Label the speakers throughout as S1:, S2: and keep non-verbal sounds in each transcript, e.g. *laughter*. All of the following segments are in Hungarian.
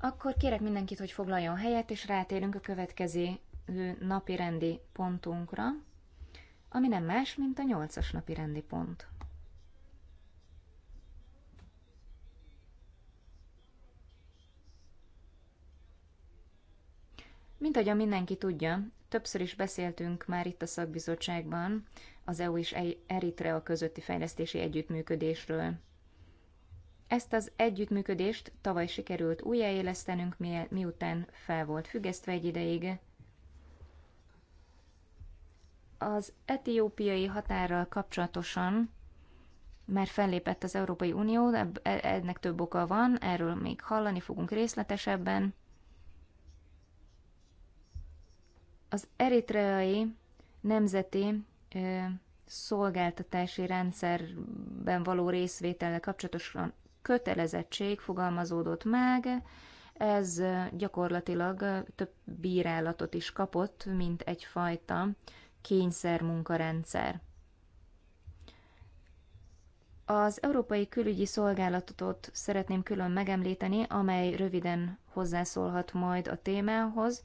S1: Akkor kérek mindenkit, hogy foglaljon helyet, és rátérünk a következő napi rendi pontunkra, ami nem más, mint a nyolcas napi rendi pont. Mint ahogy mindenki tudja, többször is beszéltünk már itt a szakbizottságban az EU és Eritrea közötti fejlesztési együttműködésről. Ezt az együttműködést tavaly sikerült újjáélesztenünk, miután fel volt függesztve egy ideig. Az etiópiai határral kapcsolatosan már fellépett az Európai Unió, e-, ennek több oka van, erről még hallani fogunk részletesebben. Az eritreai nemzeti ö, szolgáltatási rendszerben való részvétellel kapcsolatosan kötelezettség fogalmazódott meg, ez gyakorlatilag több bírálatot is kapott, mint egyfajta kényszermunkarendszer. Az Európai Külügyi Szolgálatot szeretném külön megemlíteni, amely röviden hozzászólhat majd a témához,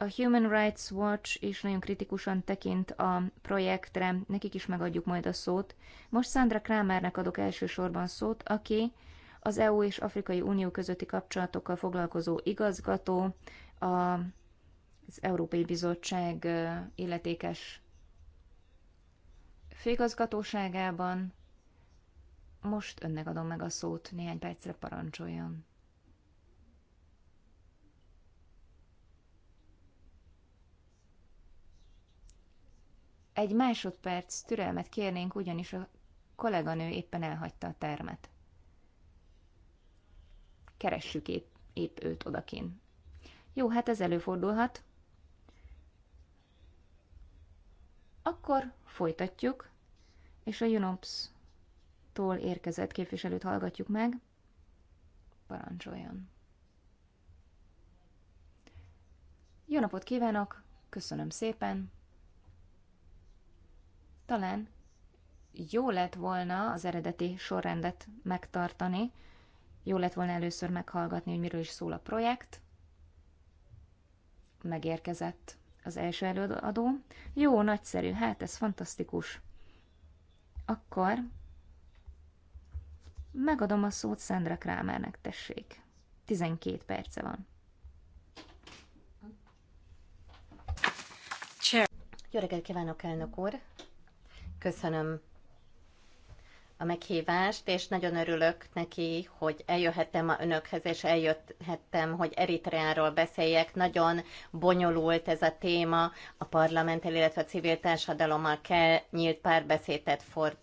S1: a Human Rights Watch is nagyon kritikusan tekint a projektre, nekik is megadjuk majd a szót. Most Sandra Kramernek adok elsősorban szót, aki az EU és Afrikai Unió közötti kapcsolatokkal foglalkozó igazgató, az Európai Bizottság illetékes főigazgatóságában. Most önnek adom meg a szót, néhány percre parancsoljon. Egy másodperc türelmet kérnénk, ugyanis a kolléganő éppen elhagyta a termet. Keressük épp, épp őt odakin. Jó, hát ez előfordulhat. Akkor folytatjuk, és a UNOPS-tól érkezett képviselőt hallgatjuk meg. Parancsoljon! Jó napot kívánok, köszönöm szépen! Talán jó lett volna az eredeti sorrendet megtartani, jó lett volna először meghallgatni, hogy miről is szól a projekt. Megérkezett az első előadó. Jó, nagyszerű, hát ez fantasztikus. Akkor megadom a szót Szendra Krámernek, tessék.
S2: 12 perce van. Jó reggelt kívánok, elnök úr! Köszönöm a meghívást, és nagyon örülök neki, hogy eljöhettem a önökhez, és eljöhettem, hogy Eritreáról beszéljek. Nagyon bonyolult ez a téma, a parlamenttel, illetve a civil társadalommal kell nyílt párbeszédet for,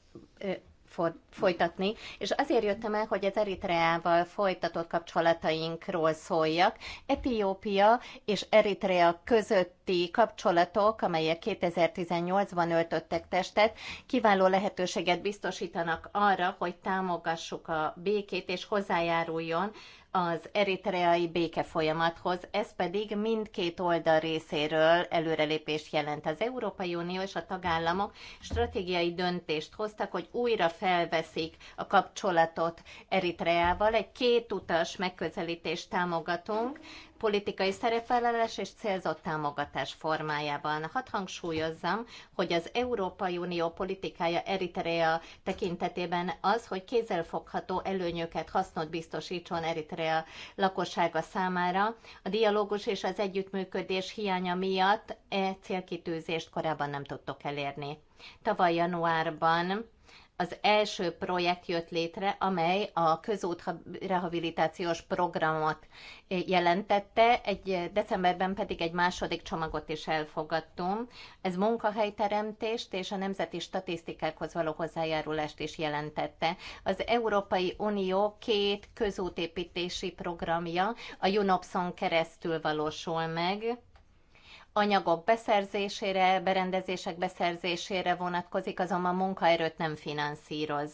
S2: folytatni, és azért jöttem el, hogy az Eritreával folytatott kapcsolatainkról szóljak. Etiópia és Eritrea közötti kapcsolatok, amelyek 2018-ban öltöttek testet, kiváló lehetőséget biztosítanak arra, hogy támogassuk a békét és hozzájáruljon az eritreai béke folyamathoz, ez pedig mindkét oldal részéről előrelépést jelent. Az Európai Unió és a tagállamok stratégiai döntést hoztak, hogy újra felveszik a kapcsolatot Eritreával. Egy kétutas megközelítést támogatunk, politikai szerepvállalás és célzott támogatás formájában. Hadd hangsúlyozzam, hogy az Európai Unió politikája Eritrea tekintetében az, hogy kézzelfogható előnyöket, hasznot biztosítson Eritrea lakossága számára, a dialógus és az együttműködés hiánya miatt e célkitűzést korábban nem tudtok elérni. Tavaly januárban az első projekt jött létre, amely a közút rehabilitációs programot eh, jelentette, egy eh, decemberben pedig egy második csomagot is elfogadtunk. Ez munkahelyteremtést és a nemzeti statisztikákhoz való hozzájárulást is jelentette. Az Európai Unió két közútépítési programja a UNOPSON keresztül valósul meg, anyagok beszerzésére, berendezések beszerzésére vonatkozik, azonban munkaerőt nem finanszíroz.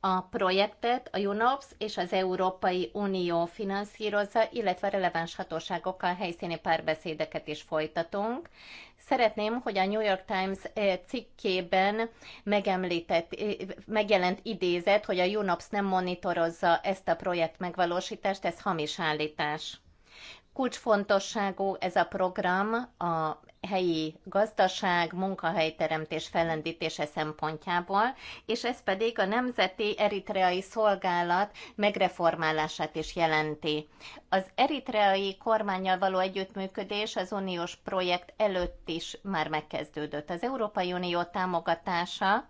S2: A projektet a UNOPS és az Európai Unió finanszírozza, illetve releváns hatóságokkal helyszíni párbeszédeket is folytatunk. Szeretném, hogy a New York Times eh, cikkében megemlített, eh, megjelent idézet, hogy a UNOPS nem monitorozza ezt a projekt megvalósítást, ez hamis állítás. Kulcsfontosságú ez a program a helyi gazdaság, munkahelyteremtés fellendítése szempontjából, és ez pedig a Nemzeti Eritreai Szolgálat megreformálását is jelenti. Az eritreai kormányjal való együttműködés az uniós projekt előtt is már megkezdődött. Az Európai Unió támogatása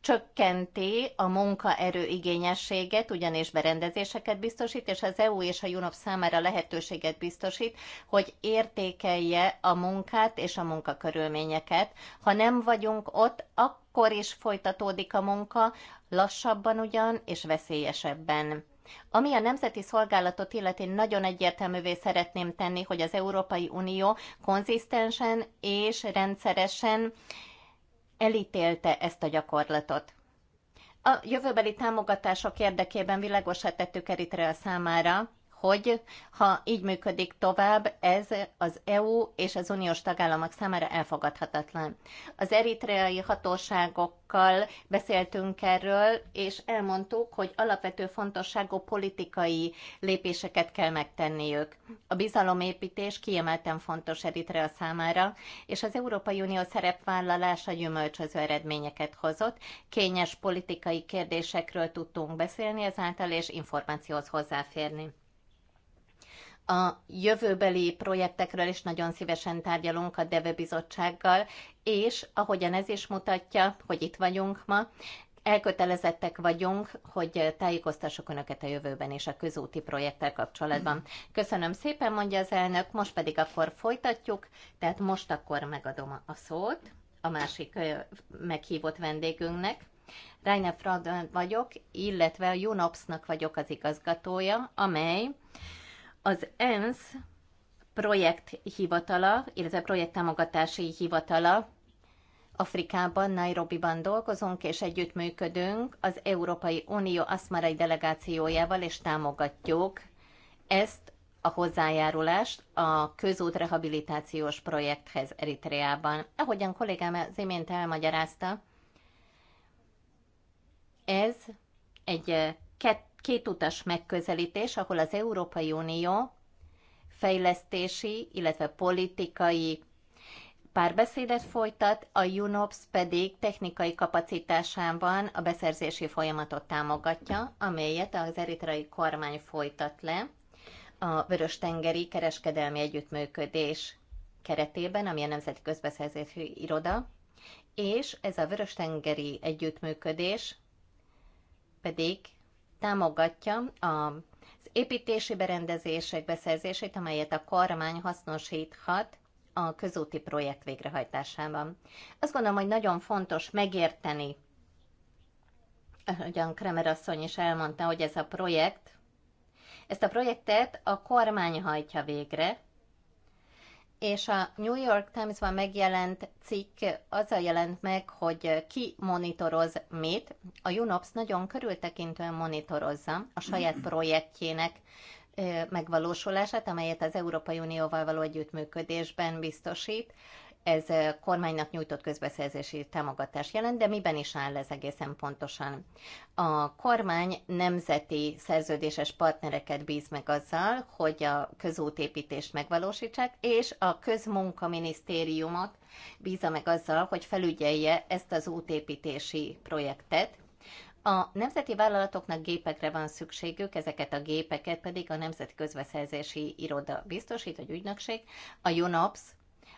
S2: csökkenti a munkaerő igényességet, ugyanis berendezéseket biztosít, és az EU és a UNOP számára lehetőséget biztosít, hogy értékelje a munkát és a munkakörülményeket. Ha nem vagyunk ott, akkor is folytatódik a munka, lassabban ugyan, és veszélyesebben. Ami a nemzeti szolgálatot illeti, nagyon egyértelművé szeretném tenni, hogy az Európai Unió konzisztensen és rendszeresen elítélte ezt a gyakorlatot. A jövőbeli támogatások érdekében világosá tettük Eritrea számára, hogy ha így működik tovább, ez az EU és az uniós tagállamok számára elfogadhatatlan. Az eritreai hatóságokkal beszéltünk erről, és elmondtuk, hogy alapvető fontosságú politikai lépéseket kell megtenniük. A bizalomépítés kiemelten fontos Eritrea számára, és az Európai Unió szerepvállalása gyümölcsöző eredményeket hozott. Kényes politikai kérdésekről tudtunk beszélni ezáltal, és információhoz hozzáférni a jövőbeli projektekről is nagyon szívesen tárgyalunk a DEVE bizottsággal, és ahogyan ez is mutatja, hogy itt vagyunk ma, elkötelezettek vagyunk, hogy tájékoztassuk Önöket a jövőben és a közúti projekttel kapcsolatban. Köszönöm szépen, mondja az elnök, most pedig akkor folytatjuk, tehát most akkor megadom a szót a másik meghívott vendégünknek. Reine Fraud vagyok, illetve a UNOPS-nak vagyok az igazgatója, amely az ENSZ hivatala, illetve projekttámogatási hivatala Afrikában, Nairobiban dolgozunk és együttműködünk az Európai Unió aszmarai delegációjával, és támogatjuk ezt a hozzájárulást a közút rehabilitációs projekthez Eritreában. Ahogyan kollégám az imént elmagyarázta, ez egy eh, kettő kétutas megközelítés, ahol az Európai Unió fejlesztési, illetve politikai párbeszédet folytat, a UNOPS pedig technikai kapacitásában a beszerzési folyamatot támogatja, amelyet az eritrai kormány folytat le a Vörös-tengeri kereskedelmi együttműködés keretében, ami a Nemzeti Közbeszerzési Iroda, és ez a Vörös-tengeri együttműködés pedig támogatja a építési berendezések beszerzését, amelyet a kormány hasznosíthat a közúti projekt végrehajtásában. Azt gondolom, hogy nagyon fontos megérteni, ahogyan Kremer asszony is elmondta, hogy ez a projekt, ezt a projektet a kormány hajtja végre, és a New York Times-ban megjelent cikk azzal jelent meg, hogy ki monitoroz mit. A UNOPS nagyon körültekintően monitorozza a saját *clears throat* projektjének megvalósulását, amelyet az Európai Unióval való együttműködésben biztosít ez kormánynak nyújtott közbeszerzési támogatás jelent, de miben is áll ez egészen pontosan? A kormány nemzeti szerződéses partnereket bíz meg azzal, hogy a közútépítést megvalósítsák, és a közmunkaminisztériumot bízza meg azzal, hogy felügyelje ezt az útépítési projektet, a nemzeti vállalatoknak gépekre van szükségük, ezeket a gépeket pedig a Nemzeti Közbeszerzési Iroda biztosít, vagy ügynökség. A UNOPS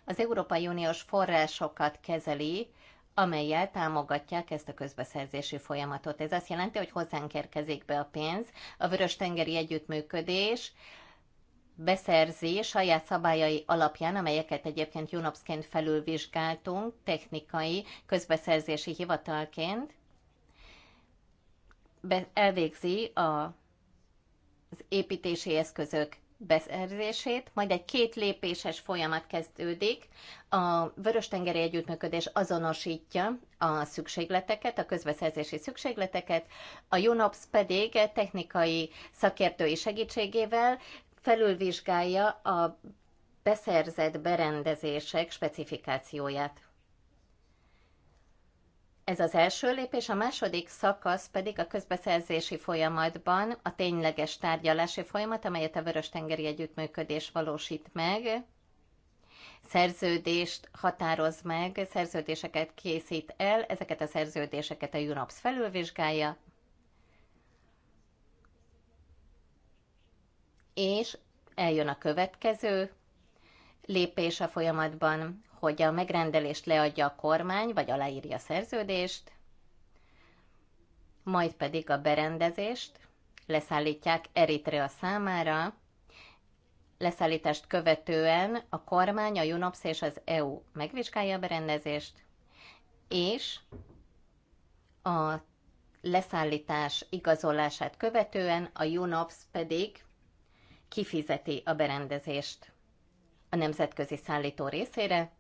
S2: az Európai Uniós forrásokat kezeli, amelyel támogatják ezt a közbeszerzési folyamatot. Ez azt jelenti, hogy hozzánk érkezik be a pénz. A Vörös-tengeri Együttműködés beszerzi saját szabályai alapján, amelyeket egyébként UNOPS-ként felülvizsgáltunk, technikai közbeszerzési hivatalként, elvégzi a, az építési eszközök beszerzését, majd egy két lépéses folyamat kezdődik. A Vöröstengeri Együttműködés azonosítja a szükségleteket, a közbeszerzési szükségleteket, a UNOPS pedig technikai szakértői segítségével felülvizsgálja a beszerzett berendezések specifikációját. Ez az első lépés, a második szakasz pedig a közbeszerzési folyamatban a tényleges tárgyalási folyamat, amelyet a Vörös-tengeri Együttműködés valósít meg, szerződést határoz meg, szerződéseket készít el, ezeket a szerződéseket a UNOPS felülvizsgálja, és eljön a következő lépés a folyamatban, hogy a megrendelést leadja a kormány, vagy aláírja a szerződést, majd pedig a berendezést leszállítják Eritrea számára, leszállítást követően a kormány, a UNOPS és az EU megvizsgálja a berendezést, és a leszállítás igazolását követően a UNOPS pedig kifizeti a berendezést a nemzetközi szállító részére,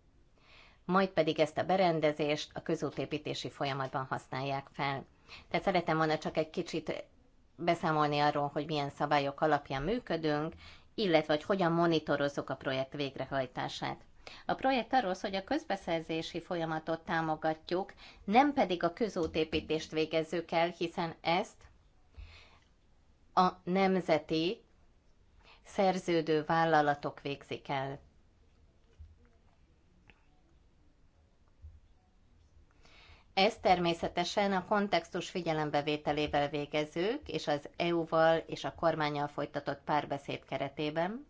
S2: majd pedig ezt a berendezést a közútépítési folyamatban használják fel. Tehát szeretem volna csak egy kicsit beszámolni arról, hogy milyen szabályok alapján működünk, illetve hogy hogyan monitorozzuk a projekt végrehajtását. A projekt arról szól, hogy a közbeszerzési folyamatot támogatjuk, nem pedig a közútépítést végezzük el, hiszen ezt a nemzeti szerződő vállalatok végzik el. Ezt természetesen a kontextus figyelembevételével végezzük, és az EU-val és a kormányjal folytatott párbeszéd keretében,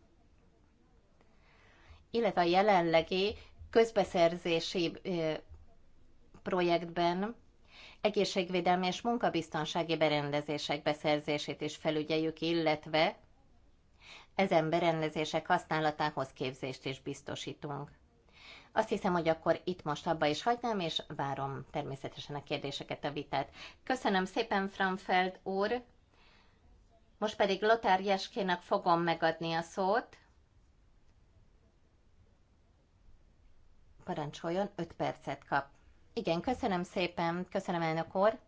S2: illetve a jelenlegi közbeszerzési projektben egészségvédelmi és munkabiztonsági berendezések beszerzését is felügyeljük, illetve ezen berendezések használatához képzést is biztosítunk. Azt hiszem, hogy akkor itt most abba is hagynám, és várom természetesen a kérdéseket, a vitát. Köszönöm szépen, Franfeld úr! Most pedig Lothar Jeskének fogom megadni a szót. Parancsoljon, 5 percet kap. Igen, köszönöm szépen, köszönöm elnök úr.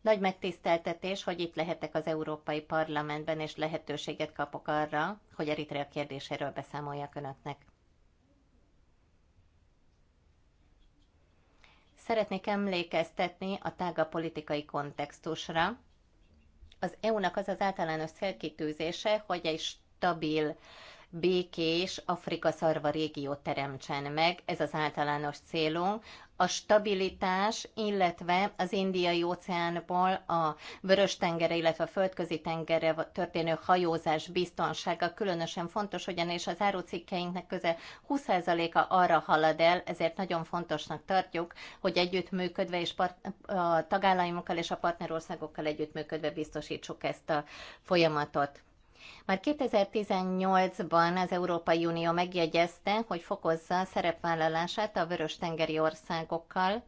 S2: Nagy megtiszteltetés, hogy itt lehetek az Európai Parlamentben, és lehetőséget kapok arra, hogy Eritrea kérdéséről beszámoljak önöknek. Szeretnék emlékeztetni a tága politikai kontextusra. Az EU-nak az az általános célkitűzése, hogy egy stabil békés Afrika szarva régiót teremtsen meg, ez az általános célunk. A stabilitás, illetve az indiai óceánból a vörös tengere, illetve a földközi tengerre történő hajózás biztonsága különösen fontos, ugyanis az árucikkeinknek köze 20%-a arra halad el, ezért nagyon fontosnak tartjuk, hogy együttműködve és a tagállamokkal és a partnerországokkal együttműködve biztosítsuk ezt a folyamatot. Már 2018-ban az Európai Unió megjegyezte, hogy fokozza a szerepvállalását a vörös-tengeri országokkal,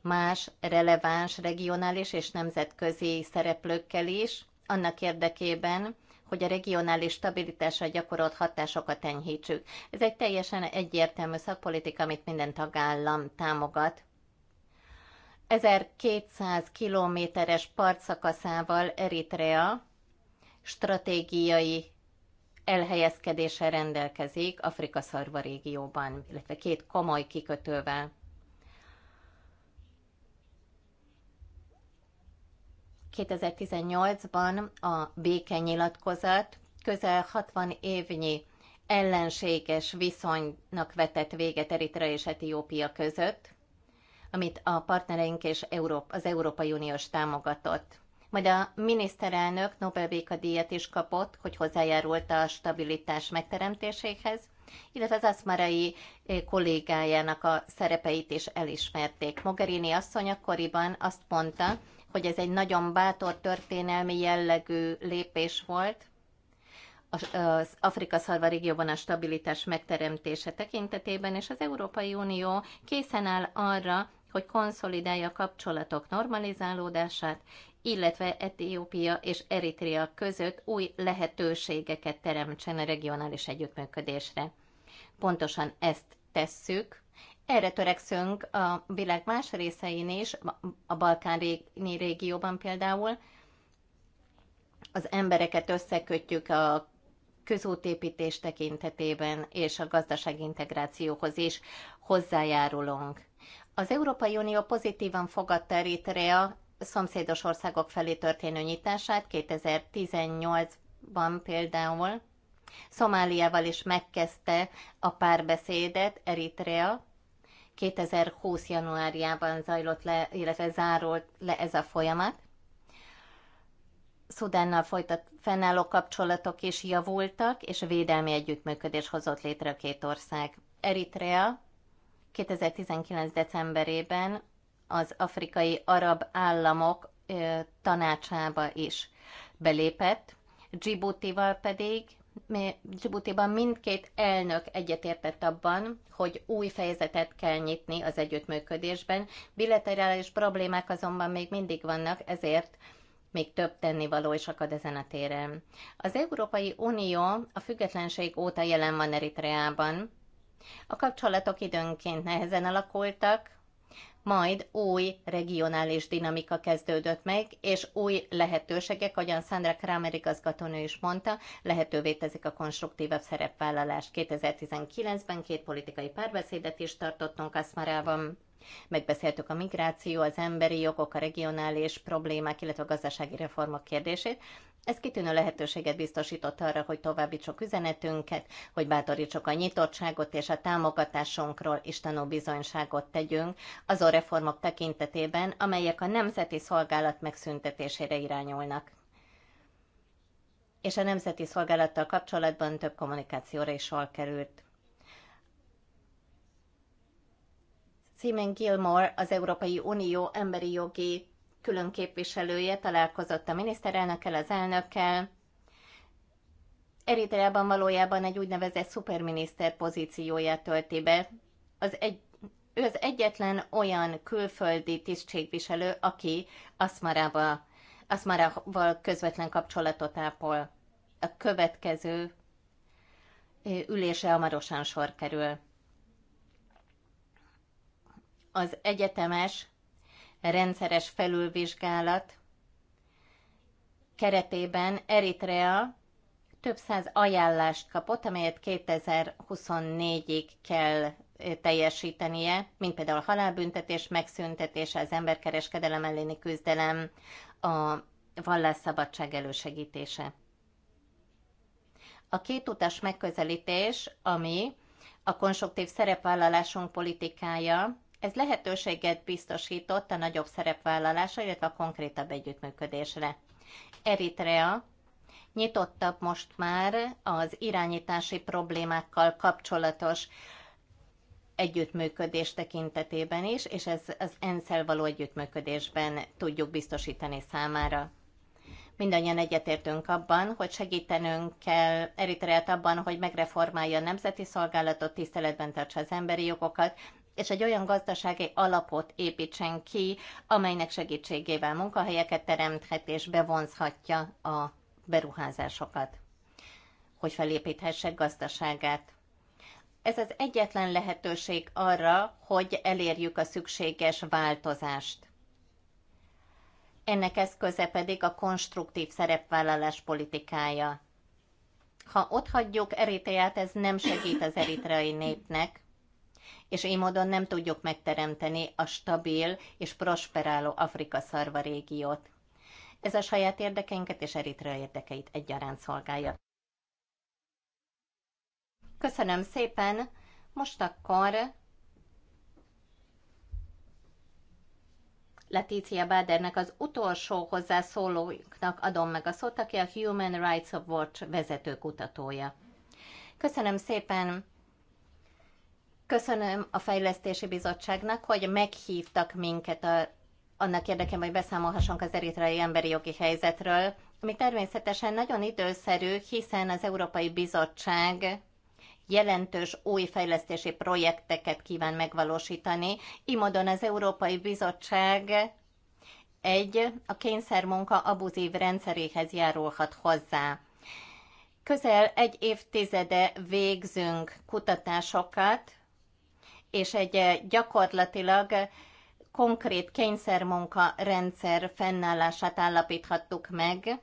S2: más releváns regionális és nemzetközi szereplőkkel is, annak érdekében, hogy a regionális stabilitásra gyakorolt hatásokat enyhítsük. Ez egy teljesen egyértelmű szakpolitika, amit minden tagállam támogat. 1200 kilométeres partszakaszával Eritrea stratégiai elhelyezkedéssel rendelkezik Afrika szarva régióban, illetve két komoly kikötővel. ...2018-ban a nyilatkozat közel 60 évnyi ellenséges viszonynak vetett véget Eritrea és Etiópia között, amit a partnereink és Európa, az Európai Uniós támogatott majd a miniszterelnök nobel díjat is kapott, hogy hozzájárult a stabilitás megteremtéséhez, illetve az aszmarai eh, kollégájának a szerepeit is elismerték. Mogherini asszony akkoriban azt mondta, hogy ez egy nagyon bátor történelmi jellegű lépés volt, az Afrika szarva régióban a stabilitás megteremtése tekintetében, és az Európai Unió készen áll arra, hogy konszolidálja a kapcsolatok normalizálódását, illetve Etiópia és Eritrea között új lehetőségeket teremtsen a regionális együttműködésre. Pontosan ezt tesszük, erre törekszünk a világ más részein is, a Balkán régióban például. Az embereket összekötjük a közútépítés tekintetében és a gazdaság integrációhoz is hozzájárulunk. Az Európai Unió pozitívan fogadta Eritrea szomszédos országok felé történő nyitását 2018-ban például. Szomáliával is megkezdte a párbeszédet Eritrea. 2020. januárjában zajlott le, illetve zárult le ez a folyamat. Szudánnal folytat fennálló kapcsolatok is javultak, és védelmi együttműködés hozott létre a két ország. Eritrea 2019. decemberében az afrikai arab államok tanácsába is belépett, Djibouti-val pedig Djiboutiban mindkét elnök egyetértett abban, hogy új fejezetet kell nyitni az együttműködésben. Bilaterális problémák azonban még mindig vannak, ezért még több tennivaló is akad ezen a téren. Az Európai Unió a függetlenség óta jelen van Eritreában. A kapcsolatok időnként nehezen alakultak, majd új regionális dinamika kezdődött meg, és új lehetőségek, ahogyan Sandra Kramer igazgatónő is mondta, lehetővé teszik a konstruktívabb szerepvállalást. 2019-ben két politikai párbeszédet is tartottunk Aszmarában. Megbeszéltük a migráció, az emberi jogok, a regionális problémák, illetve a gazdasági reformok kérdését. Ez kitűnő lehetőséget biztosított arra, hogy továbbítsuk üzenetünket, hogy bátorítsuk a nyitottságot és a támogatásunkról is bizonyságot tegyünk azon reformok tekintetében, amelyek a nemzeti szolgálat megszüntetésére irányulnak és a nemzeti szolgálattal kapcsolatban több kommunikációra is sor került. Simon Gilmore, az Európai Unió emberi jogi külön képviselője találkozott a miniszterelnökkel, az elnökkel. Eritreában valójában egy úgynevezett szuperminiszter pozícióját tölti be. Az egy, ő az egyetlen olyan külföldi tisztségviselő, aki Aszmarával, Aszmarával közvetlen kapcsolatot ápol. A következő ülése hamarosan sor kerül az egyetemes rendszeres felülvizsgálat keretében Eritrea több száz ajánlást kapott, amelyet 2024-ig kell eh, teljesítenie, mint például halálbüntetés, megszüntetése, az emberkereskedelem elleni küzdelem, a vallásszabadság elősegítése. A két utas megközelítés, ami a konstruktív szerepvállalásunk politikája, ez lehetőséget biztosított a nagyobb szerepvállalásra, illetve a konkrétabb együttműködésre. Eritrea nyitottabb most már az irányítási problémákkal kapcsolatos együttműködés tekintetében is, és ez az ensz való együttműködésben tudjuk biztosítani számára. Mindannyian egyetértünk abban, hogy segítenünk kell Eritreát abban, hogy megreformálja a nemzeti szolgálatot, tiszteletben tartsa az emberi jogokat, és egy olyan gazdasági alapot építsen ki, amelynek segítségével munkahelyeket teremthet és bevonzhatja a beruházásokat, hogy felépíthesse gazdaságát. Ez az egyetlen lehetőség arra, hogy elérjük a szükséges változást. Ennek eszköze pedig a konstruktív szerepvállalás politikája. Ha ott hagyjuk Eritreát, ez nem segít az eritreai népnek, és így módon nem tudjuk megteremteni a stabil és prosperáló Afrika szarva régiót. Ez a saját érdekeinket és Eritrea érdekeit egyaránt szolgálja. Köszönöm szépen! Most akkor Letícia Bádernek az utolsó hozzászólóknak adom meg a szót, aki a Human Rights of Watch vezető kutatója. Köszönöm szépen! Köszönöm a Fejlesztési Bizottságnak, hogy meghívtak minket a, annak érdekében, hogy beszámolhassunk az eritreai emberi jogi helyzetről, ami természetesen nagyon időszerű, hiszen az Európai Bizottság jelentős új fejlesztési projekteket kíván megvalósítani. Imodon az Európai Bizottság egy a kényszermunka abuzív rendszeréhez járulhat hozzá. Közel egy évtizede végzünk kutatásokat és egy eh, gyakorlatilag eh, konkrét kényszermunka rendszer fennállását állapíthattuk meg,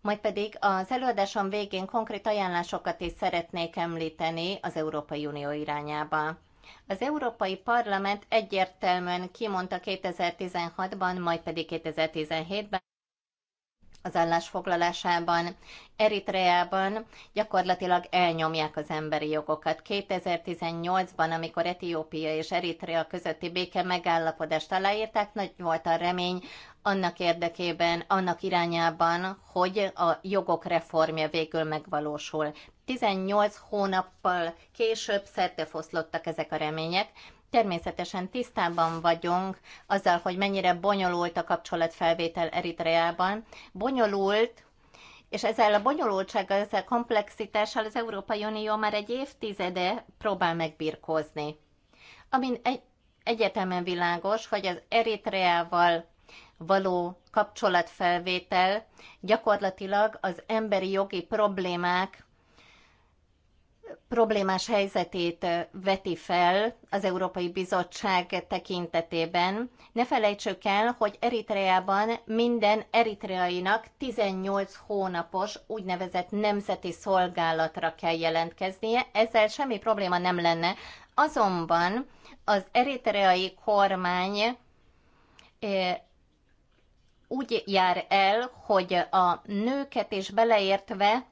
S2: majd pedig az előadásom végén konkrét ajánlásokat is szeretnék említeni az Európai Unió irányába. Az Európai Parlament egyértelműen kimondta 2016-ban, majd pedig 2017-ben, az állásfoglalásában. Eritreában gyakorlatilag elnyomják az emberi jogokat. 2018-ban, amikor Etiópia és Eritrea közötti béke megállapodást aláírták, nagy volt a remény annak érdekében, annak irányában, hogy a jogok reformja végül megvalósul. 18 hónappal később szertefoszlottak ezek a remények, Természetesen tisztában vagyunk azzal, hogy mennyire bonyolult a kapcsolatfelvétel Eritreában. Bonyolult, és ezzel a bonyolultsággal, ezzel a komplexitással az Európai Unió már egy évtizede próbál megbirkózni. Amin egy, egyetemen világos, hogy az Eritreával való kapcsolatfelvétel gyakorlatilag az emberi jogi problémák problémás helyzetét veti fel az Európai Bizottság tekintetében. Ne felejtsük el, hogy Eritreában minden eritreainak 18 hónapos úgynevezett nemzeti szolgálatra kell jelentkeznie, ezzel semmi probléma nem lenne. Azonban az eritreai kormány úgy jár el, hogy a nőket is beleértve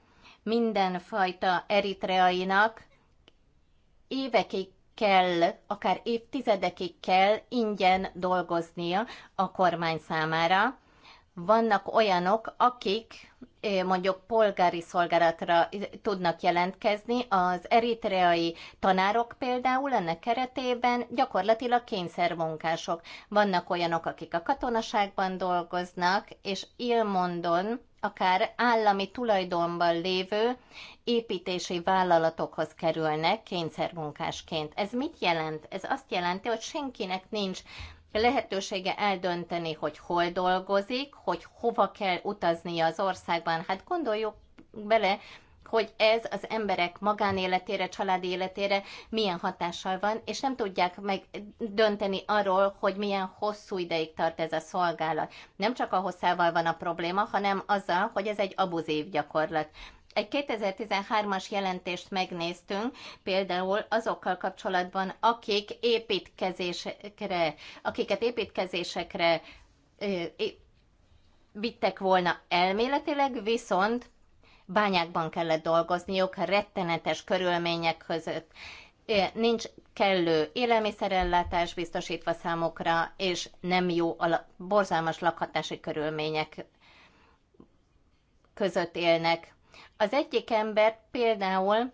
S2: mindenfajta eritreainak évekig kell, akár évtizedekig kell ingyen dolgoznia a kormány számára. Vannak olyanok, akik mondjuk polgári szolgálatra tudnak jelentkezni. Az eritreai tanárok például ennek keretében gyakorlatilag kényszermunkások. Vannak olyanok, akik a katonaságban dolgoznak, és ilmondon akár állami tulajdonban lévő építési vállalatokhoz kerülnek kényszermunkásként. Ez mit jelent? Ez azt jelenti, hogy senkinek nincs lehetősége eldönteni, hogy hol dolgozik, hogy hova kell utaznia az országban. Hát gondoljuk bele, hogy ez az emberek magánéletére, családi életére milyen hatással van, és nem tudják meg dönteni arról, hogy milyen hosszú ideig tart ez a szolgálat. Nem csak a hosszával van a probléma, hanem azzal, hogy ez egy abuzív gyakorlat. Egy 2013-as jelentést megnéztünk, például azokkal kapcsolatban, akik építkezésekre, akiket építkezésekre vittek volna elméletileg, viszont bányákban kellett dolgozniuk, rettenetes körülmények között, nincs kellő élelmiszerellátás biztosítva számukra, és nem jó, borzalmas lakhatási körülmények között élnek. Az egyik ember például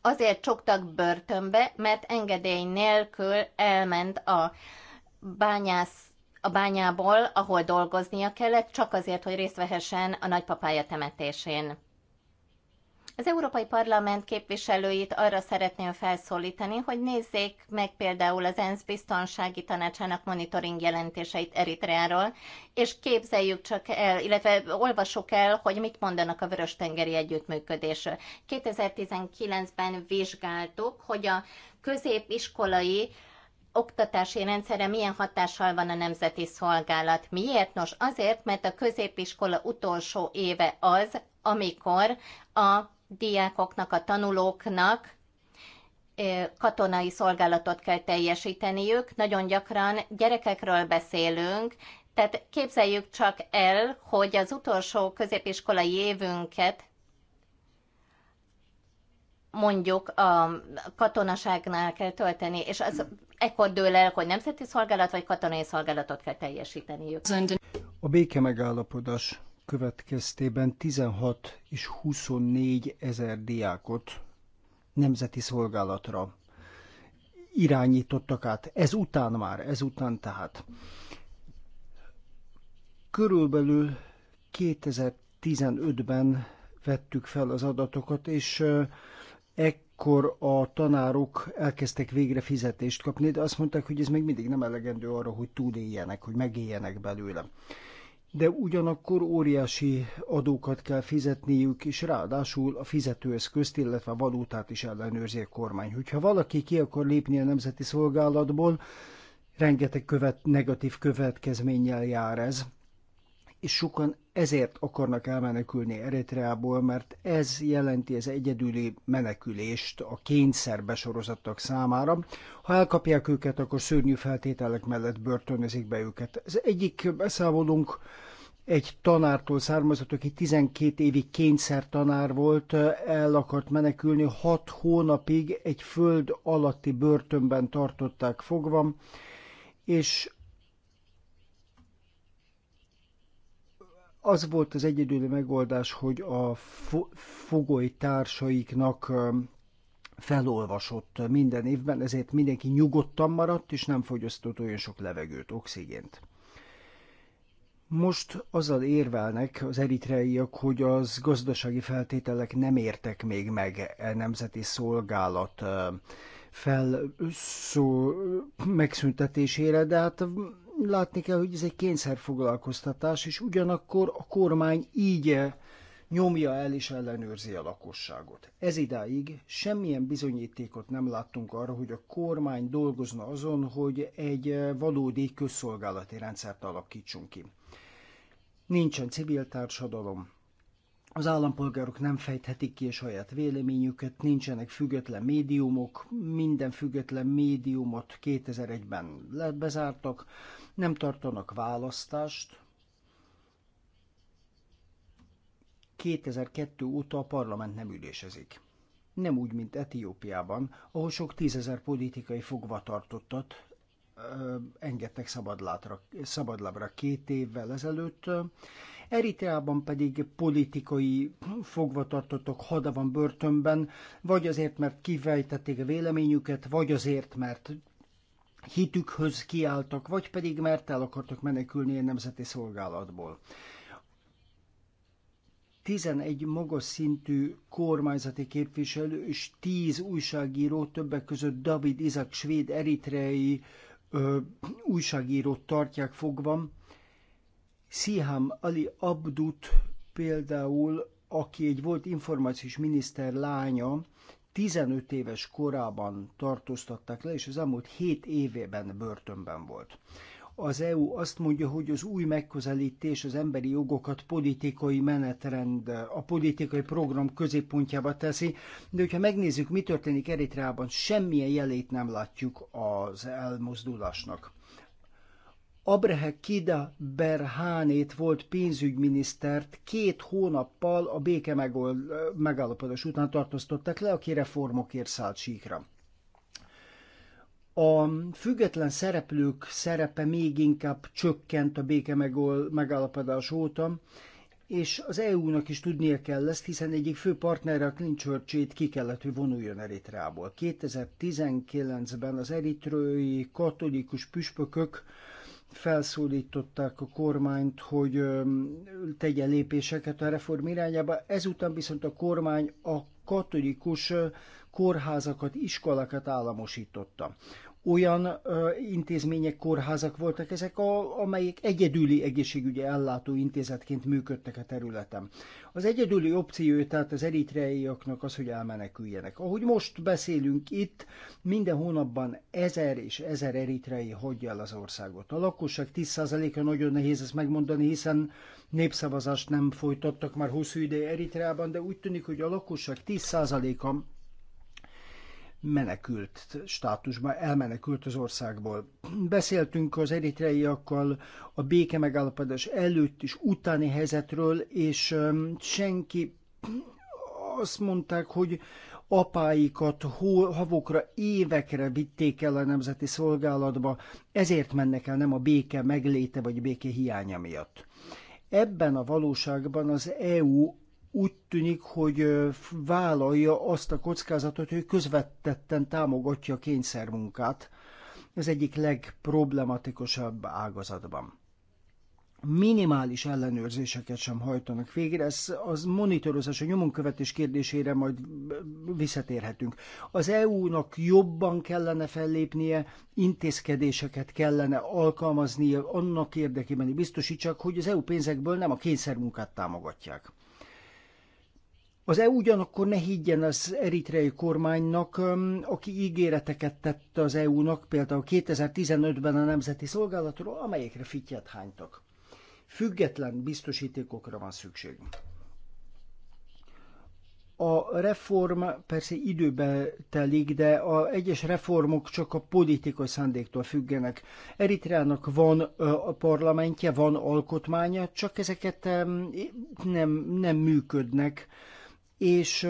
S2: azért csoktak börtönbe, mert engedély nélkül elment a bányász a bányából, ahol dolgoznia kellett, csak azért, hogy részt vehessen a nagypapája temetésén. Az Európai Parlament képviselőit arra szeretném felszólítani, hogy nézzék meg például az ENSZ biztonsági tanácsának monitoring jelentéseit Eritreáról, és képzeljük csak el, illetve olvasok el, hogy mit mondanak a Vörös-tengeri együttműködésről. 2019-ben vizsgáltuk, hogy a középiskolai oktatási rendszere milyen hatással van a nemzeti szolgálat. Miért? Nos, azért, mert a középiskola utolsó éve az, amikor a diákoknak, a tanulóknak katonai szolgálatot kell teljesíteniük. Nagyon gyakran gyerekekről beszélünk, tehát képzeljük csak el, hogy az utolsó középiskolai évünket mondjuk a katonaságnál kell tölteni, és az ekkor dől el, hogy nemzeti szolgálat vagy katonai szolgálatot kell teljesíteniük.
S3: A béke megállapodás következtében 16 és 24 ezer diákot nemzeti szolgálatra irányítottak át. Ez után már, ez után tehát. Körülbelül 2015-ben vettük fel az adatokat, és e akkor a tanárok elkezdtek végre fizetést kapni, de azt mondták, hogy ez még mindig nem elegendő arra, hogy túléljenek, hogy megéljenek belőle. De ugyanakkor óriási adókat kell fizetniük, és ráadásul a fizetőeszközt, illetve a valótát is ellenőrzi a kormány. Hogyha valaki ki akar lépni a nemzeti szolgálatból, rengeteg követ, negatív következménnyel jár ez és sokan ezért akarnak elmenekülni Eritreából, mert ez jelenti az egyedüli menekülést a kényszerbe számára. Ha elkapják őket, akkor szörnyű feltételek mellett börtönözik be őket. Az egyik beszámolunk egy tanártól származott, aki 12 évi kényszer tanár volt, el akart menekülni, 6 hónapig egy föld alatti börtönben tartották fogva, és az volt az egyedüli megoldás, hogy a fogoly társaiknak felolvasott minden évben, ezért mindenki nyugodtan maradt, és nem fogyasztott olyan sok levegőt, oxigént. Most azzal érvelnek az eritreiak, hogy az gazdasági feltételek nem értek még meg a e nemzeti szolgálat fel, szó, megszüntetésére, de hát látni kell, hogy ez egy kényszerfoglalkoztatás, és ugyanakkor a kormány így nyomja el és ellenőrzi a lakosságot. Ez idáig semmilyen bizonyítékot nem láttunk arra, hogy a kormány dolgozna azon, hogy egy eh, valódi közszolgálati rendszert alakítsunk ki. Nincsen civil társadalom, az állampolgárok nem fejthetik ki a saját véleményüket, nincsenek független médiumok, minden független médiumot 2001-ben bezártak, nem tartanak választást. 2002 óta a parlament nem ülésezik. Nem úgy, mint Etiópiában, ahol sok tízezer politikai fogvatartottat engedtek szabadlátra, szabadlábra két évvel ezelőtt. Eritreában pedig politikai fogvatartottak hada van börtönben, vagy azért, mert kifejtették a véleményüket, vagy azért, mert hitükhöz kiálltak, vagy pedig mert el akartak menekülni a nemzeti szolgálatból. 11 magas szintű kormányzati képviselő és 10 újságíró, többek között David Izak svéd eritreai ö, újságírót tartják fogva. Siham Ali Abdut például, aki egy volt információs miniszter lánya, 15 éves korában tartóztatták le, és az elmúlt 7 évében börtönben volt. Az EU azt mondja, hogy az új megközelítés az emberi jogokat politikai menetrend, a politikai program középpontjába teszi, de hogyha megnézzük, mi történik Eritreában, semmilyen jelét nem látjuk az elmozdulásnak. Abrehe Kida Berhánét volt pénzügyminisztert két hónappal a béke megállapodás után tartóztatták le, aki reformokért szállt síkra. A független szereplők szerepe még inkább csökkent a béke megállapodás óta, és az EU-nak is tudnia kell lesz, hiszen egyik fő partnere a Clinchurchét ki kellett, hogy vonuljon Eritreából. 2019-ben az eritrői katolikus püspökök felszólították a kormányt, hogy tegye lépéseket a reform irányába, ezután viszont a kormány a katolikus kórházakat, iskolákat államosította olyan ö, intézmények, kórházak voltak ezek, a, amelyek egyedüli egészségügyi ellátó intézetként működtek a területen. Az egyedüli opció tehát az eritreiaknak az, hogy elmeneküljenek. Ahogy most beszélünk itt, minden hónapban ezer és ezer eritrei hagyja el az országot. A lakosság 10%-a nagyon nehéz ezt megmondani, hiszen népszavazást nem folytattak már hosszú ideje Eritreában, de úgy tűnik, hogy a lakosság 10%-a menekült státusba, elmenekült az országból. Beszéltünk az eritreiakkal a béke megállapodás előtt és utáni helyzetről, és um, senki azt mondták, hogy apáikat hol, havokra, évekre vitték el a nemzeti szolgálatba, ezért mennek el, nem a béke megléte vagy béke hiánya miatt. Ebben a valóságban az EU úgy tűnik, hogy vállalja azt a kockázatot, hogy közvetetten támogatja a kényszermunkát. Ez egyik legproblematikusabb ágazatban minimális ellenőrzéseket sem hajtanak végre. Ez az monitorozás, a nyomonkövetés kérdésére majd visszatérhetünk. Az EU-nak jobban kellene fellépnie, intézkedéseket kellene alkalmaznia annak érdekében, hogy biztosítsak, hogy az EU pénzekből nem a kényszermunkát támogatják. Az EU ugyanakkor ne higgyen az eritreai kormánynak, aki ígéreteket tette az EU-nak, például 2015-ben a Nemzeti Szolgálatról, amelyekre fityet hánytak. Független biztosítékokra van szükség. A reform persze időbe telik, de a egyes reformok csak a politikai szándéktól függenek. Eritreának van a parlamentje, van alkotmánya, csak ezeket nem, nem működnek és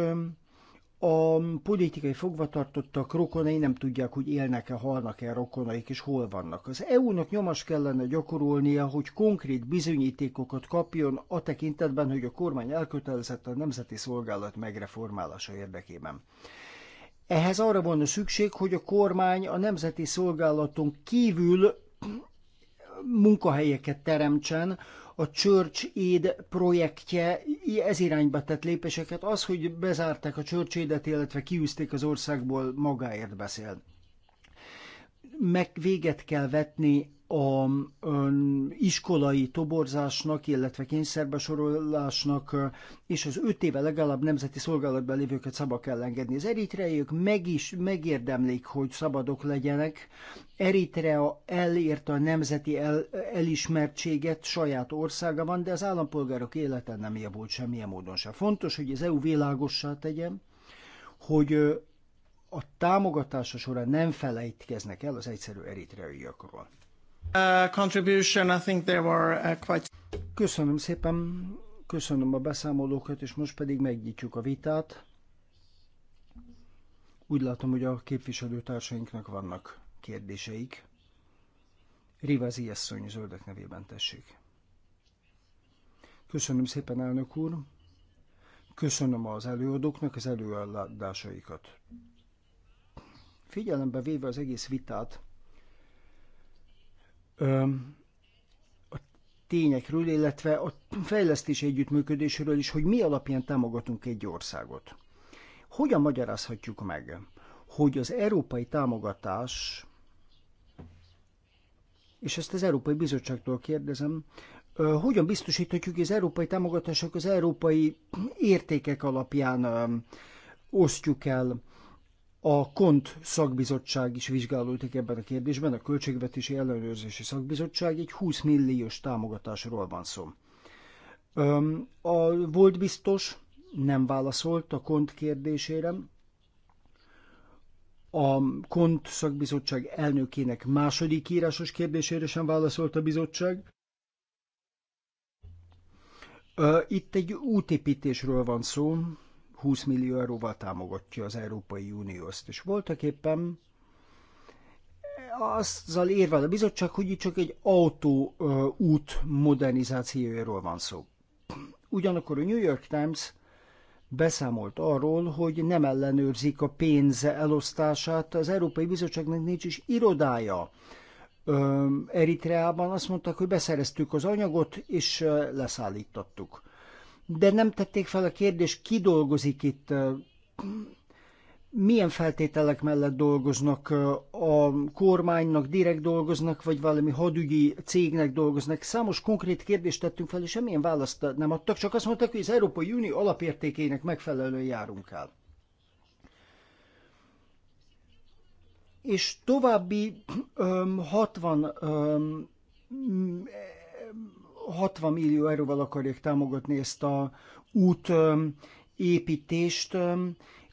S3: a politikai fogvatartottak rokonai nem tudják, hogy élnek-e, halnak-e rokonaik, és hol vannak. Az EU-nak nyomas kellene gyakorolnia, hogy konkrét bizonyítékokat kapjon a tekintetben, hogy a kormány elkötelezett a nemzeti szolgálat megreformálása érdekében. Ehhez arra volna szükség, hogy a kormány a nemzeti szolgálaton kívül munkahelyeket teremtsen, a Church Aid projektje ez irányba tett lépéseket. Az, hogy bezárták a Church Aid-et, illetve kiűzték az országból, magáért beszél meg véget kell vetni a iskolai toborzásnak, illetve kényszerbesorolásnak, és az öt éve legalább nemzeti szolgálatban lévőket szabad kell engedni. Az eritreiek meg is megérdemlik, hogy szabadok legyenek. Eritrea elérte a nemzeti el, elismertséget saját országában, de az állampolgárok élete nem javult semmilyen módon sem. Fontos, hogy az EU világossá tegyen, hogy a támogatása során nem felejtkeznek el az egyszerű eritreaiakról. Uh, köszönöm szépen, köszönöm a beszámolókat, és most pedig megnyitjuk a vitát. Úgy látom, hogy a képviselőtársainknak vannak kérdéseik. Rivazi asszony zöldek nevében tessék. Köszönöm szépen, elnök úr. Köszönöm az előadóknak az előadásaikat figyelembe véve az egész vitát, a tényekről, illetve a fejlesztés együttműködésről is, hogy mi alapján támogatunk egy országot. Hogyan magyarázhatjuk meg, hogy az európai támogatás, és ezt az Európai Bizottságtól kérdezem, hogyan biztosíthatjuk, hogy az európai támogatások az európai értékek alapján osztjuk el, a KONT szakbizottság is vizsgálódik ebben a kérdésben, a Költségvetési Ellenőrzési Szakbizottság egy 20 milliós támogatásról van szó. a volt biztos nem válaszolt a KONT kérdésére. A KONT szakbizottság elnökének második írásos kérdésére sem válaszolt a bizottság. Itt egy útépítésről van szó, 20 millió euróval támogatja az Európai Unióst. És voltak éppen azzal érvel a bizottság, hogy itt csak egy autóút modernizációjáról van szó. Ugyanakkor a New York Times beszámolt arról, hogy nem ellenőrzik a pénz elosztását, az Európai Bizottságnak nincs is irodája. Eritreában azt mondták, hogy beszereztük az anyagot, és leszállítottuk de nem tették fel a kérdést, ki dolgozik itt, milyen feltételek mellett dolgoznak, a kormánynak direkt dolgoznak, vagy valami hadügyi cégnek dolgoznak. Számos konkrét kérdést tettünk fel, és semmilyen választ nem adtak, csak azt mondták, hogy az Európai Unió alapértékének megfelelően járunk el. És további öm, 60 öm, 60 millió euróval akarják támogatni ezt a út építést.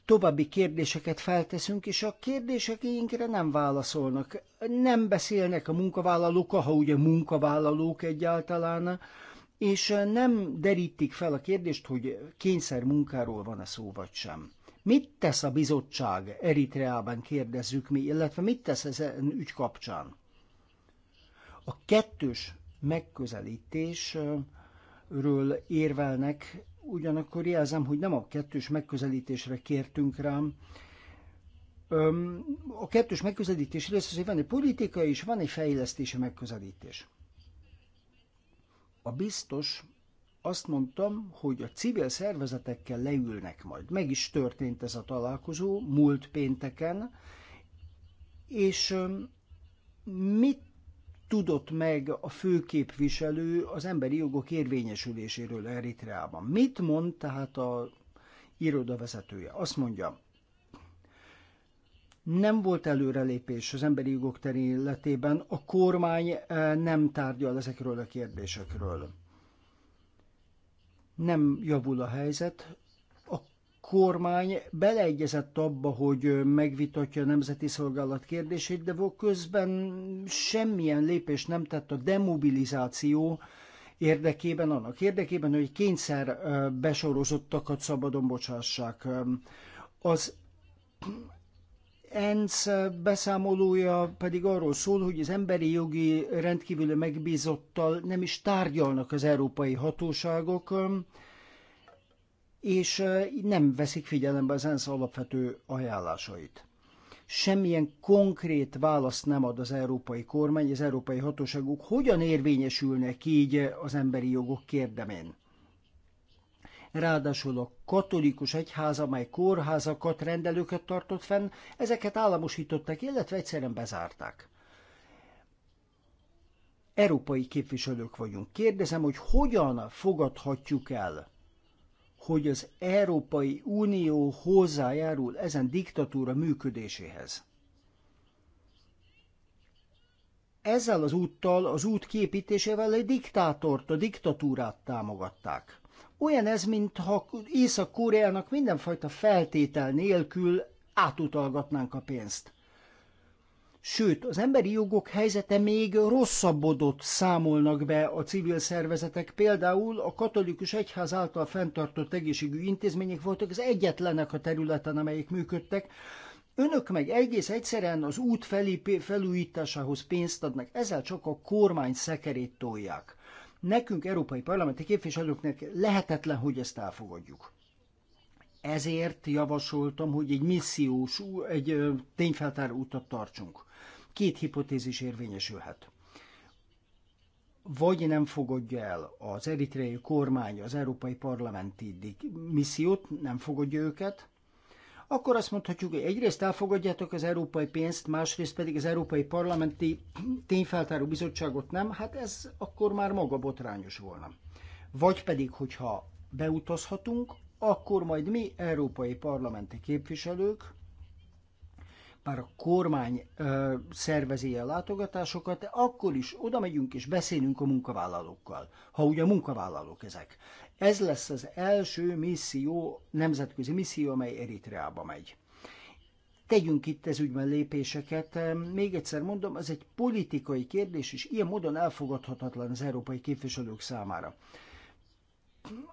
S3: További kérdéseket felteszünk, és a kérdésekeinkre nem válaszolnak. Nem beszélnek a munkavállalók, ha ugye munkavállalók egyáltalán, és nem derítik fel a kérdést, hogy kényszer munkáról van-e szó vagy sem. Mit tesz a bizottság Eritreában, kérdezzük mi, illetve mit tesz ezen ügy kapcsán? A kettős megközelítésről érvelnek, ugyanakkor jelzem, hogy nem a kettős megközelítésre kértünk rám. A kettős megközelítés rész az, hogy van egy politikai, és van egy fejlesztési megközelítés. A biztos azt mondtam, hogy a civil szervezetekkel leülnek majd. Meg is történt ez a találkozó múlt pénteken, és mit tudott meg a főképviselő az emberi jogok érvényesüléséről Eritreában. Mit mond tehát a iroda vezetője? Azt mondja, nem volt előrelépés az emberi jogok területében, a kormány eh, nem tárgyal ezekről a kérdésekről. Nem javul a helyzet, kormány beleegyezett abba, hogy megvitatja a nemzeti szolgálat kérdését, de közben semmilyen lépést nem tett a demobilizáció érdekében, annak érdekében, hogy kényszer besorozottakat szabadon bocsássák. Az ENSZ beszámolója pedig arról szól, hogy az emberi jogi rendkívüli megbízottal nem is tárgyalnak az európai hatóságok, és nem veszik figyelembe az ENSZ alapvető ajánlásait. Semmilyen konkrét választ nem ad az európai kormány, az európai hatóságok hogyan érvényesülnek így az emberi jogok kérdemén. Ráadásul a katolikus egyház, amely kórházakat, rendelőket tartott fenn, ezeket államosították, illetve egyszerűen bezárták európai képviselők vagyunk. Kérdezem, hogy hogyan fogadhatjuk el hogy az Európai Unió hozzájárul ezen diktatúra működéséhez. Ezzel az úttal, az út képítésével egy diktátort, a diktatúrát támogatták. Olyan ez, mintha Észak-Koreának mindenfajta feltétel nélkül átutalgatnánk a pénzt. Sőt, az emberi jogok helyzete még rosszabbodott számolnak be a civil szervezetek. Például a katolikus egyház által fenntartott egészségügyi intézmények voltak az egyetlenek a területen, amelyik működtek. Önök meg egész egyszerűen az út felé felújításához pénzt adnak, ezzel csak a kormány szekerét tolják. Nekünk, európai parlamenti képviselőknek lehetetlen, hogy ezt elfogadjuk. Ezért javasoltam, hogy egy missziós, egy tényfeltáró utat tartsunk. Két hipotézis érvényesülhet. Vagy nem fogadja el az eritreai kormány az Európai Parlamenti missziót, nem fogadja őket, akkor azt mondhatjuk, hogy egyrészt elfogadjátok az európai pénzt, másrészt pedig az Európai Parlamenti Tényfeltáró Bizottságot nem, hát ez akkor már maga botrányos volna. Vagy pedig, hogyha beutazhatunk, akkor majd mi, európai parlamenti képviselők, bár a kormány ö, szervezi a látogatásokat, de akkor is oda megyünk és beszélünk a munkavállalókkal, ha ugye munkavállalók ezek. Ez lesz az első misszió, nemzetközi misszió, amely Eritreába megy. Tegyünk itt ez ügyben lépéseket. Még egyszer mondom, ez egy politikai kérdés, és ilyen módon elfogadhatatlan az európai képviselők számára.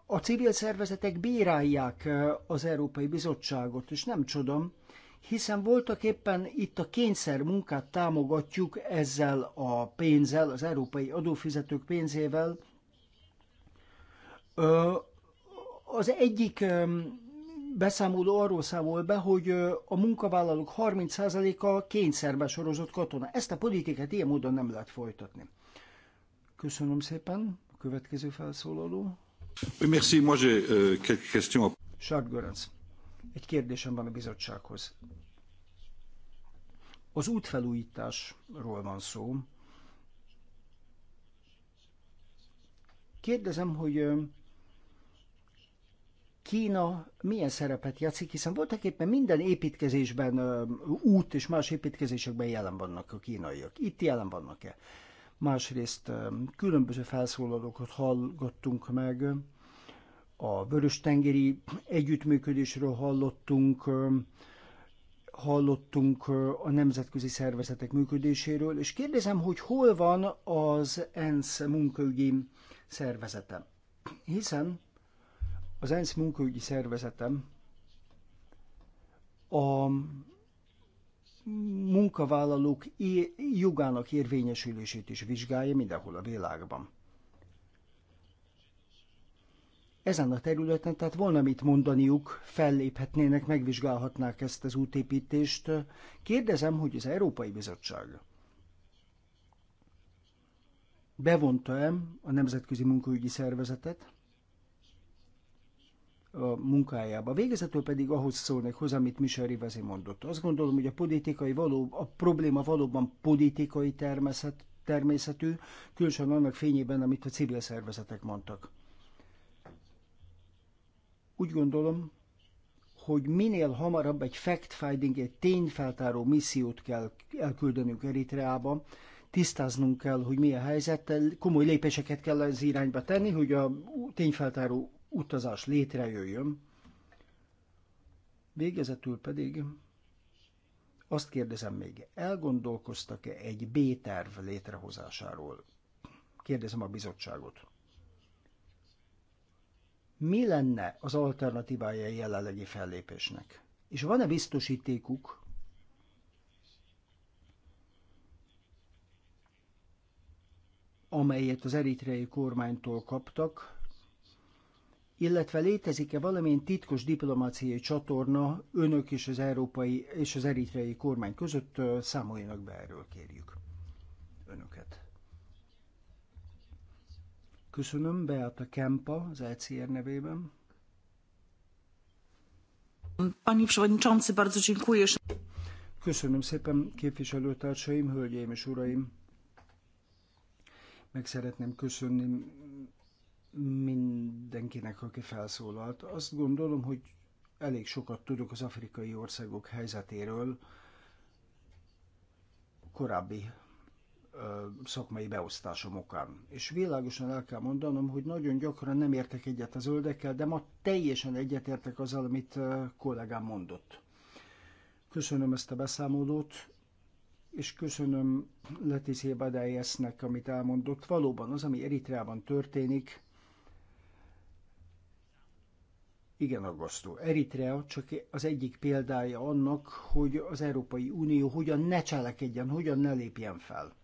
S3: A civil szervezetek bírálják az Európai Bizottságot, és nem csodom, hiszen voltak éppen itt a kényszer munkát támogatjuk ezzel a pénzzel, az európai adófizetők pénzével. Az egyik beszámoló arról számol be, hogy a munkavállalók 30%-a kényszerbe sorozott katona. Ezt a politikát ilyen módon nem lehet folytatni. Köszönöm szépen. A következő felszólaló. Merci, moi j'ai euh, quelques questions. Charles egy kérdésem van a bizottsághoz. Az útfelújításról van szó. Kérdezem, hogy Kína milyen szerepet játszik, hiszen voltak éppen minden építkezésben, út és más építkezésekben jelen vannak a kínaiak. Itt jelen vannak-e? Másrészt különböző felszólalókat hallgattunk meg, a vöröstengeri együttműködésről hallottunk, hallottunk a nemzetközi szervezetek működéséről, és kérdezem, hogy hol van az ENSZ munkaügyi szervezete. Hiszen az ENSZ munkaügyi szervezetem a munkavállalók jogának érvényesülését is vizsgálja mindenhol a világban. Ezen a területen, tehát volna mit mondaniuk, felléphetnének, megvizsgálhatnák ezt az útépítést. Kérdezem, hogy az Európai Bizottság bevonta-e a Nemzetközi Munkaügyi Szervezetet a munkájába. Végezetül pedig ahhoz szólnék hozzá, amit Michel Rivezi mondott. Azt gondolom, hogy a politikai való, a probléma valóban politikai természet, természetű, különösen annak fényében, amit a civil szervezetek mondtak. Úgy gondolom, hogy minél hamarabb egy fact-finding, egy tényfeltáró missziót kell elküldenünk Eritreába, tisztáznunk kell, hogy mi a helyzettel, komoly lépéseket kell az irányba tenni, hogy a tényfeltáró utazás létrejöjjön. Végezetül pedig azt kérdezem még, elgondolkoztak-e egy B-terv létrehozásáról? Kérdezem a bizottságot mi lenne az alternatívája a jelenlegi fellépésnek? És van-e biztosítékuk, amelyet az eritreai kormánytól kaptak, illetve létezik-e valamilyen titkos diplomáciai csatorna önök és az európai és az eritreai kormány között? Számoljanak be erről, kérjük önöket. Köszönöm, Beata Kempa az ECR nevében. Pani Przewodniczący, bardzo dziękuję. Köszönöm szépen, képviselőtársaim, hölgyeim és uraim. Meg szeretném köszönni mindenkinek, aki felszólalt. Azt gondolom, hogy elég sokat tudok az afrikai országok helyzetéről korábbi szakmai beosztásom okán. És világosan el kell mondanom, hogy nagyon gyakran nem értek egyet a zöldekkel, de ma teljesen egyetértek azzal, amit kollégám mondott. Köszönöm ezt a beszámolót, és köszönöm Leticia Badályesznek, amit elmondott. Valóban az, ami Eritreában történik, igen aggasztó. Eritrea csak az egyik példája annak, hogy az Európai Unió hogyan ne cselekedjen, hogyan ne lépjen fel.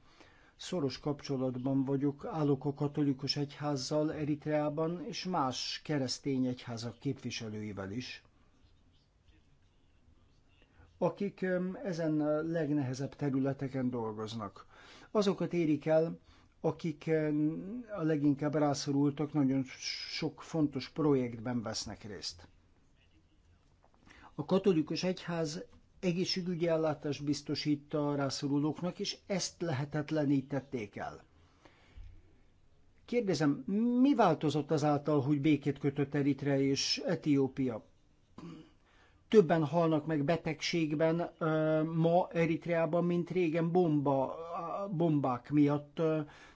S3: Szoros kapcsolatban vagyok, állok a katolikus egyházzal Eritreában és más keresztény egyházak képviselőivel is, akik ezen a legnehezebb területeken dolgoznak. Azokat érik el, akik a leginkább rászorultak, nagyon sok fontos projektben vesznek részt. A katolikus egyház egészségügyi ellátást biztosít a rászorulóknak, és ezt lehetetlenítették el. Kérdezem, mi változott azáltal, hogy békét kötött Eritrea és Etiópia? Többen halnak meg betegségben ma Eritreában, mint régen bomba, bombák miatt,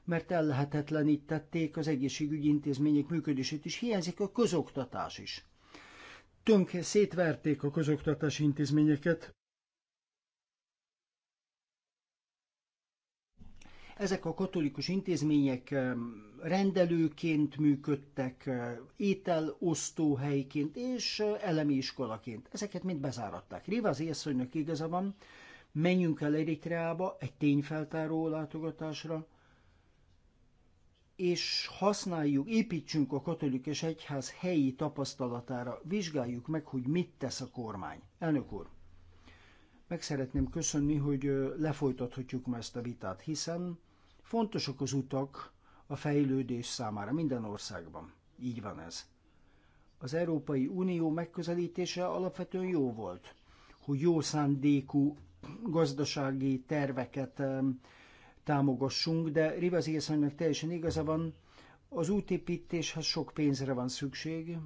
S3: mert ellehetetlenítették az egészségügyi intézmények működését is. Hiányzik a közoktatás is. Tönk szétverték a közoktatási intézményeket, Ezek a katolikus intézmények rendelőként működtek, ételosztóhelyként és elemi iskolaként. Ezeket mind bezáratták. az asszonynak igaza van, menjünk el Eritreába egy tényfeltáró látogatásra, és használjuk, építsünk a katolikus egyház helyi tapasztalatára, vizsgáljuk meg, hogy mit tesz a kormány. Elnök úr, meg szeretném köszönni, hogy lefolytathatjuk ma ezt a vitát, hiszen Fontosak az utak a fejlődés számára minden országban. Így van ez. Az Európai Unió megközelítése alapvetően jó volt, hogy jó szándékú gazdasági terveket támogassunk, de Rivazi teljesen igaza van, az útépítéshez sok pénzre van szükség,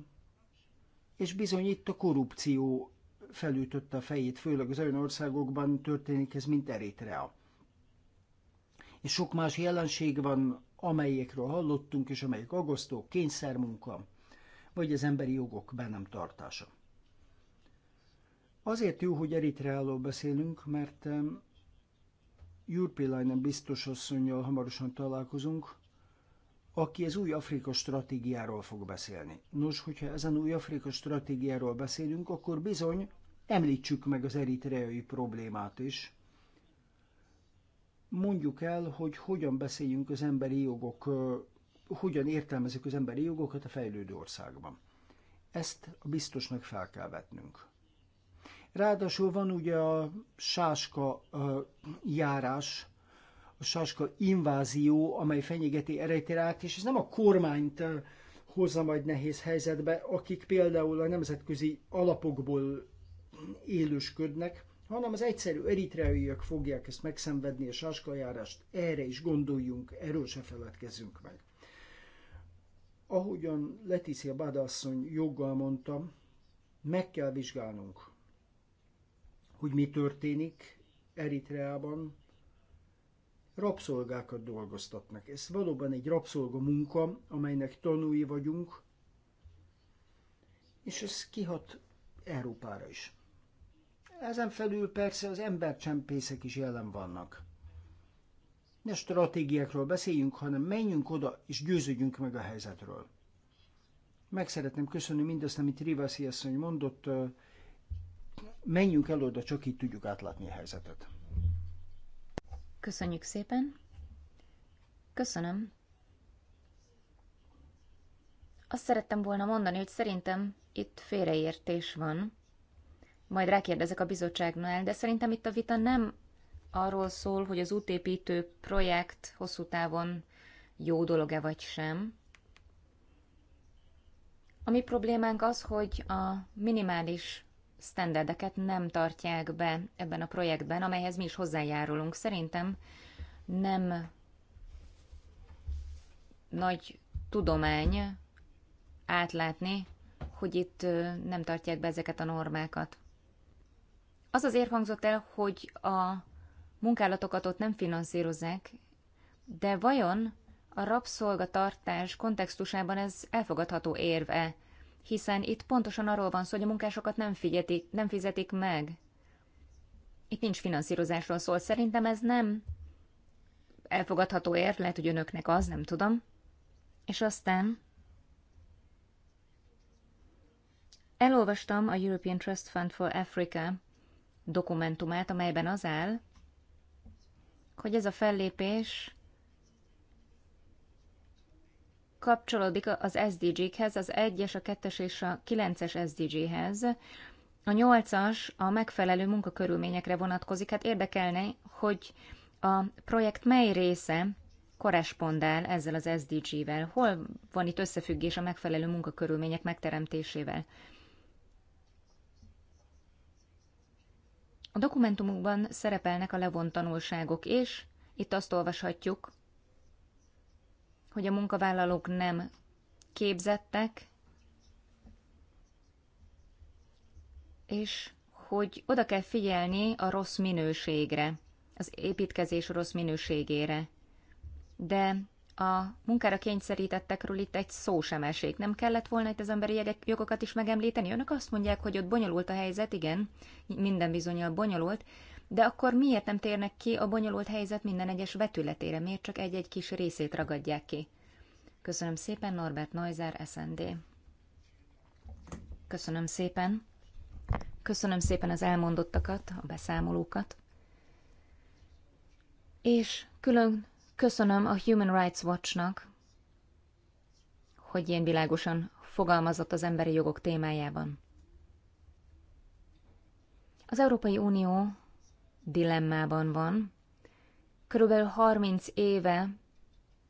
S3: és bizony itt a korrupció felütötte a fejét, főleg az olyan országokban történik ez, mint Eritrea és sok más jelenség van, amelyekről hallottunk, és amelyek aggasztók, kényszermunka, vagy az emberi jogok be nem tartása. Azért jó, hogy Eritreáról beszélünk, mert um, Jurpilainen biztos asszonyjal hamarosan találkozunk, aki az új Afrika stratégiáról fog beszélni. Nos, hogyha ezen új Afrika stratégiáról beszélünk, akkor bizony említsük meg az eritreai problémát is, mondjuk el, hogy hogyan beszéljünk az emberi jogok, hogyan értelmezzük az emberi jogokat a fejlődő országban. Ezt a biztosnak fel kell vetnünk. Ráadásul van ugye a sáska járás, a sáska invázió, amely fenyegeti erejtirát, és ez nem a kormányt hozza majd nehéz helyzetbe, akik például a nemzetközi alapokból élősködnek, hanem az egyszerű eritreaiak fogják ezt megszenvedni, a sáskajárást, erre is gondoljunk, erről se feledkezzünk meg. Ahogyan Leticia Badasszony joggal mondta, meg kell vizsgálnunk, hogy mi történik Eritreában, rabszolgákat dolgoztatnak. Ez valóban egy rabszolga munka, amelynek tanúi vagyunk, és ez kihat Európára is. Ezen felül persze az embercsempészek is jelen vannak. Ne stratégiákról beszéljünk, hanem menjünk oda és győződjünk meg a helyzetről. Meg szeretném köszönni mindazt, amit Rivasi asszony mondott. Menjünk el oda, csak így tudjuk átlátni a helyzetet.
S1: Köszönjük szépen. Köszönöm. Azt szerettem volna mondani, hogy szerintem itt félreértés van majd rákérdezek a bizottságnál, de szerintem itt a vita nem arról szól, hogy az útépítő projekt hosszú távon jó dolog-e vagy sem. A mi problémánk az, hogy a minimális standardeket nem tartják be ebben a projektben, amelyhez mi is hozzájárulunk. Szerintem nem nagy tudomány átlátni, hogy itt nem tartják be ezeket a normákat. Az azért hangzott el, hogy a munkálatokat ott nem finanszírozzák, de vajon a rabszolgatartás kontextusában ez elfogadható érve, hiszen itt pontosan arról van szó, hogy a munkásokat nem, figyetik, nem fizetik meg. Itt nincs finanszírozásról szól, szerintem ez nem elfogadható ér, lehet, hogy önöknek az, nem tudom. És aztán elolvastam a European Trust Fund for Africa dokumentumát, amelyben az áll, hogy ez a fellépés kapcsolódik az SDG-khez, az 1-es, a 2-es és a 9-es SDG-hez. A 8-as a megfelelő munkakörülményekre vonatkozik. Hát érdekelne, hogy a projekt mely része korrespondál ezzel az SDG-vel? Hol van itt összefüggés a megfelelő munkakörülmények megteremtésével? A dokumentumokban szerepelnek a levont tanulságok, és itt azt olvashatjuk, hogy a munkavállalók nem képzettek, és hogy oda kell figyelni a rossz minőségre, az építkezés rossz minőségére. De a munkára kényszerítettekről itt egy szó sem esik. Nem kellett volna itt az emberi jogokat is megemlíteni? Önök azt mondják, hogy ott bonyolult a helyzet, igen, minden bizonyal bonyolult, de akkor miért nem térnek ki a bonyolult helyzet minden egyes vetületére? Miért csak egy-egy kis részét ragadják ki? Köszönöm szépen, Norbert Neuser, SND. Köszönöm szépen. Köszönöm szépen az elmondottakat, a beszámolókat. És külön Köszönöm a Human Rights Watchnak, hogy ilyen világosan fogalmazott az emberi jogok témájában. Az Európai Unió dilemmában van. Körülbelül 30 éve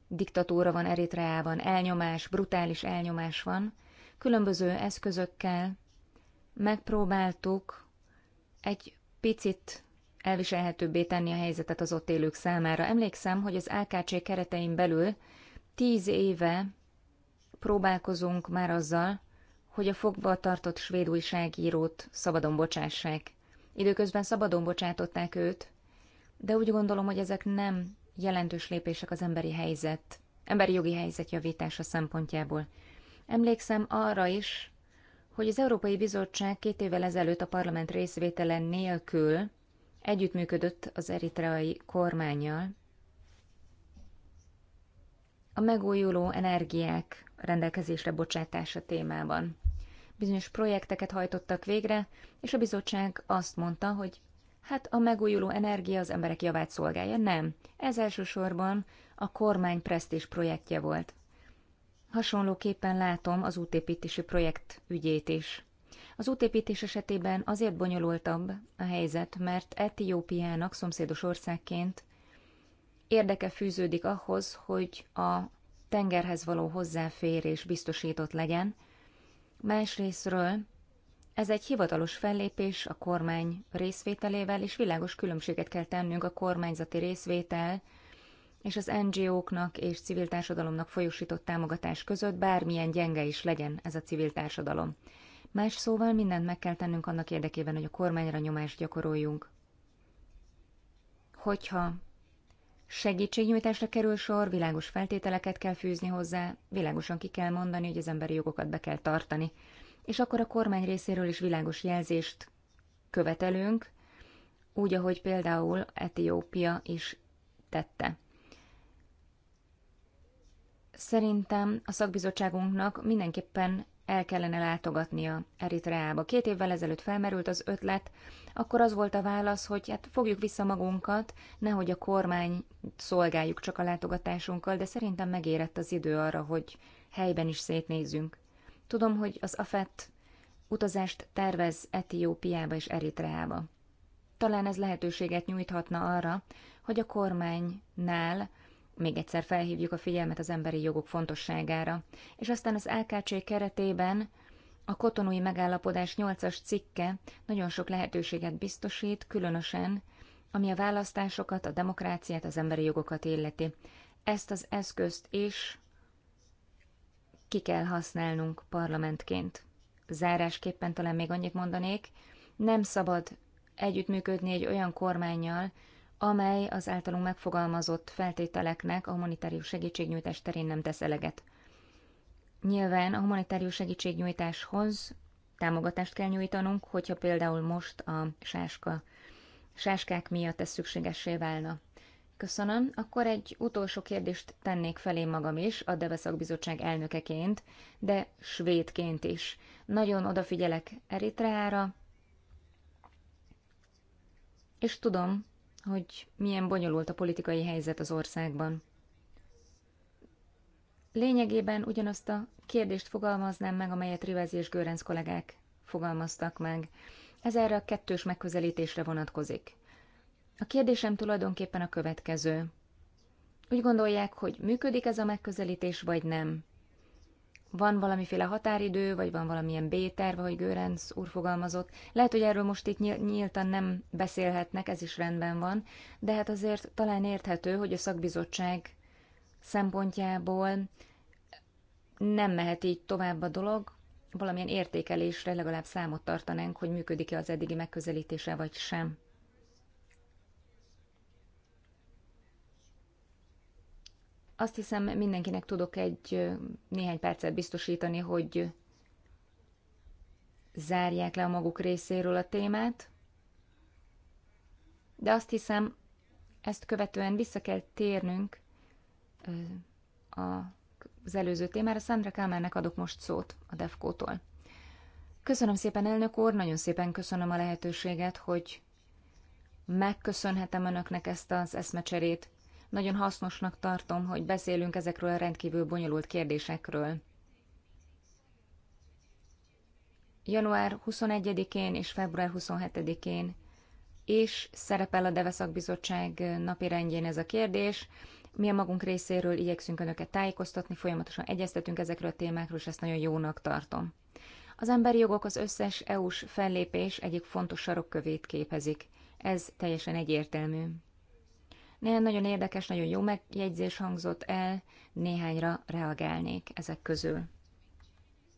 S1: diktatúra van Eritreában, elnyomás, brutális elnyomás van. Különböző eszközökkel megpróbáltuk egy picit elviselhetőbbé tenni a helyzetet az ott élők számára. Emlékszem, hogy az AKC keretein belül tíz éve próbálkozunk már azzal, hogy a fogva tartott svéd újságírót szabadon bocsássák. Időközben szabadon bocsátották őt, de úgy gondolom, hogy ezek nem jelentős lépések az emberi helyzet, emberi jogi helyzet javítása szempontjából. Emlékszem arra is, hogy az Európai Bizottság két évvel ezelőtt a parlament részvételen nélkül együttműködött az eritreai kormányjal a megújuló energiák rendelkezésre bocsátása témában. Bizonyos projekteket hajtottak végre, és a bizottság azt mondta, hogy hát a megújuló energia az emberek javát szolgálja. Nem, ez elsősorban a kormány presztés projektje volt. Hasonlóképpen látom az útépítési projekt ügyét is. Az útépítés esetében azért bonyolultabb a helyzet, mert Etiópiának szomszédos országként érdeke fűződik ahhoz, hogy a tengerhez való hozzáférés biztosított legyen. Másrésztről ez egy hivatalos fellépés a kormány részvételével, és világos különbséget kell tennünk a kormányzati részvétel és az NGO-knak és civil társadalomnak folyósított támogatás között, bármilyen gyenge is legyen ez a civil társadalom. Más szóval mindent meg kell tennünk annak érdekében, hogy a kormányra nyomást gyakoroljunk. Hogyha segítségnyújtásra kerül sor, világos feltételeket kell fűzni hozzá, világosan ki kell mondani, hogy az emberi jogokat be kell tartani. És akkor a kormány részéről is világos jelzést követelünk, úgy, ahogy például Etiópia is tette. Szerintem a szakbizottságunknak mindenképpen el kellene látogatnia Eritreába. Két évvel ezelőtt felmerült az ötlet, akkor az volt a válasz, hogy hát fogjuk vissza magunkat, nehogy a kormány szolgáljuk csak a látogatásunkkal, de szerintem megérett az idő arra, hogy helyben is szétnézzünk. Tudom, hogy az AFET utazást tervez Etiópiába és Eritreába. Talán ez lehetőséget nyújthatna arra, hogy a kormánynál még egyszer felhívjuk a figyelmet az emberi jogok fontosságára. És aztán az LKC keretében a kotonói megállapodás 8-as cikke nagyon sok lehetőséget biztosít, különösen ami a választásokat, a demokráciát, az emberi jogokat illeti. Ezt az eszközt is ki kell használnunk parlamentként. Zárásképpen talán még annyit mondanék, nem szabad együttműködni egy olyan kormányjal, amely az általunk megfogalmazott feltételeknek a humanitárius segítségnyújtás terén nem tesz eleget. Nyilván a humanitárius segítségnyújtáshoz támogatást kell nyújtanunk, hogyha például most a sáska, sáskák miatt ez szükségessé válna. Köszönöm. Akkor egy utolsó kérdést tennék felé magam is, a Deveszak bizottság elnökeként, de svédként is. Nagyon odafigyelek Eritreára, és tudom, hogy milyen bonyolult a politikai helyzet az országban. Lényegében ugyanazt a kérdést fogalmaznám meg, amelyet Rivezi és Görenc kollégák fogalmaztak meg. Ez erre a kettős megközelítésre vonatkozik. A kérdésem tulajdonképpen a következő. Úgy gondolják, hogy működik ez a megközelítés, vagy nem? van valamiféle határidő, vagy van valamilyen B-terv, ahogy Görenc úr fogalmazott. Lehet, hogy erről most itt nyíltan nem beszélhetnek, ez is rendben van, de hát azért talán érthető, hogy a szakbizottság szempontjából nem mehet így tovább a dolog, valamilyen értékelésre legalább számot tartanánk, hogy működik-e az eddigi megközelítése, vagy sem. Azt hiszem, mindenkinek tudok egy néhány percet biztosítani, hogy zárják le a maguk részéről a témát, de azt hiszem, ezt követően vissza kell térnünk az előző témára. Sandra Kámernek adok most szót a Defkótól. Köszönöm szépen, elnök úr, nagyon szépen köszönöm a lehetőséget, hogy megköszönhetem önöknek ezt az eszmecserét. Nagyon hasznosnak tartom, hogy beszélünk ezekről a rendkívül bonyolult kérdésekről. Január 21-én és február 27-én és szerepel a Deveszak Bizottság napi rendjén ez a kérdés. Mi a magunk részéről igyekszünk önöket tájékoztatni, folyamatosan egyeztetünk ezekről a témákról, és ezt nagyon jónak tartom. Az emberi jogok az összes EU-s fellépés egyik fontos sarokkövét képezik. Ez teljesen egyértelmű. Néhány Nagyon érdekes, nagyon jó megjegyzés hangzott el, néhányra reagálnék ezek közül.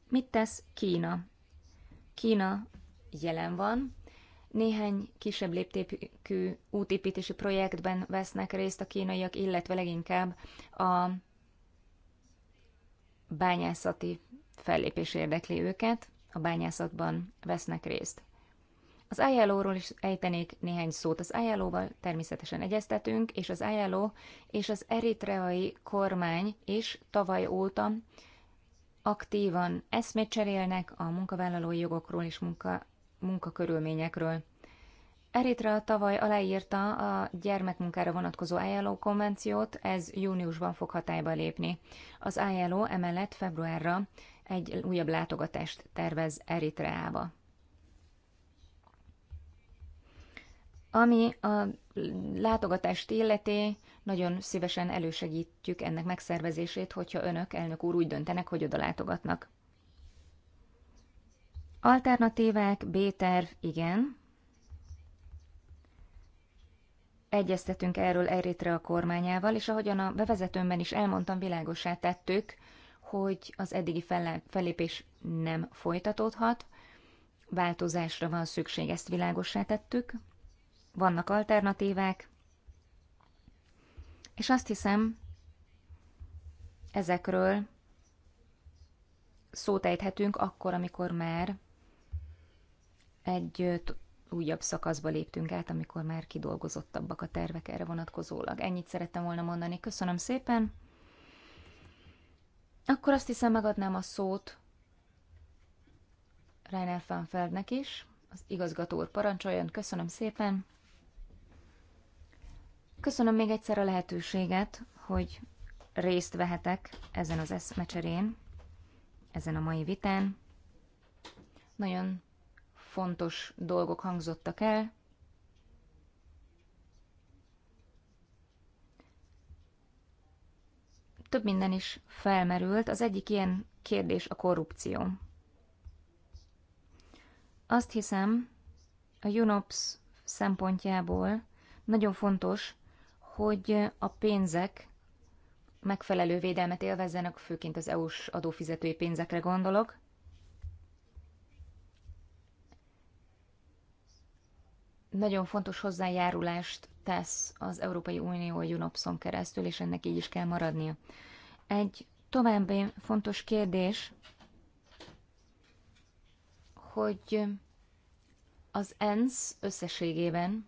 S1: Mit tesz Kína? Kína jelen van, néhány kisebb léptékű útépítési projektben vesznek részt a kínaiak, illetve leginkább a bányászati fellépés érdekli őket, a bányászatban vesznek részt. Az ILO-ról is ejtenék néhány szót. Az ILO-val természetesen egyeztetünk, és az ILO és az eritreai kormány is tavaly óta aktívan eszmét cserélnek a munkavállalói jogokról és munka, munkakörülményekről. Eritrea tavaly aláírta a gyermekmunkára vonatkozó ILO konvenciót, ez júniusban fog hatályba lépni. Az ILO emellett februárra egy újabb látogatást tervez Eritreába. Ami a látogatást illeti, nagyon szívesen elősegítjük ennek megszervezését, hogyha önök, elnök úr úgy döntenek, hogy oda látogatnak. Alternatívák, B-terv, igen. Egyeztetünk erről a kormányával, és ahogyan a bevezetőmben is elmondtam, világosá tettük, hogy az eddigi fellépés nem folytatódhat, változásra van szükség, ezt világosá tettük vannak alternatívák, és azt hiszem, ezekről szót ejthetünk akkor, amikor már egy újabb szakaszba léptünk át, amikor már kidolgozottabbak a tervek erre vonatkozólag. Ennyit szerettem volna mondani. Köszönöm szépen. Akkor azt hiszem megadnám a szót Rainer Fanfeldnek is. Az igazgató úr parancsoljon. Köszönöm szépen. Köszönöm még egyszer a lehetőséget, hogy részt vehetek ezen az eszmecserén, ezen a mai vitán. Nagyon fontos dolgok hangzottak el. Több minden is felmerült. Az egyik ilyen kérdés a korrupció. Azt hiszem, a UNOPS szempontjából nagyon fontos, hogy a pénzek megfelelő védelmet élvezzenek, főként az EU-s adófizetői pénzekre gondolok. Nagyon fontos hozzájárulást tesz az Európai Unió a UNOPS-on keresztül, és ennek így is kell maradnia. Egy további fontos kérdés, hogy az ENSZ összességében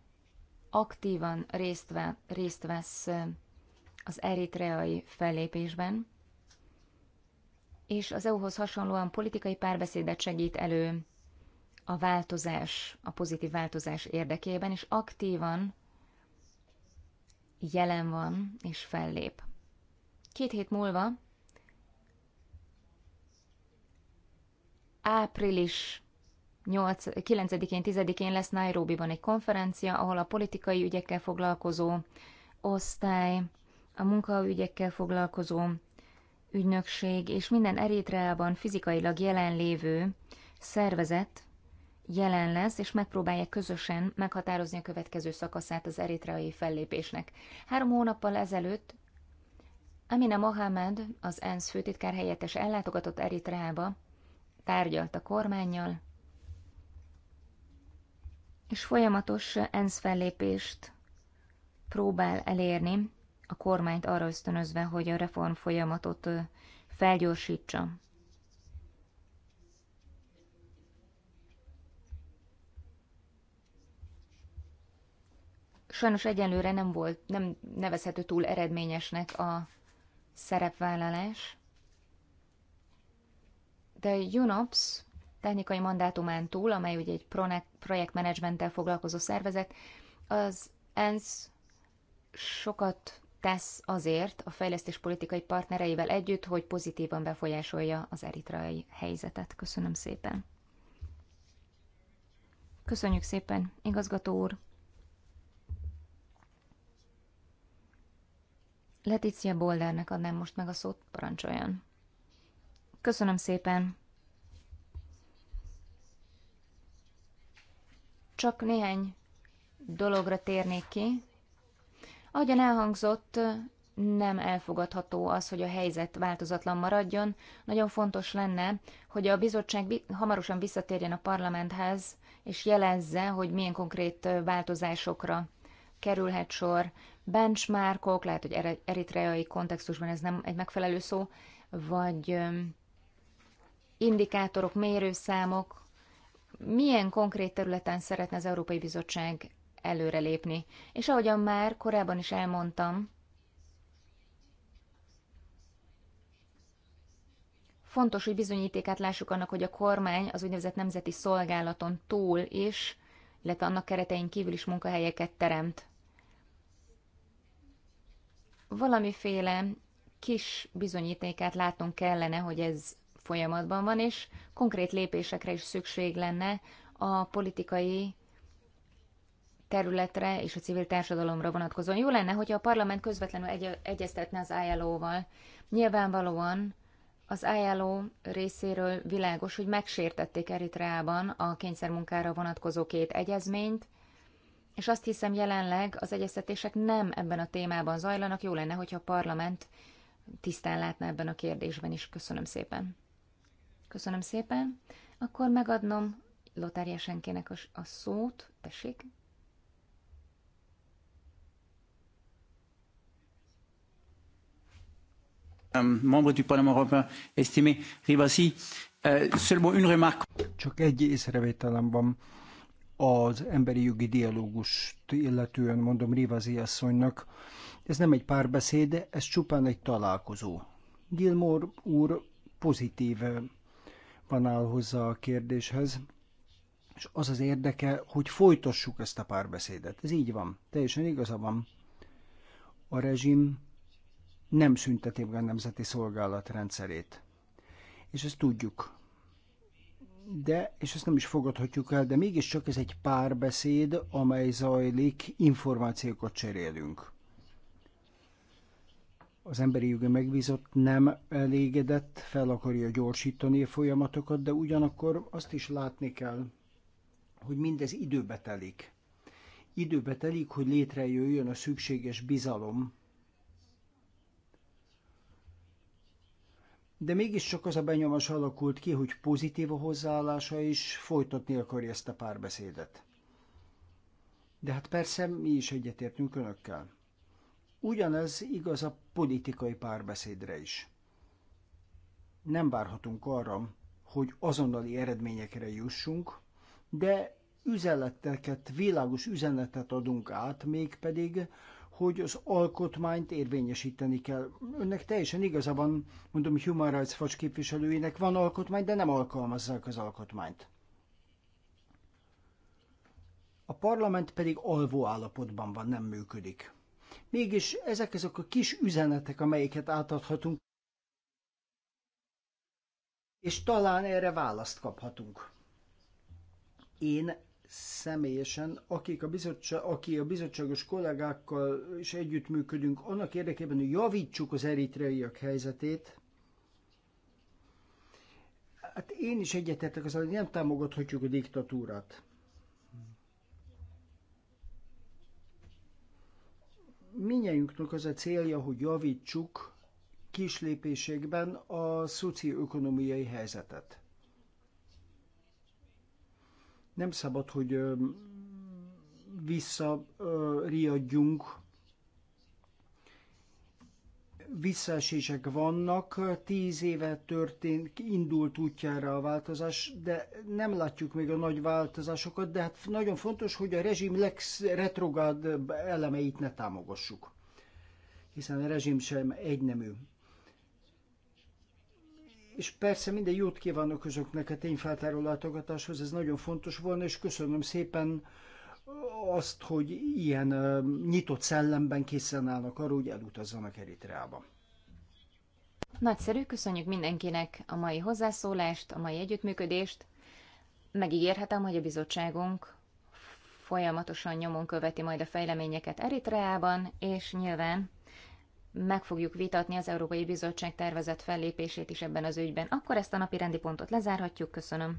S1: aktívan részt, ve, részt vesz az eritreai fellépésben, és az EU-hoz hasonlóan politikai párbeszédet segít elő a változás, a pozitív változás érdekében, és aktívan jelen van és fellép. Két hét múlva április 9-én, 10-én lesz Nairobi-ban egy konferencia, ahol a politikai ügyekkel foglalkozó osztály, a munkaügyekkel foglalkozó ügynökség és minden Eritreában fizikailag jelenlévő szervezet jelen lesz, és megpróbálják közösen meghatározni a következő szakaszát az eritreai fellépésnek. Három hónappal ezelőtt Amina Mohamed, az ENSZ főtitkár helyettes ellátogatott Eritreába, tárgyalt a kormányjal, és folyamatos ENSZ fellépést próbál elérni, a kormányt arra ösztönözve, hogy a reform folyamatot felgyorsítsa. Sajnos egyelőre nem volt, nem nevezhető túl eredményesnek a szerepvállalás, de UNOPS technikai mandátumán túl, amely ugye egy projektmenedzsmenttel foglalkozó szervezet, az ENSZ sokat tesz azért a fejlesztés politikai partnereivel együtt, hogy pozitívan befolyásolja az eritrai helyzetet. Köszönöm szépen. Köszönjük szépen, igazgató úr. Leticia Boldernek adnám most meg a szót, parancsoljon. Köszönöm szépen. Csak néhány dologra térnék ki. Ahogyan elhangzott, nem elfogadható az, hogy a helyzet változatlan maradjon. Nagyon fontos lenne, hogy a bizottság hamarosan visszatérjen a parlamenthez, és jelezze, hogy milyen konkrét változásokra kerülhet sor. Benchmarkok, lehet, hogy eritreai kontextusban ez nem egy megfelelő szó, vagy indikátorok, mérőszámok, milyen konkrét területen szeretne az Európai Bizottság előrelépni. És ahogyan már korábban is elmondtam, fontos, hogy bizonyítékát lássuk annak, hogy a kormány az úgynevezett nemzeti szolgálaton túl is, illetve annak keretein kívül is munkahelyeket teremt. Valamiféle kis bizonyítékát látnunk kellene, hogy ez folyamatban van, és konkrét lépésekre is szükség lenne a politikai területre és a civil társadalomra vonatkozóan. Jó lenne, hogyha a parlament közvetlenül egy- egyeztetne az ILO-val. Nyilvánvalóan az ILO részéről világos, hogy megsértették Eritreában a kényszermunkára vonatkozó két egyezményt, és azt hiszem jelenleg az egyeztetések nem ebben a témában zajlanak. Jó lenne, hogyha a parlament tisztán látná ebben a kérdésben is. Köszönöm szépen. Köszönöm szépen. Akkor megadnom Lotária Senkének a, szót. Tessék.
S3: membre du Parlement européen estimé Rivasi. Euh, seulement une remarque. Csak egy észrevételem van az emberi jogi dialógust illetően, mondom Rivasi asszonynak. Ez nem egy párbeszéd, ez csupán egy találkozó. Gilmore úr pozitív panál hozzá a kérdéshez, és az az érdeke, hogy folytassuk ezt a párbeszédet. Ez így van, teljesen igaza van. A rezsim nem szünteti meg a nemzeti szolgálat rendszerét. És ezt tudjuk. De, és ezt nem is fogadhatjuk el, de mégiscsak ez egy párbeszéd, amely zajlik, információkat cserélünk az emberi jogi megbízott nem elégedett, fel akarja gyorsítani a folyamatokat, de ugyanakkor azt is látni kell, hogy mindez időbe telik. Időbe telik, hogy létrejöjjön a szükséges bizalom. De mégiscsak az a benyomás alakult ki, hogy pozitív a hozzáállása is, folytatni akarja ezt a párbeszédet. De hát persze mi is egyetértünk önökkel. Ugyanez igaz a politikai párbeszédre is. Nem várhatunk arra, hogy azonnali eredményekre jussunk, de üzeneteket, világos üzenetet adunk át, mégpedig, hogy az alkotmányt érvényesíteni kell. Önnek teljesen igaza van, mondom, Human Rights Watch képviselőinek van alkotmány, de nem alkalmazzák az alkotmányt. A parlament pedig alvó állapotban van, nem működik. Mégis ezek azok a kis üzenetek, amelyeket átadhatunk, és talán erre választ kaphatunk. Én személyesen, akik a bizottság, aki a bizottságos kollégákkal is együttműködünk, annak érdekében, hogy javítsuk az eritreiak helyzetét, hát én is egyetértek az hogy nem támogathatjuk a diktatúrát. minnyájunknak az a célja, hogy javítsuk kislépésekben a szocioökonomiai helyzetet. Nem szabad, hogy visszariadjunk visszaesések vannak, tíz éve történt, indult útjára a változás, de nem látjuk még a nagy változásokat, de hát nagyon fontos, hogy a rezsim legretrogád elemeit ne támogassuk, hiszen a rezsim sem egynemű. És persze minden jót kívánok azoknak a tényfeltáró látogatáshoz, ez nagyon fontos volna, és köszönöm szépen, azt, hogy ilyen nyitott szellemben készen állnak arra, hogy elutazzanak Eritreába.
S1: Nagyszerű, köszönjük mindenkinek a mai hozzászólást, a mai együttműködést. Megígérhetem, hogy a bizottságunk folyamatosan nyomon követi majd a fejleményeket Eritreában, és nyilván meg fogjuk vitatni az Európai Bizottság tervezett fellépését is ebben az ügyben. Akkor ezt a napi rendi pontot lezárhatjuk. Köszönöm.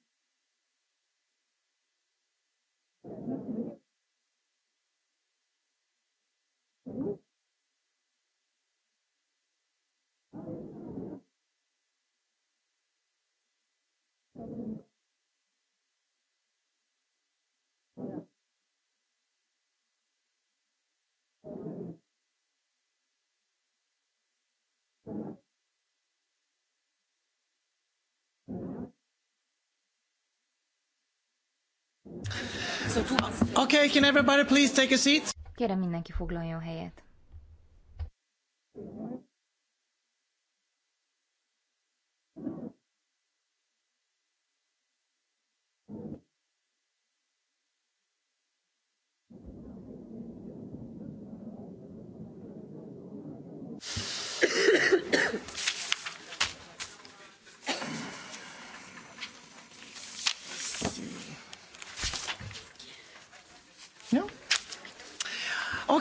S3: Okay, can everybody please take a seat?
S1: Kérem mindenki foglaljon helyet.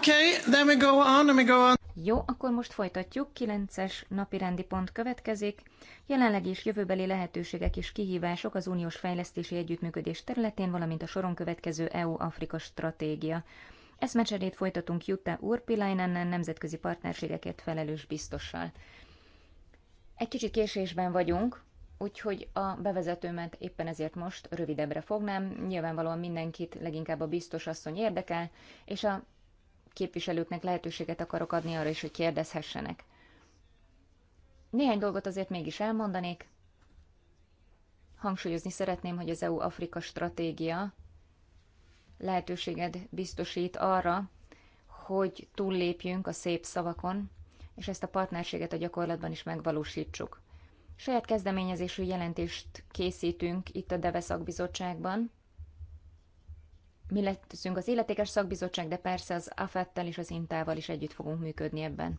S3: Okay, then we go
S1: on, and we go on. Jó, akkor most folytatjuk. 9-es napi rendi pont következik. Jelenleg és jövőbeli lehetőségek és kihívások az uniós fejlesztési együttműködés területén, valamint a soron következő EU-Afrika stratégia. Eszmecserét folytatunk Jutta Urpilainen nemzetközi partnerségeket felelős biztossal. Egy kicsit késésben vagyunk, úgyhogy a bevezetőmet éppen ezért most rövidebbre fognám. Nyilvánvalóan mindenkit leginkább a biztos asszony érdekel, és a képviselőknek lehetőséget akarok adni arra is, hogy kérdezhessenek. Néhány dolgot azért mégis elmondanék. Hangsúlyozni szeretném, hogy az EU-Afrika stratégia lehetőséged biztosít arra, hogy túllépjünk a szép szavakon, és ezt a partnerséget a gyakorlatban is megvalósítsuk. Saját kezdeményezésű jelentést készítünk itt a Deve bizottságban mi leszünk az illetékes szakbizottság, de persze az AFET-tel és az Intával is együtt fogunk működni ebben.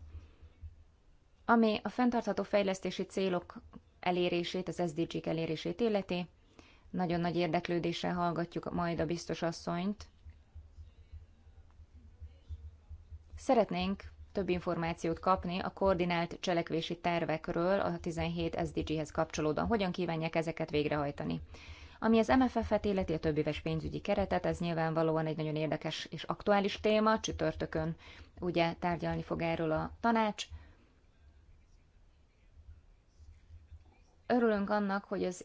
S1: Ami a fenntartható fejlesztési célok elérését, az SDG-k elérését illeti, nagyon nagy érdeklődéssel hallgatjuk majd a biztos asszonyt. Szeretnénk több információt kapni a koordinált cselekvési tervekről a 17 SDG-hez kapcsolódóan. Hogyan kívánják ezeket végrehajtani? Ami az MFF-et illeti a többéves pénzügyi keretet, ez nyilvánvalóan egy nagyon érdekes és aktuális téma. Csütörtökön ugye tárgyalni fog erről a tanács. Örülünk annak, hogy az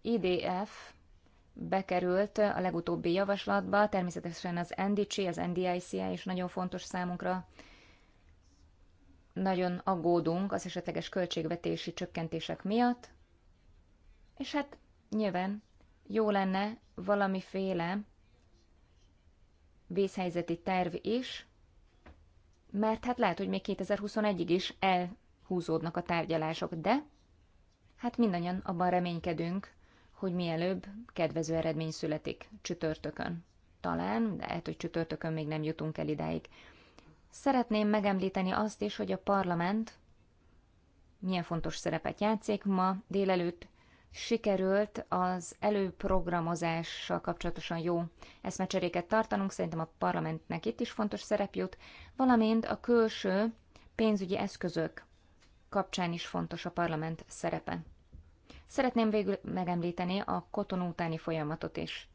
S1: IDF bekerült a legutóbbi javaslatba, természetesen az NDC, az NDIC is nagyon fontos számunkra. Nagyon aggódunk az esetleges költségvetési csökkentések miatt, és hát nyilván jó lenne valamiféle vészhelyzeti terv is, mert hát lehet, hogy még 2021-ig is elhúzódnak a tárgyalások, de hát mindannyian abban reménykedünk, hogy mielőbb kedvező eredmény születik csütörtökön. Talán, de lehet, hogy csütörtökön még nem jutunk el idáig. Szeretném megemlíteni azt is, hogy a parlament milyen fontos szerepet játszik. Ma délelőtt sikerült az előprogramozással kapcsolatosan jó eszmecseréket tartanunk, szerintem a parlamentnek itt is fontos szerep jut, valamint a külső pénzügyi eszközök kapcsán is fontos a parlament szerepe. Szeretném végül megemlíteni a kotonú utáni folyamatot is.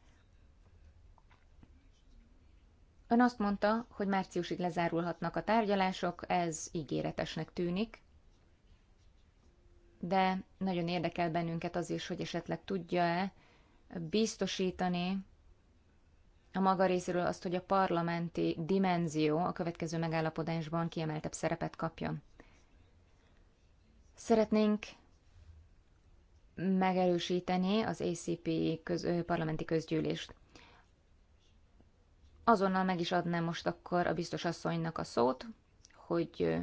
S1: Ön azt mondta, hogy márciusig lezárulhatnak a tárgyalások, ez ígéretesnek tűnik de nagyon érdekel bennünket az is, hogy esetleg tudja-e biztosítani a maga részéről azt, hogy a parlamenti dimenzió a következő megállapodásban kiemeltebb szerepet kapjon. Szeretnénk megerősíteni az ACP köz, parlamenti közgyűlést. Azonnal meg is adnám most akkor a biztos asszonynak a szót, hogy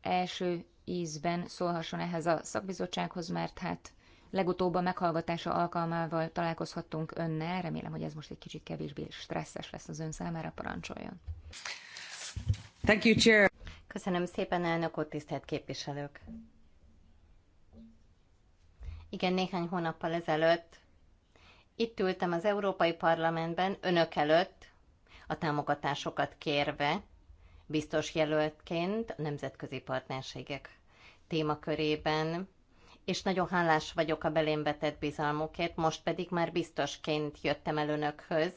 S1: első ízben szólhasson ehhez a szakbizottsághoz, mert hát legutóbb a meghallgatása alkalmával találkozhattunk önnel. Remélem, hogy ez most egy kicsit kevésbé stresszes lesz az ön számára, parancsoljon. Thank you, Chair.
S2: Köszönöm szépen, elnök úr, tisztelt képviselők. Igen, néhány hónappal ezelőtt itt ültem az Európai Parlamentben, önök előtt, a támogatásokat kérve, biztos jelöltként a nemzetközi partnerségek témakörében, és nagyon hálás vagyok a belém vetett bizalmukért, most pedig már biztosként jöttem el önökhöz,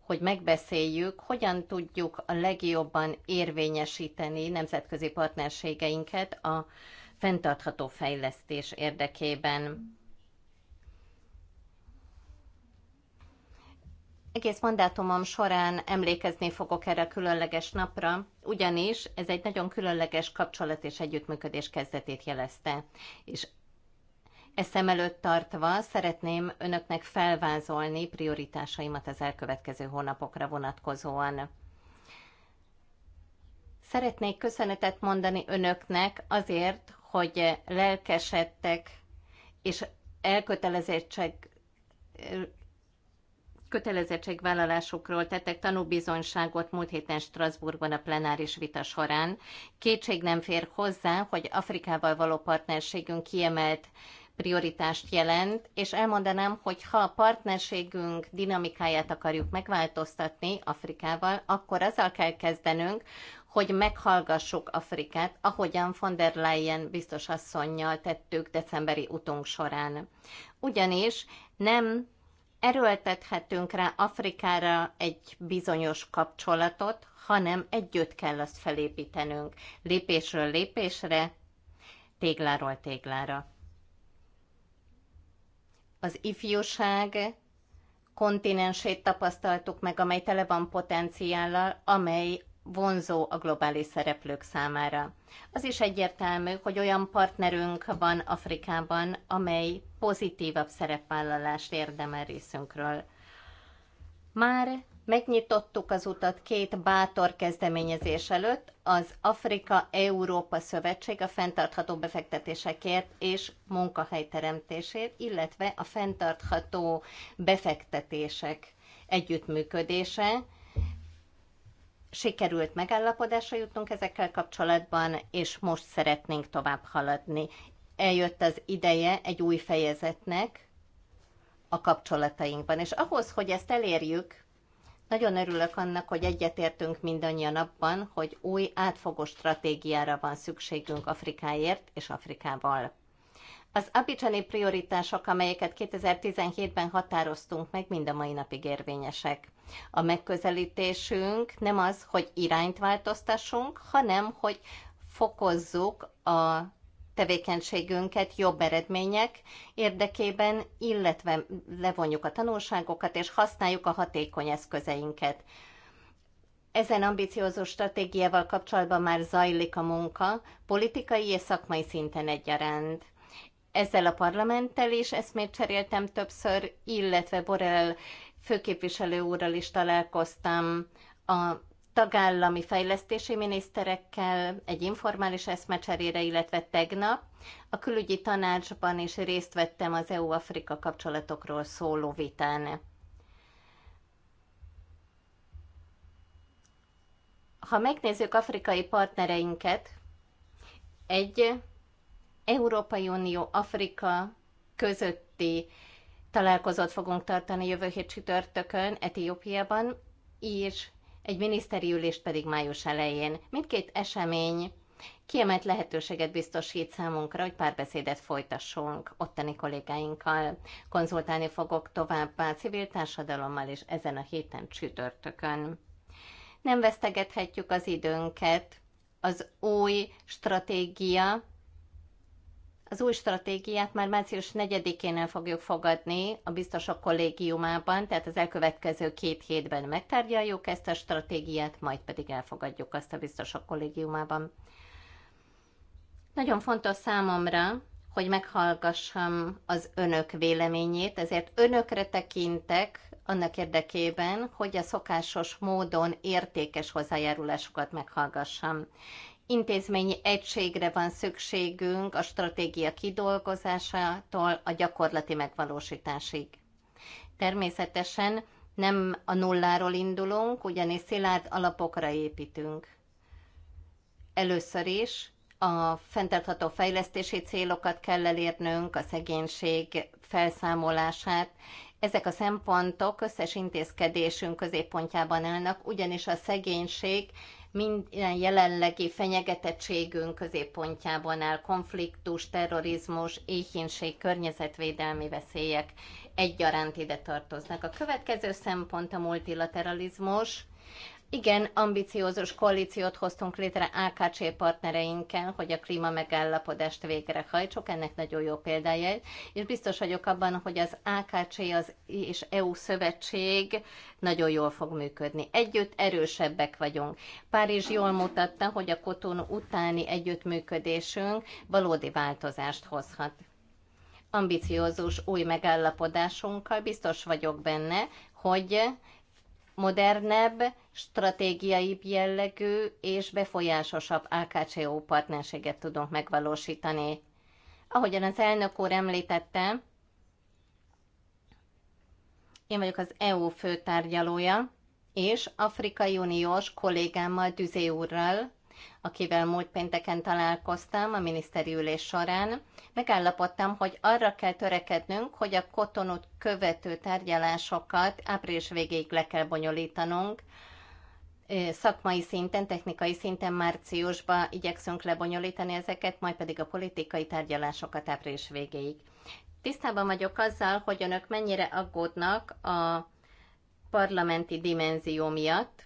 S2: hogy megbeszéljük, hogyan tudjuk a legjobban érvényesíteni nemzetközi partnerségeinket a fenntartható fejlesztés érdekében. egész mandátumom során emlékezni fogok erre a különleges napra, ugyanis ez egy nagyon különleges kapcsolat és együttműködés kezdetét jelezte. És eszem előtt tartva szeretném önöknek felvázolni prioritásaimat az elkövetkező hónapokra vonatkozóan. Szeretnék köszönetet mondani önöknek azért, hogy lelkesedtek és elkötelezettség kötelezettségvállalásokról tettek tanúbizonyságot múlt héten Strasbourgban a plenáris vita során. Kétség nem fér hozzá, hogy Afrikával való partnerségünk kiemelt prioritást jelent, és elmondanám, hogy ha a partnerségünk dinamikáját akarjuk megváltoztatni Afrikával, akkor azzal kell kezdenünk, hogy meghallgassuk Afrikát, ahogyan von der Leyen biztos asszonynal tettük decemberi utunk során. Ugyanis nem erőltethetünk rá Afrikára egy bizonyos kapcsolatot, hanem együtt kell azt felépítenünk, lépésről lépésre, tégláról téglára. Az ifjúság kontinensét tapasztaltuk meg, amely tele van potenciállal, amely vonzó a globális szereplők számára. Az is egyértelmű, hogy olyan partnerünk van Afrikában, amely pozitívabb szerepvállalást érdemel részünkről. Már megnyitottuk az utat két bátor kezdeményezés előtt, az Afrika-Európa Szövetség a fenntartható befektetésekért és munkahelyteremtésért, illetve a fenntartható befektetések együttműködése, sikerült megállapodásra jutnunk ezekkel kapcsolatban, és most szeretnénk tovább haladni. Eljött az ideje egy új fejezetnek a kapcsolatainkban, és ahhoz, hogy ezt elérjük, nagyon örülök annak, hogy egyetértünk mindannyian abban, hogy új átfogó stratégiára van szükségünk Afrikáért és Afrikával. Az abicsani prioritások, amelyeket 2017-ben határoztunk meg, mind a mai napig érvényesek. A megközelítésünk nem az, hogy irányt változtassunk, hanem hogy fokozzuk a tevékenységünket jobb eredmények érdekében, illetve levonjuk a tanulságokat és használjuk a hatékony eszközeinket. Ezen ambiciózus stratégiával kapcsolatban már zajlik a munka, politikai és szakmai szinten egyaránt ezzel a parlamenttel is eszmét cseréltem többször, illetve Borel főképviselő úrral is találkoztam a tagállami fejlesztési miniszterekkel egy informális eszmecserére, illetve tegnap a külügyi tanácsban is részt vettem az EU-Afrika kapcsolatokról szóló vitán. Ha megnézzük afrikai partnereinket, egy Európai Unió, Afrika közötti találkozót fogunk tartani jövő hét csütörtökön Etiópiában, és egy miniszteri ülést pedig május elején. Mindkét esemény kiemelt lehetőséget biztosít számunkra, hogy párbeszédet folytassunk ottani kollégáinkkal. Konzultálni fogok továbbá civil társadalommal és ezen a héten csütörtökön. Nem vesztegethetjük az időnket. Az új stratégia az új stratégiát már március 4-én el fogjuk fogadni a biztosok kollégiumában, tehát az elkövetkező két hétben megtárgyaljuk ezt a stratégiát, majd pedig elfogadjuk azt a biztosok kollégiumában. Nagyon fontos számomra, hogy meghallgassam az önök véleményét, ezért önökre tekintek annak érdekében, hogy a szokásos módon értékes hozzájárulásokat meghallgassam intézményi egységre van szükségünk a stratégia kidolgozásától a gyakorlati megvalósításig. Természetesen nem a nulláról indulunk, ugyanis szilárd alapokra építünk. Először is a fenntartható fejlesztési célokat kell elérnünk, a szegénység felszámolását. Ezek a szempontok összes intézkedésünk középpontjában állnak, ugyanis a szegénység minden jelenlegi fenyegetettségünk középpontjában áll konfliktus, terrorizmus, éhínség, környezetvédelmi veszélyek egyaránt ide tartoznak. A következő szempont a multilateralizmus, igen ambiciózus koalíciót hoztunk létre AKC partnereinkkel, hogy a klíma megállapodást végrehajtsuk, ennek nagyon jó példája, és biztos vagyok abban, hogy az AKC az, és EU szövetség nagyon jól fog működni. Együtt erősebbek vagyunk. Párizs jól mutatta, hogy a koton utáni együttműködésünk valódi változást hozhat ambiciózus új megállapodásunkkal biztos vagyok benne, hogy modernebb, stratégiai jellegű és befolyásosabb AKCO partnerséget tudunk megvalósítani. Ahogyan az elnök úr említette, én vagyok az EU főtárgyalója, és Afrikai Uniós kollégámmal, Düzé úrral akivel múlt pénteken találkoztam a miniszteri ülés során, megállapodtam, hogy arra kell törekednünk, hogy a kotonut követő tárgyalásokat április végéig le kell bonyolítanunk, szakmai szinten, technikai szinten márciusba igyekszünk lebonyolítani ezeket, majd pedig a politikai tárgyalásokat április végéig. Tisztában vagyok azzal, hogy önök mennyire aggódnak a parlamenti dimenzió miatt,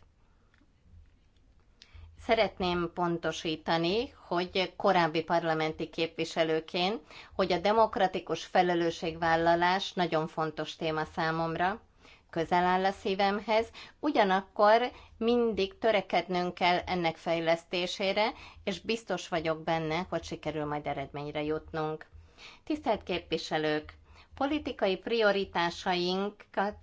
S2: Szeretném pontosítani, hogy korábbi parlamenti képviselőként, hogy a demokratikus felelősségvállalás nagyon fontos téma számomra, közel áll a szívemhez, ugyanakkor mindig törekednünk kell ennek fejlesztésére, és biztos vagyok benne, hogy sikerül majd eredményre jutnunk. Tisztelt képviselők! Politikai prioritásainkat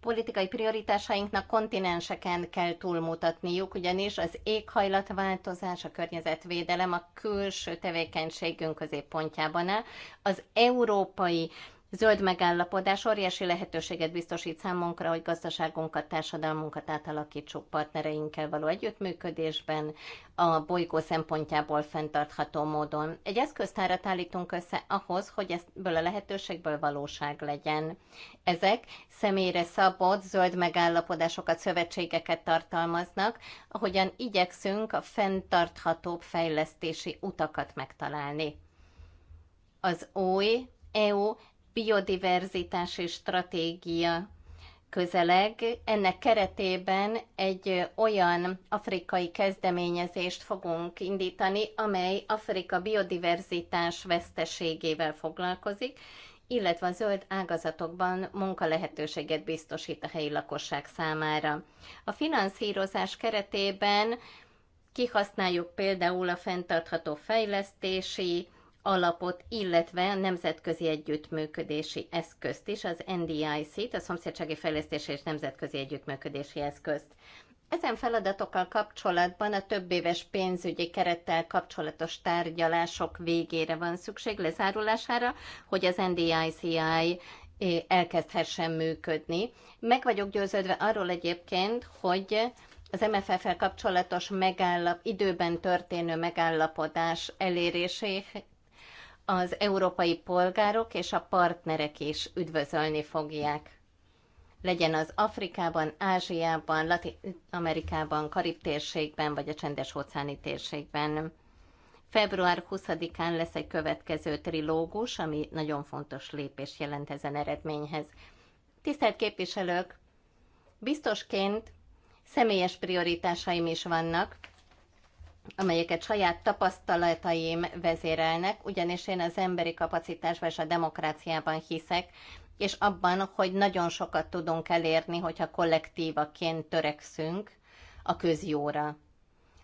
S2: politikai prioritásainknak kontinenseken kell túlmutatniuk, ugyanis az éghajlatváltozás, a környezetvédelem a külső tevékenységünk középpontjában áll. Az európai zöld megállapodás óriási lehetőséget biztosít számunkra, hogy gazdaságunkat, társadalmunkat átalakítsuk partnereinkkel való együttműködésben, a bolygó szempontjából fenntartható módon. Egy eszköztárat állítunk össze ahhoz, hogy ebből a lehetőségből valóság legyen. Ezek személyre szabott zöld megállapodásokat, szövetségeket tartalmaznak, ahogyan igyekszünk a fenntarthatóbb fejlesztési utakat megtalálni. Az új EU biodiverzitási stratégia közeleg. Ennek keretében egy olyan afrikai kezdeményezést fogunk indítani, amely Afrika biodiverzitás veszteségével foglalkozik, illetve a zöld ágazatokban munkalehetőséget biztosít a helyi lakosság számára. A finanszírozás keretében kihasználjuk például a fenntartható fejlesztési alapot, illetve a nemzetközi együttműködési eszközt is, az NDIC-t, a Szomszédsági Fejlesztés és Nemzetközi Együttműködési Eszközt. Ezen feladatokkal kapcsolatban a több éves pénzügyi kerettel kapcsolatos tárgyalások végére van szükség lezárulására, hogy az NDICI eh, elkezdhessen működni. Meg vagyok győződve arról egyébként, hogy az MFF-el kapcsolatos megállap, időben történő megállapodás elérésé az európai polgárok és a partnerek is üdvözölni fogják. Legyen az Afrikában, Ázsiában, Latin-Amerikában, Karib-térségben vagy a Csendes-óceáni térségben. Február 20-án lesz egy következő trilógus, ami nagyon fontos lépés jelent ezen eredményhez. Tisztelt képviselők, biztosként személyes prioritásaim is vannak, amelyeket saját tapasztalataim vezérelnek, ugyanis én az emberi kapacitásban és a demokráciában hiszek, és abban, hogy nagyon sokat tudunk elérni, hogyha kollektívaként törekszünk a közjóra.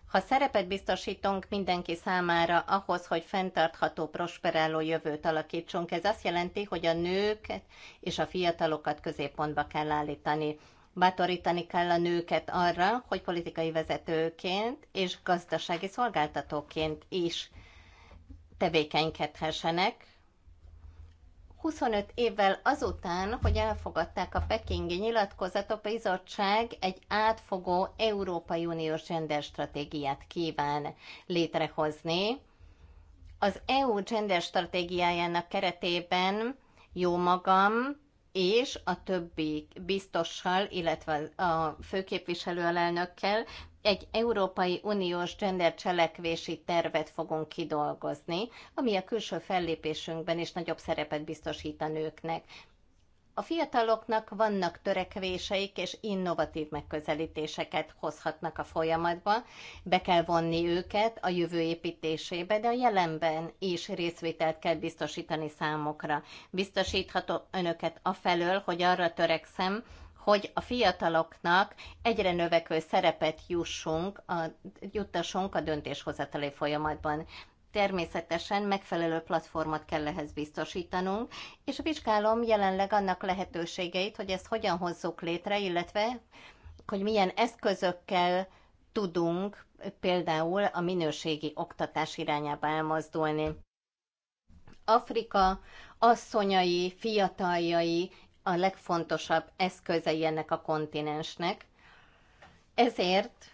S2: Ha szerepet biztosítunk mindenki számára ahhoz, hogy fenntartható, prosperáló jövőt alakítsunk, ez azt jelenti, hogy a nőket és a fiatalokat középpontba kell állítani bátorítani kell a nőket arra, hogy politikai vezetőként és gazdasági szolgáltatóként is tevékenykedhessenek. 25 évvel azután, hogy elfogadták a pekingi nyilatkozatot, a bizottság egy átfogó Európai Uniós stratégiát kíván létrehozni. Az EU stratégiájának keretében jó magam, és a többi biztossal, illetve a főképviselő alelnökkel egy Európai Uniós gender cselekvési tervet fogunk kidolgozni, ami a külső fellépésünkben is nagyobb szerepet biztosít a nőknek. A fiataloknak vannak törekvéseik, és innovatív megközelítéseket hozhatnak a folyamatba. Be kell vonni őket a jövő építésébe, de a jelenben is részvételt kell biztosítani számokra. Biztosítható önöket a felől, hogy arra törekszem, hogy a fiataloknak egyre növekvő szerepet jussunk, a, juttassunk a döntéshozatali folyamatban természetesen megfelelő platformot kell ehhez biztosítanunk, és vizsgálom jelenleg annak lehetőségeit, hogy ezt hogyan hozzuk létre, illetve hogy milyen eszközökkel tudunk például a minőségi oktatás irányába elmozdulni. Afrika asszonyai, fiataljai a legfontosabb eszközei ennek a kontinensnek, ezért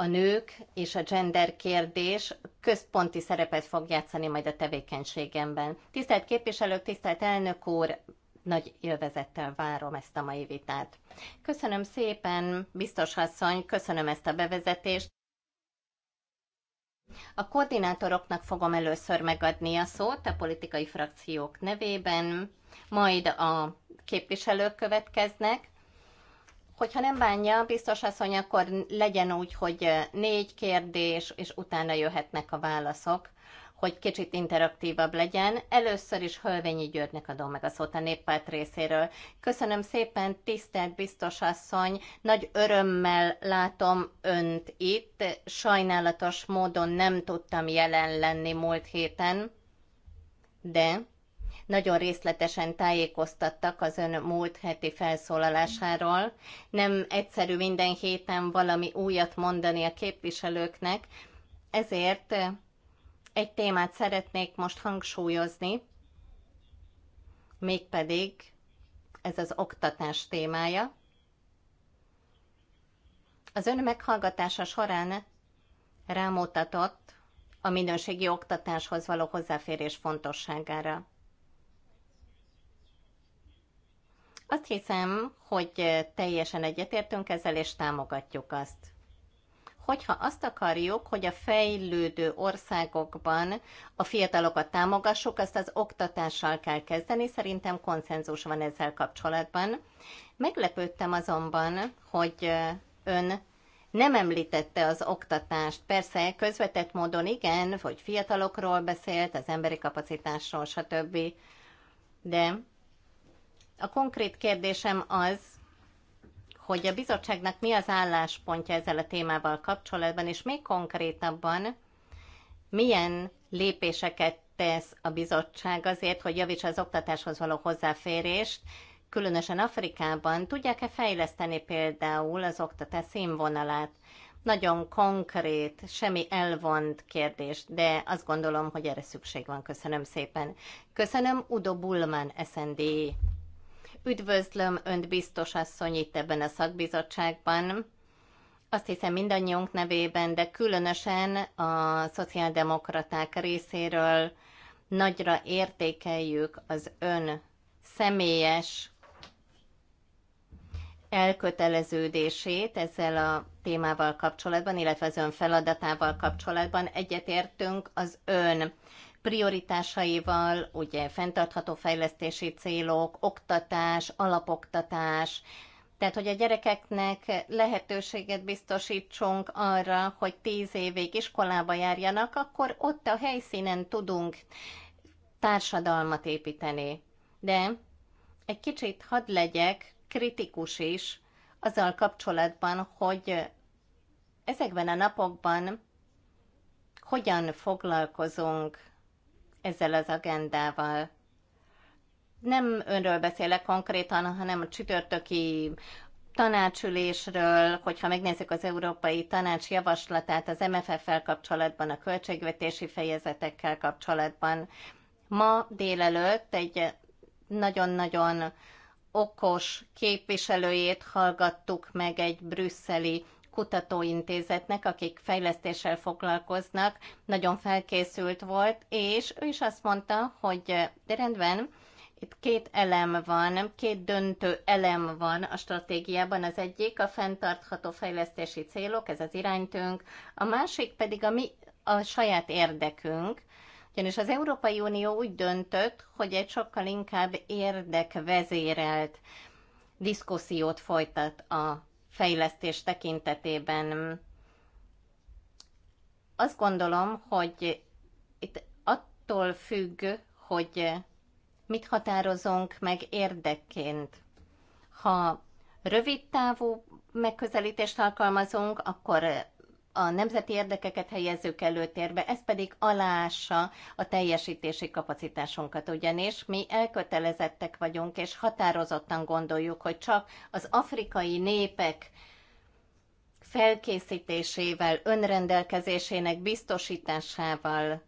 S2: a nők és a gender kérdés központi szerepet fog játszani majd a tevékenységemben. Tisztelt képviselők, tisztelt elnök úr, nagy élvezettel várom ezt a mai vitát. Köszönöm szépen, biztos asszony, köszönöm ezt a bevezetést. A koordinátoroknak fogom először megadni a szót a politikai frakciók nevében, majd a képviselők következnek, Hogyha nem bánja, biztos hogy akkor legyen úgy, hogy négy kérdés, és utána jöhetnek a válaszok, hogy kicsit interaktívabb legyen. Először is Hölvényi Györgynek adom meg a szót a néppárt részéről. Köszönöm szépen, tisztelt biztos asszony, nagy örömmel látom önt itt. Sajnálatos módon nem tudtam jelen lenni múlt héten, de nagyon részletesen tájékoztattak az ön múlt heti felszólalásáról. Nem egyszerű minden héten valami újat mondani a képviselőknek, ezért egy témát szeretnék most hangsúlyozni, mégpedig ez az oktatás témája. Az ön meghallgatása során rámutatott a minőségi oktatáshoz való hozzáférés fontosságára. Azt hiszem, hogy teljesen egyetértünk ezzel, és támogatjuk azt. Hogyha azt akarjuk, hogy a fejlődő országokban a fiatalokat támogassuk, azt az oktatással kell kezdeni, szerintem konszenzus van ezzel kapcsolatban. Meglepődtem azonban, hogy ön nem említette az oktatást. Persze közvetett módon igen, hogy fiatalokról beszélt, az emberi kapacitásról, stb. De a konkrét kérdésem az, hogy a bizottságnak mi az álláspontja ezzel a témával kapcsolatban, és még konkrétabban milyen lépéseket tesz a bizottság azért, hogy javítsa az oktatáshoz való hozzáférést, különösen Afrikában. Tudják-e fejleszteni például az oktatás színvonalát? Nagyon konkrét, semmi elvont kérdés, de azt gondolom, hogy erre szükség van. Köszönöm szépen. Köszönöm Udo Bullman, SND Üdvözlöm Önt, biztos asszony, itt ebben a szakbizottságban. Azt hiszem mindannyiunk nevében, de különösen a szociáldemokraták részéről nagyra értékeljük az Ön személyes elköteleződését ezzel a témával kapcsolatban, illetve az ön feladatával kapcsolatban egyetértünk az ön prioritásaival, ugye fenntartható fejlesztési célok, oktatás, alapoktatás, tehát, hogy a gyerekeknek lehetőséget biztosítsunk arra, hogy tíz évig iskolába járjanak, akkor ott a helyszínen tudunk társadalmat építeni. De egy kicsit hadd legyek kritikus is azzal kapcsolatban, hogy ezekben a napokban hogyan foglalkozunk ezzel az agendával. Nem önről beszélek konkrétan, hanem a csütörtöki tanácsülésről, hogyha megnézzük az Európai Tanács javaslatát az MFF-fel kapcsolatban, a költségvetési fejezetekkel kapcsolatban. Ma délelőtt egy nagyon-nagyon okos képviselőjét hallgattuk meg egy brüsszeli kutatóintézetnek, akik fejlesztéssel foglalkoznak, nagyon felkészült volt, és ő is azt mondta, hogy eh, de rendben, itt két elem van, két döntő elem van a stratégiában. Az egyik a fenntartható fejlesztési célok, ez az iránytünk, a másik pedig a mi a saját érdekünk, ugyanis az Európai Unió úgy döntött, hogy egy sokkal inkább érdekvezérelt diszkusziót folytat a fejlesztés tekintetében. Azt gondolom, hogy itt attól függ, hogy mit határozunk meg érdekként. Ha rövid távú megközelítést alkalmazunk, akkor a nemzeti érdekeket helyezzük előtérbe, ez pedig alássa a teljesítési kapacitásunkat, ugyanis mi elkötelezettek vagyunk, és határozottan gondoljuk, hogy csak az afrikai népek felkészítésével, önrendelkezésének biztosításával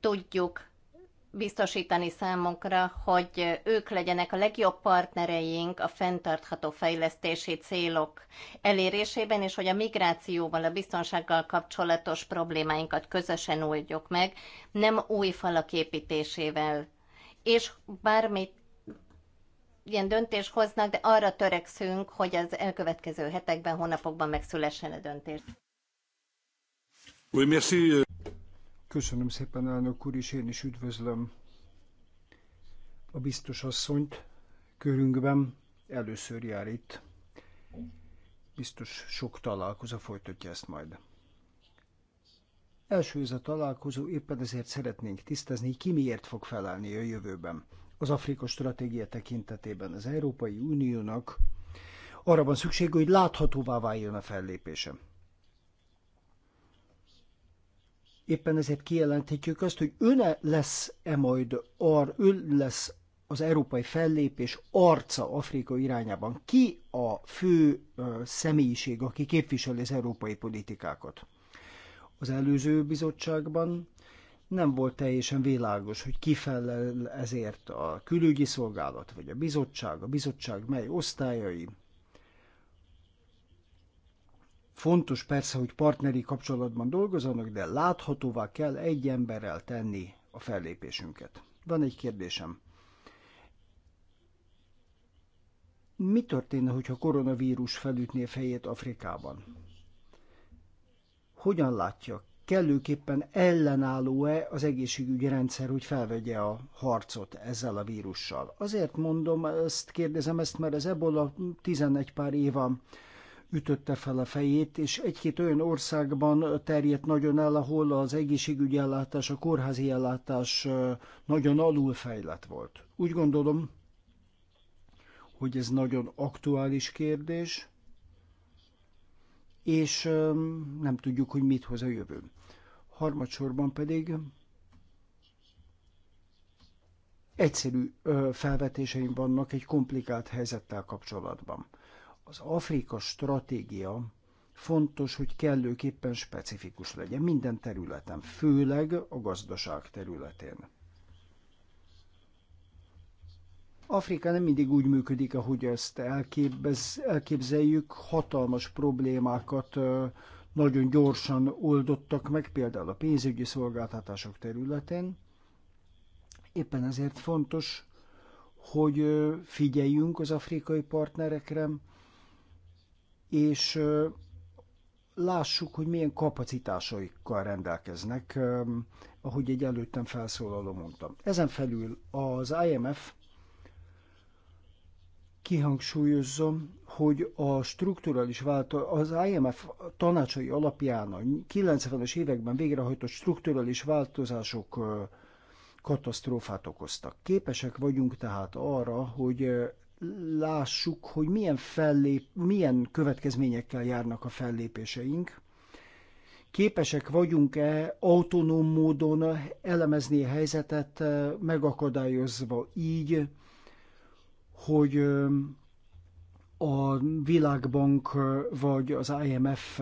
S2: tudjuk biztosítani számunkra, hogy ők legyenek a legjobb partnereink a fenntartható fejlesztési célok elérésében, és hogy a migrációval, a biztonsággal kapcsolatos problémáinkat közösen oldjuk meg, nem új falak építésével. És bármit ilyen döntés hoznak, de arra törekszünk, hogy az elkövetkező hetekben, hónapokban megszülessen a döntés.
S3: Oui, merci. Euh, Köszönöm szépen, elnök úr, és én is üdvözlöm a biztos asszonyt körünkben. Először jár itt. Biztos sok találkozó folytatja ezt majd. Első ez a találkozó, éppen ezért szeretnénk tisztázni, ki miért fog felelni a jövőben. Az Afrika stratégia tekintetében az Európai Uniónak arra van szükség, hogy láthatóvá váljon a fellépése. Éppen ezért kijelenthetjük azt, hogy öne lesz-e majd ar, ön lesz az európai fellépés arca Afrika irányában. Ki a fő személyiség, aki képviseli az európai politikákat? Az előző bizottságban nem volt teljesen világos, hogy ki felel ezért a külügyi szolgálat, vagy a bizottság, a bizottság mely osztályai, Fontos persze, hogy partneri kapcsolatban dolgozzanak, de láthatóvá kell egy emberrel tenni a fellépésünket. Van egy kérdésem. Mi történne, hogyha koronavírus felütné fejét Afrikában? Hogyan látja? Kellőképpen ellenálló-e az egészségügyi rendszer, hogy felvegye a harcot ezzel a vírussal? Azért mondom, ezt kérdezem ezt, mert az ebola 11 pár éva ütötte fel a fejét, és egy-két olyan országban terjedt nagyon el, ahol az egészségügyi ellátás, a kórházi ellátás nagyon alulfejlett volt. Úgy gondolom, hogy ez nagyon aktuális kérdés, és nem tudjuk, hogy mit hoz a jövő. Harmadsorban pedig egyszerű felvetéseim vannak egy komplikált helyzettel kapcsolatban az Afrika stratégia fontos, hogy kellőképpen specifikus legyen minden területen, főleg a gazdaság területén. Afrika nem mindig úgy működik, ahogy ezt elképez, elképzeljük. Hatalmas problémákat nagyon gyorsan oldottak meg, például a pénzügyi szolgáltatások területén. Éppen ezért fontos, hogy figyeljünk az afrikai partnerekre, és lássuk, hogy milyen kapacitásaikkal rendelkeznek, ahogy egy előttem felszólaló mondtam. Ezen felül az IMF kihangsúlyozza, hogy a strukturális változás, az IMF tanácsai alapján a 90-es években végrehajtott strukturális változások katasztrófát okoztak. Képesek vagyunk tehát arra, hogy lássuk, hogy milyen, fellép, milyen következményekkel járnak a fellépéseink, képesek vagyunk-e autonóm módon elemezni a helyzetet, eh, megakadályozva így, hogy eh, a Világbank eh, vagy az IMF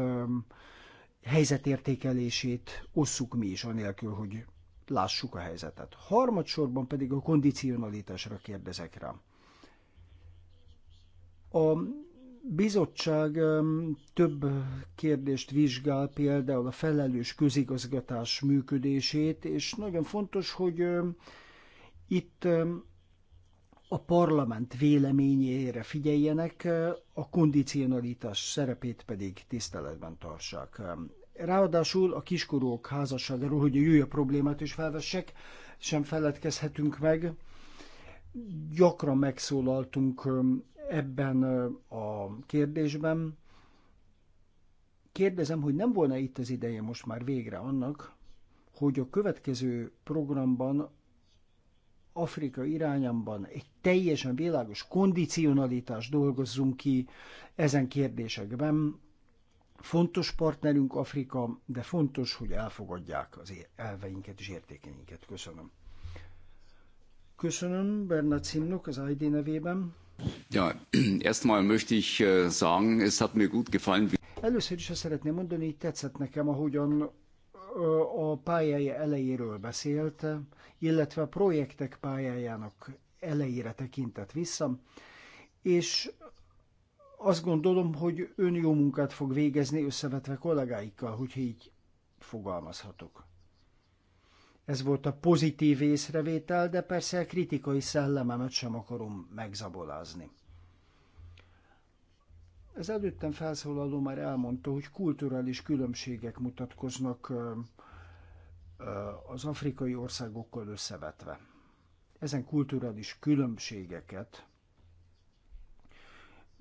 S3: helyzetértékelését osszuk mi is, anélkül, hogy lássuk a helyzetet. Harmadsorban pedig a kondicionalitásra kérdezek rá. A bizottság több kérdést vizsgál, például a felelős közigazgatás működését, és nagyon fontos, hogy itt a parlament véleményére figyeljenek, a kondicionalitás szerepét pedig tiszteletben tartsák. Ráadásul a kiskorúk házasságáról, hogy a jója problémát is felvessek, sem feledkezhetünk meg. Gyakran megszólaltunk ebben a kérdésben. Kérdezem, hogy nem volna itt az ideje most már végre annak, hogy a következő programban Afrika irányában egy teljesen világos kondicionalitást dolgozzunk ki ezen kérdésekben. Fontos partnerünk Afrika, de fontos, hogy elfogadják az elveinket és értékeinket. Köszönöm. Köszönöm Bernard Simnok az ID nevében. Ja, *clears throat* erstmal möchte ich äh, sagen, es hat mir gut gefallen. Először is azt szeretném mondani, hogy tetszett nekem, ahogyan a pályája elejéről beszélt, illetve a projektek pályájának elejére tekintett vissza, és azt gondolom, hogy ön jó munkát fog végezni összevetve kollégáikkal, hogyha így fogalmazhatok. Ez volt a pozitív észrevétel, de persze a kritikai szellememet sem akarom megzabolázni. Az előttem felszólaló már elmondta, hogy kulturális különbségek mutatkoznak az afrikai országokkal összevetve. Ezen kulturális különbségeket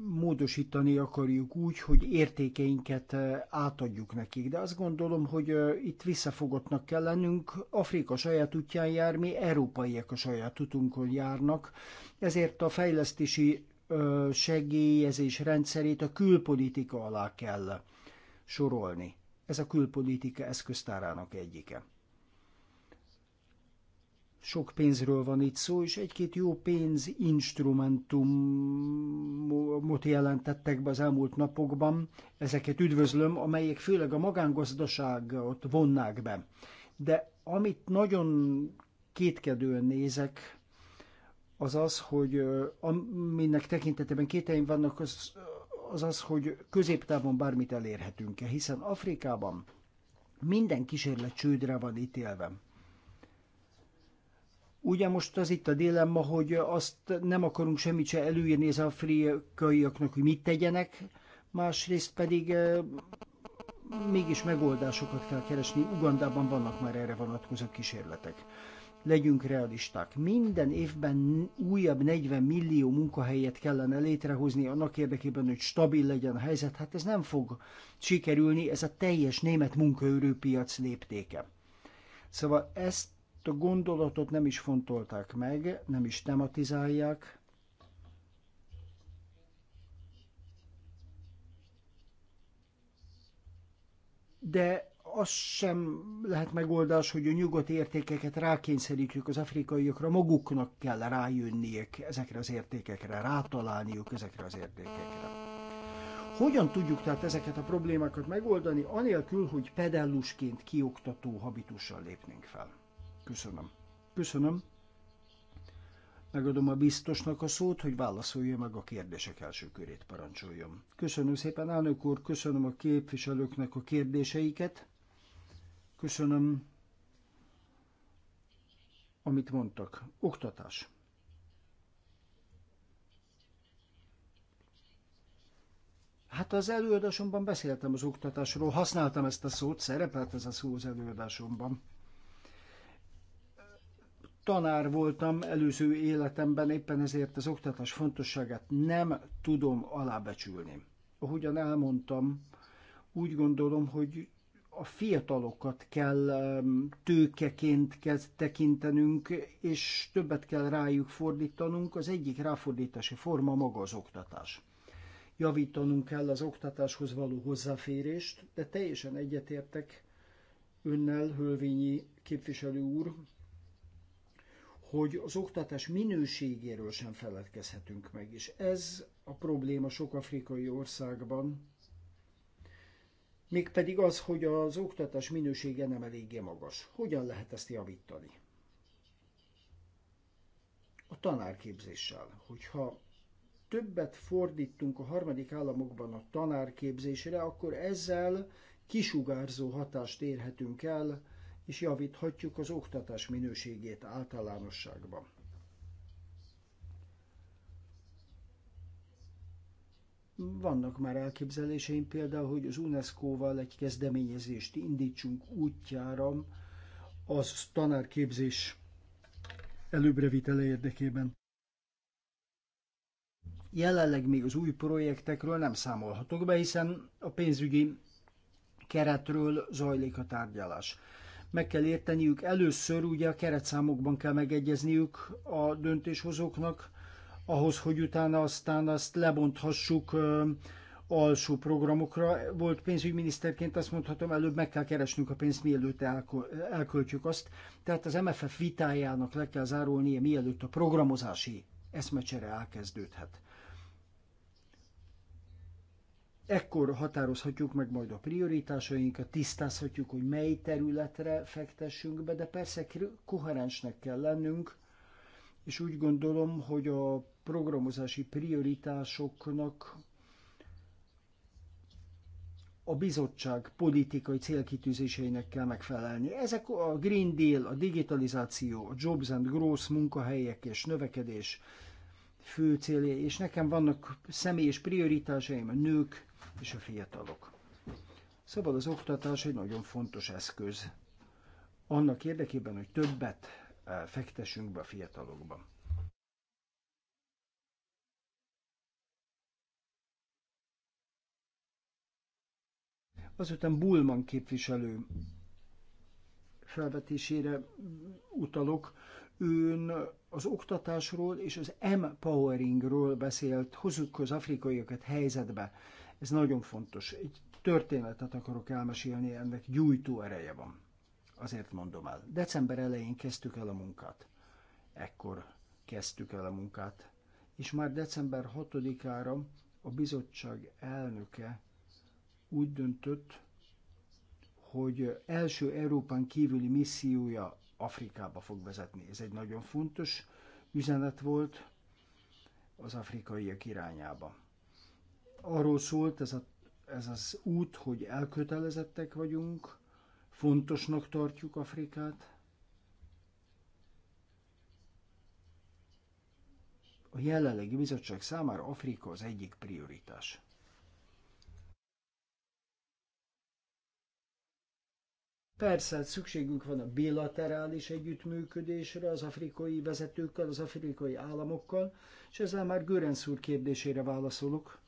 S3: módosítani akarjuk úgy, hogy értékeinket eh, átadjuk nekik. De azt gondolom, hogy eh, itt visszafogottnak kell lennünk. Afrika saját útján jár, mi európaiak a saját utunkon járnak. Ezért a fejlesztési eh, segélyezés rendszerét a külpolitika alá kell sorolni. Ez a külpolitika eszköztárának egyike sok pénzről van itt szó, és egy-két jó pénz instrumentumot jelentettek be az elmúlt napokban. Ezeket üdvözlöm, amelyek főleg a magángazdaságot vonnák be. De amit nagyon kétkedően nézek, az az, hogy aminek tekintetében kéteim vannak, az, az az, hogy középtávon bármit elérhetünk-e, hiszen Afrikában minden kísérlet csődre van ítélve. Ugye most az itt a dilemma, hogy azt nem akarunk semmit se előírni az afrikaiaknak, hogy mit tegyenek, másrészt pedig mégis megoldásokat kell keresni. Ugandában vannak már erre vonatkozó kísérletek. Legyünk realisták. Minden évben újabb 40 millió munkahelyet kellene létrehozni annak érdekében, hogy stabil legyen a helyzet. Hát ez nem fog sikerülni, ez a teljes német munkaőrőpiac léptéke. Szóval ezt a gondolatot nem is fontolták meg, nem is tematizálják. De az sem lehet megoldás, hogy a nyugati értékeket rákényszerítjük az afrikaiakra, maguknak kell rájönniük ezekre az értékekre, rátalálniuk ezekre az értékekre. Hogyan tudjuk tehát ezeket a problémákat megoldani, anélkül, hogy pedellusként kioktató habitussal lépnénk fel? Köszönöm. Köszönöm. Megadom a biztosnak a szót, hogy válaszolja meg a kérdések első körét, parancsoljon. Köszönöm szépen, elnök úr, köszönöm a képviselőknek a kérdéseiket. Köszönöm, amit mondtak. Oktatás. Hát az előadásomban beszéltem az oktatásról, használtam ezt a szót, szerepelt ez a szó az előadásomban tanár voltam előző életemben, éppen ezért az oktatás fontosságát nem tudom alábecsülni. Ahogyan elmondtam, úgy gondolom, hogy a fiatalokat kell tőkeként kell tekintenünk, és többet kell rájuk fordítanunk. Az egyik ráfordítási forma maga az oktatás. Javítanunk kell az oktatáshoz való hozzáférést, de teljesen egyetértek önnel, Hölvényi képviselő úr, hogy az oktatás minőségéről sem feledkezhetünk meg, és ez a probléma sok afrikai országban, mégpedig az, hogy az oktatás minősége nem eléggé magas. Hogyan lehet ezt javítani? A tanárképzéssel, hogyha többet fordítunk a harmadik államokban a tanárképzésre, akkor ezzel kisugárzó hatást érhetünk el és javíthatjuk az oktatás minőségét általánosságban. Vannak már elképzeléseim például, hogy az UNESCO-val egy kezdeményezést indítsunk útjára az tanárképzés előbrevitele érdekében. Jelenleg még az új projektekről nem számolhatok be, hiszen a pénzügyi keretről zajlik a tárgyalás meg kell érteniük, először ugye a keretszámokban kell megegyezniük a döntéshozóknak, ahhoz, hogy utána aztán azt lebonthassuk alsó programokra. Volt pénzügyminiszterként azt mondhatom, előbb meg kell keresnünk a pénzt, mielőtt elköltjük azt. Tehát az MFF vitájának le kell zárulnia, mielőtt a programozási eszmecsere elkezdődhet. Ekkor határozhatjuk meg majd a prioritásainkat, tisztázhatjuk, hogy mely területre fektessünk be, de persze koherensnek kell lennünk, és úgy gondolom, hogy a programozási prioritásoknak a bizottság politikai célkitűzéseinek kell megfelelni. Ezek a Green Deal, a digitalizáció, a Jobs and Growth munkahelyek és növekedés fő célja, és nekem vannak személyes prioritásaim, a nők és a fiatalok. Szóval az oktatás egy nagyon fontos eszköz annak érdekében, hogy többet eh, fektessünk be a fiatalokba. Azután Bullman képviselő felvetésére utalok. Ön az oktatásról és az empoweringről beszélt, hozzuk az afrikaiakat helyzetbe ez nagyon fontos. Egy történetet akarok elmesélni, ennek gyújtó ereje van. Azért mondom el. December elején kezdtük el a munkát. Ekkor kezdtük el a munkát. És már december 6-ára a bizottság elnöke úgy döntött, hogy első Európán kívüli missziója Afrikába fog vezetni. Ez egy nagyon fontos üzenet volt az afrikaiak irányába arról szólt ez, a, ez az út, hogy elkötelezettek vagyunk, fontosnak tartjuk Afrikát, a jelenlegi bizottság számára Afrika az egyik prioritás. Persze hát szükségünk van a bilaterális együttműködésre az afrikai vezetőkkel, az afrikai államokkal, és ezzel már Görenszúr kérdésére válaszolok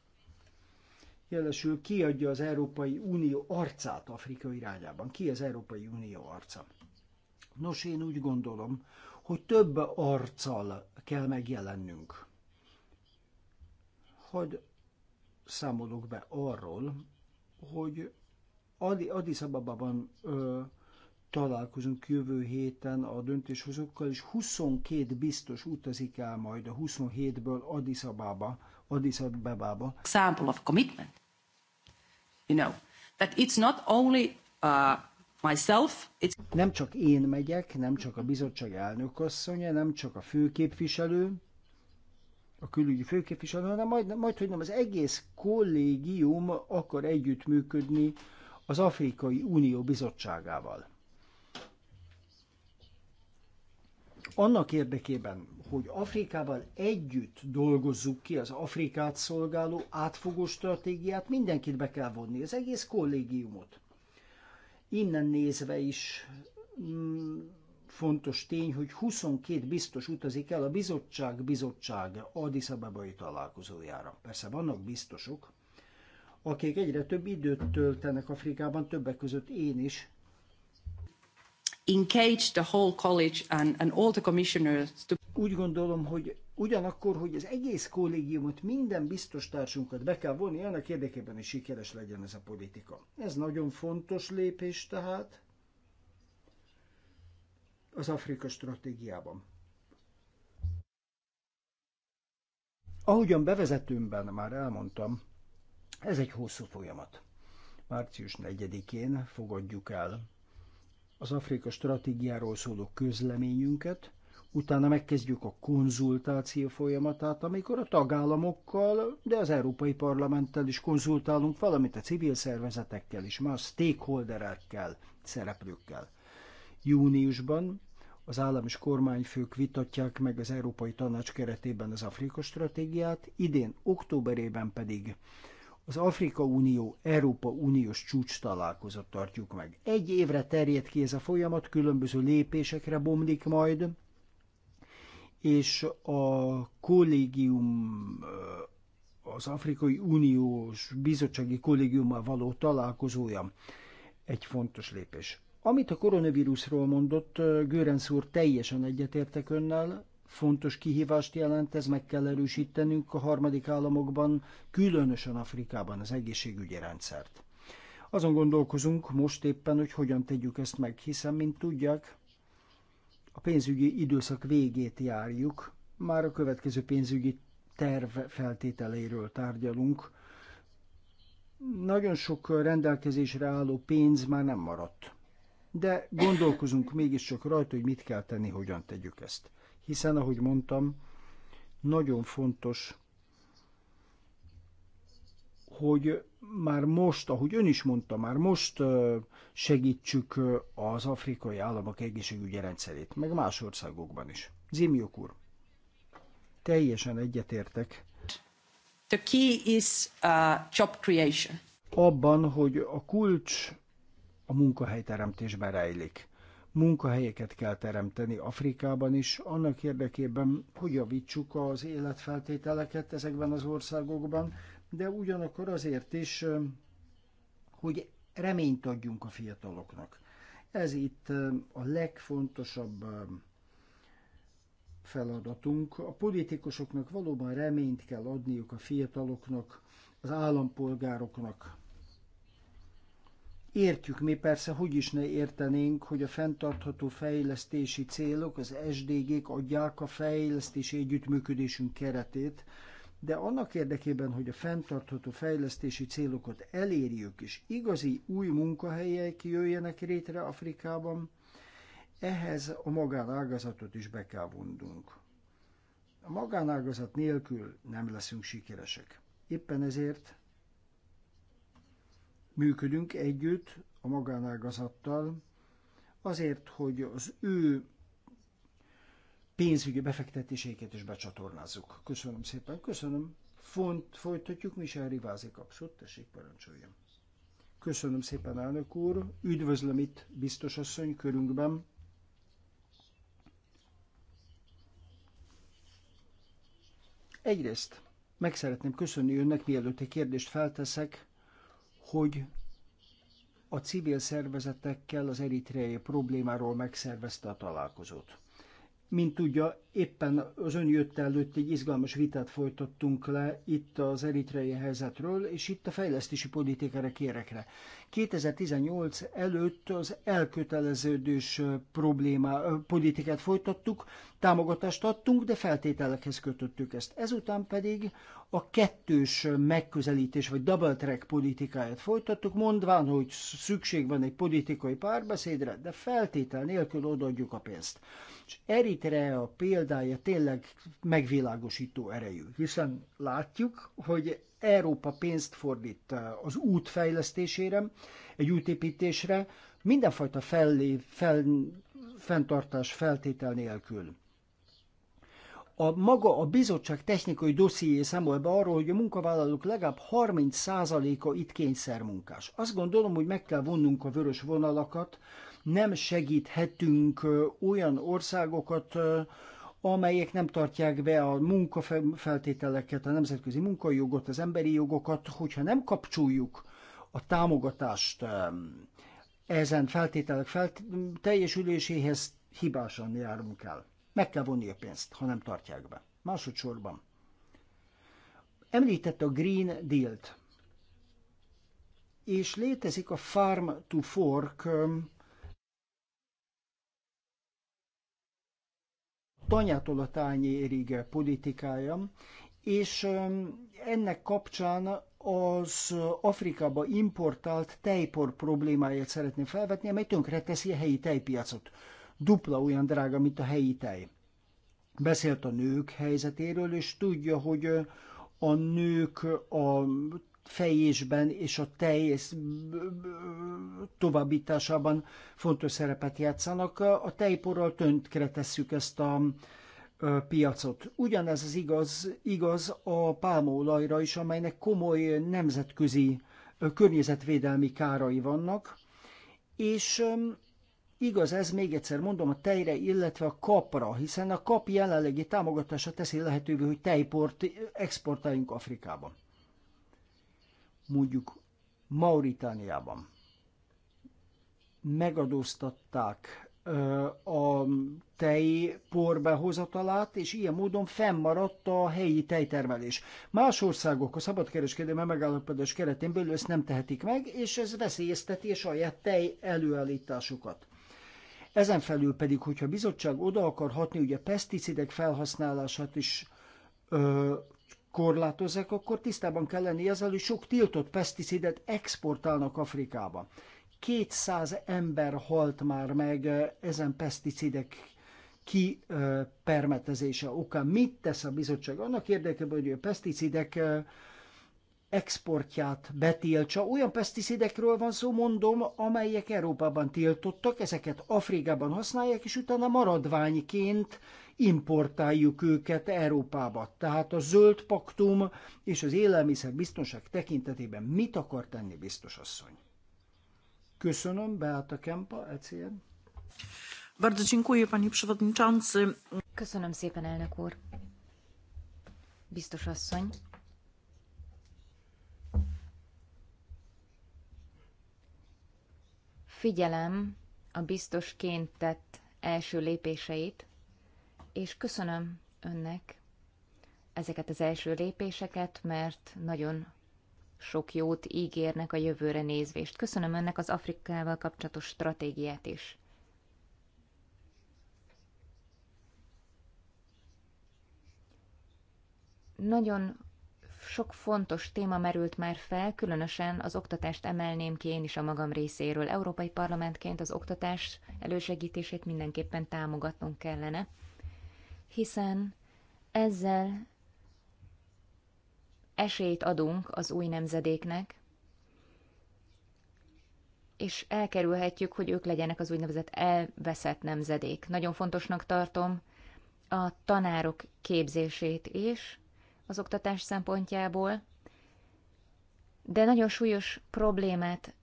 S3: jelesül kiadja az Európai Unió arcát Afrika irányában. Ki az Európai Unió arca? Nos, én úgy gondolom, hogy több arccal kell megjelennünk. Hogy számolok be arról, hogy Adi, Addis Ababában ö, találkozunk jövő héten a döntéshozókkal, és 22 biztos utazik el majd a 27-ből Addis Ababa, Addis Abebába. Example of commitment you know, that it's not only uh, myself, it's... Nem csak én megyek, nem csak a bizottság elnökasszonya, nem csak a főképviselő, a külügyi főképviselő, hanem majd, majd hogy nem az egész kollégium akar együttműködni az Afrikai Unió bizottságával. Annak érdekében, hogy Afrikával együtt dolgozzuk ki az Afrikát szolgáló átfogó stratégiát, mindenkit be kell vonni, az egész kollégiumot. Innen nézve is mm, fontos tény, hogy 22 biztos utazik el a bizottság bizottsága Addis Ababai találkozójára. Persze vannak biztosok, akik egyre több időt töltenek Afrikában, többek között én is. Engage the whole college and, and all the commissioners to úgy gondolom, hogy ugyanakkor, hogy az egész kollégiumot, minden biztos társunkat be kell vonni, annak érdekében is sikeres legyen ez a politika. Ez nagyon fontos lépés tehát az Afrika stratégiában. Ahogyan bevezetőmben már elmondtam, ez egy hosszú folyamat. Március 4-én fogadjuk el az Afrika stratégiáról szóló közleményünket, Utána megkezdjük a konzultáció folyamatát, amikor a tagállamokkal, de az Európai Parlamenttel is konzultálunk, valamint a civil szervezetekkel és más stakeholderekkel, szereplőkkel. Júniusban az állam és kormányfők vitatják meg az Európai Tanács keretében az Afrika stratégiát, idén októberében pedig az Afrika Unió Európa Uniós csúcs találkozott tartjuk meg. Egy évre terjed ki ez a folyamat, különböző lépésekre bomlik majd, és a kollégium az Afrikai Uniós Bizottsági Kollégiummal való találkozója egy fontos lépés. Amit a koronavírusról mondott, Görenc úr teljesen egyetértek önnel, fontos kihívást jelent, ez meg kell erősítenünk a harmadik államokban, különösen Afrikában az egészségügyi rendszert. Azon gondolkozunk most éppen, hogy hogyan tegyük ezt meg, hiszen, mint tudják, a pénzügyi időszak végét járjuk, már a következő pénzügyi terv feltételeiről tárgyalunk. Nagyon sok rendelkezésre álló pénz már nem maradt. De gondolkozunk mégiscsak rajta, hogy mit kell tenni, hogyan tegyük ezt. Hiszen, ahogy mondtam, nagyon fontos hogy már most, ahogy ön is mondta, már most segítsük az afrikai államok egészségügyi rendszerét, meg más országokban is. Zimjuk úr, teljesen egyetértek. The key is a uh, job creation. Abban, hogy a kulcs a munkahelyteremtésben rejlik. Munkahelyeket kell teremteni Afrikában is, annak érdekében, hogy javítsuk az életfeltételeket ezekben az országokban, de ugyanakkor azért is, hogy reményt adjunk a fiataloknak. Ez itt a legfontosabb feladatunk. A politikusoknak valóban reményt kell adniuk a fiataloknak, az állampolgároknak. Értjük mi persze, hogy is ne értenénk, hogy a fenntartható fejlesztési célok, az SDG-k adják a fejlesztési együttműködésünk keretét, de annak érdekében, hogy a fenntartható fejlesztési célokat elérjük, és igazi új munkahelyek jöjjenek rétre Afrikában, ehhez a magánágazatot is be kell vonnunk. A magánágazat nélkül nem leszünk sikeresek. Éppen ezért működünk együtt a magánágazattal, azért, hogy az ő pénzügyi befektetéséket is becsatornázzuk. Köszönöm szépen, köszönöm. Font, folytatjuk, Michel Rivázi kapszót, tessék parancsoljam. Köszönöm szépen, elnök úr. Üdvözlöm itt, biztos asszony, körünkben. Egyrészt meg szeretném köszönni önnek, mielőtt egy kérdést felteszek, hogy a civil szervezetekkel az eritreai problémáról megszervezte a találkozót. Mint tudja, Éppen az ön jött előtt egy izgalmas vitát folytattunk le itt az eritrei helyzetről, és itt a fejlesztési politikára kérekre. 2018 előtt az elköteleződős problémá, politikát folytattuk, támogatást adtunk, de feltételekhez kötöttük ezt. Ezután pedig a kettős megközelítés, vagy double track politikáját folytattuk, mondván, hogy szükség van egy politikai párbeszédre, de feltétel nélkül odaadjuk a pénzt. És Eritrea például példája tényleg megvilágosító erejű, hiszen látjuk, hogy Európa pénzt fordít eh, az út fejlesztésére, egy útépítésre, mindenfajta fellé, fel, fenntartás feltétel nélkül. A maga a bizottság technikai dossziéje számol be arról, hogy a munkavállalók legalább 30%-a itt kényszermunkás. Azt gondolom, hogy meg kell vonnunk a vörös vonalakat, nem segíthetünk eh, olyan országokat, eh, amelyek nem tartják be a munkafeltételeket, a nemzetközi munkajogot, az emberi jogokat, hogyha nem kapcsoljuk a támogatást ezen feltételek felt- teljesüléséhez, hibásan járunk el. Meg kell vonni a pénzt, ha nem tartják be. Másodszorban. Említette a Green Deal-t, és létezik a Farm to Fork tanyától a tányérig politikája, és ennek kapcsán az Afrikába importált tejpor problémáját szeretném felvetni, amely tönkre teszi a helyi tejpiacot. Dupla olyan drága, mint a helyi tej. Beszélt a nők helyzetéről, és tudja, hogy a nők a fejésben és a teljes továbbításában fontos szerepet játszanak. A tejporral töntkre tesszük ezt a piacot. Ugyanez az igaz, igaz a pálmaolajra is, amelynek komoly nemzetközi környezetvédelmi kárai vannak, és Igaz ez, még egyszer mondom, a tejre, illetve a kapra, hiszen a kap jelenlegi támogatása teszi lehetővé, hogy tejport exportáljunk Afrikába mondjuk Mauritániában megadóztatták a tej porbehozatalát, és ilyen módon fennmaradt a helyi tejtermelés. Más országok a szabadkereskedelmi megállapodás keretén belül ezt nem tehetik meg, és ez veszélyezteti a saját tej előállításukat. Ezen felül pedig, hogyha a bizottság oda akar hatni, ugye a peszticidek felhasználását is ö, korlátozzák, akkor tisztában kell lenni ezzel, hogy sok tiltott peszticidet exportálnak Afrikába. 200 ember halt már meg ezen peszticidek kipermetezése okán. Mit tesz a bizottság annak érdekében, hogy a peszticidek exportját betiltsa. Olyan peszticidekről van szó, mondom, amelyek Európában tiltottak, ezeket Afrikában használják, és utána maradványként importáljuk őket Európába. Tehát a zöld paktum és az élelmiszer biztonság tekintetében mit akar tenni biztos asszony? Köszönöm, Beata Kempa, ECR. Bardzo dziękuję, panie przewodniczący. Köszönöm szépen,
S1: elnök úr. Biztos asszony. Figyelem a biztosként tett első lépéseit, és köszönöm önnek ezeket az első lépéseket, mert nagyon sok jót ígérnek a jövőre nézvést. Köszönöm önnek az Afrikával kapcsolatos stratégiát is. Nagyon sok fontos téma merült már fel, különösen az oktatást emelném ki én is a magam részéről. Európai Parlamentként az oktatás elősegítését mindenképpen támogatnunk kellene hiszen ezzel esélyt adunk az új nemzedéknek, és elkerülhetjük, hogy ők legyenek az úgynevezett elveszett nemzedék. Nagyon fontosnak tartom a tanárok képzését is az oktatás szempontjából, de nagyon súlyos problémát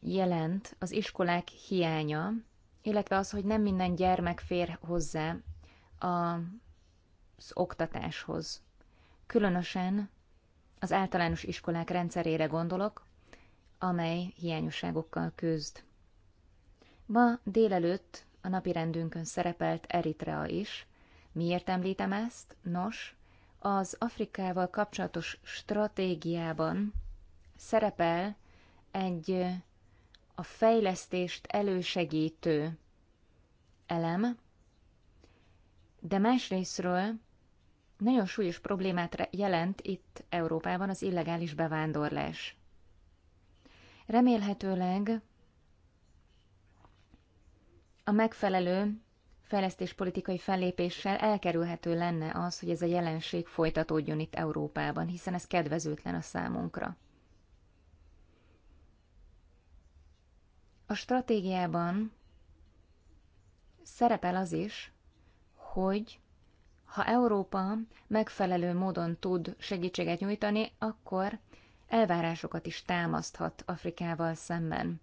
S1: jelent az iskolák hiánya, illetve az, hogy nem minden gyermek fér hozzá az oktatáshoz. Különösen az általános iskolák rendszerére gondolok, amely hiányosságokkal küzd. Ma délelőtt a napi rendünkön szerepelt Eritrea is. Miért említem ezt? Nos, az Afrikával kapcsolatos stratégiában szerepel egy a fejlesztést elősegítő elem, de másrésztről nagyon súlyos problémát jelent itt Európában az illegális bevándorlás. Remélhetőleg a megfelelő fejlesztéspolitikai fellépéssel elkerülhető lenne az, hogy ez a jelenség folytatódjon itt Európában, hiszen ez kedvezőtlen a számunkra. A stratégiában szerepel az is, hogy ha Európa megfelelő módon tud segítséget nyújtani, akkor elvárásokat is támaszthat Afrikával szemben.